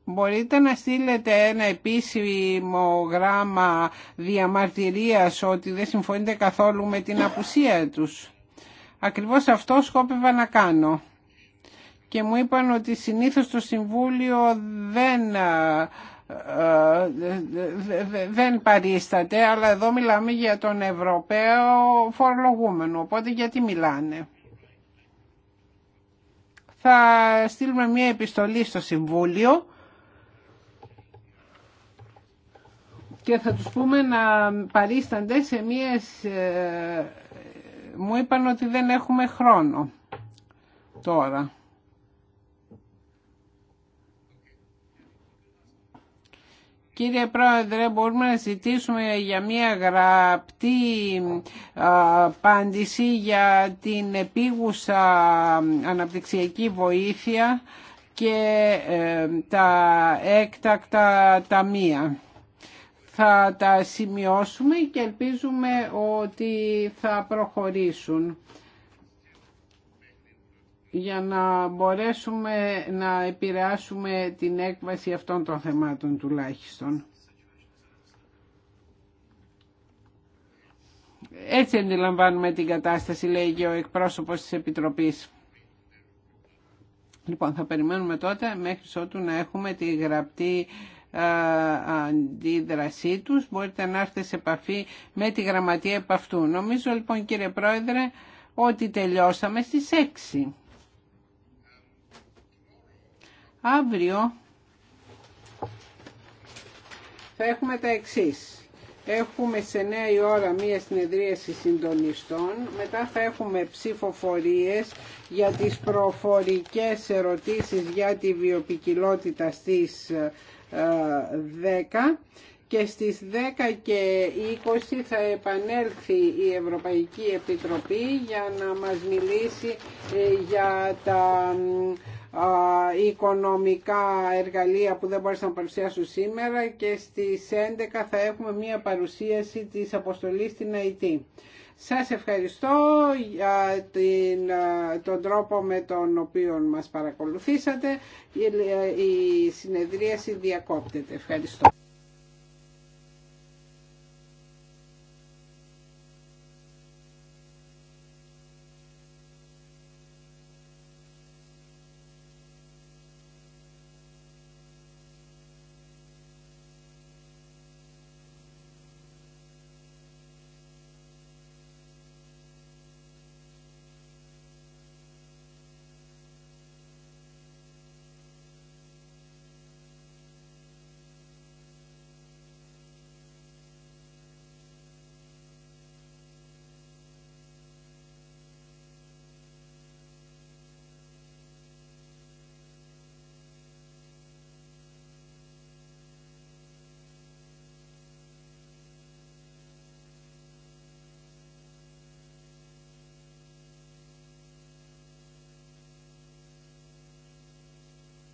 [SPEAKER 1] Μπορείτε να στείλετε ένα επίσημο γράμμα διαμαρτυρίας ότι δεν συμφωνείτε καθόλου με την απουσία τους. Ακριβώς αυτό σκόπευα να κάνω και μου είπαν ότι συνήθως το Συμβούλιο δεν, ε, ε, ε, δεν παρίσταται, αλλά εδώ μιλάμε για τον Ευρωπαίο φορολογούμενο, οπότε γιατί μιλάνε. Θα στείλουμε μια επιστολή στο Συμβούλιο και θα τους πούμε να παρίστανται σε μια... Μου είπαν ότι δεν έχουμε χρόνο τώρα. Κύριε Πρόεδρε, μπορούμε να ζητήσουμε για μια γραπτή απάντηση για την επίγουσα αναπτυξιακή βοήθεια και ε, τα έκτακτα ταμεία. Θα τα σημειώσουμε και ελπίζουμε ότι θα προχωρήσουν για να μπορέσουμε να επηρεάσουμε την έκβαση αυτών των θεμάτων τουλάχιστον. Έτσι αντιλαμβάνουμε την κατάσταση, λέει και ο εκπρόσωπος της Επιτροπής. Λοιπόν, θα περιμένουμε τότε μέχρι ότου να έχουμε τη γραπτή αντίδρασή τους. Μπορείτε να έρθετε σε επαφή με τη γραμματεία επ' αυτού. Νομίζω λοιπόν κύριε Πρόεδρε ότι τελειώσαμε στις 6. Αύριο θα έχουμε τα εξής. Έχουμε σε 9 η ώρα μία συνεδρίαση συντονιστών, μετά θα έχουμε ψηφοφορίες για τις προφορικές ερωτήσεις για τη βιοπικιλότητα στις 10 ε, και στις 10 και 20 θα επανέλθει η Ευρωπαϊκή Επιτροπή για να μας μιλήσει ε, για τα οικονομικά εργαλεία που δεν μπορέσαν να παρουσιάσουν σήμερα και στις 11 θα έχουμε μία παρουσίαση της αποστολής στην ΑΕΤ. Σας ευχαριστώ για την, τον τρόπο με τον οποίο μας παρακολουθήσατε. Η συνεδρίαση διακόπτεται. Ευχαριστώ.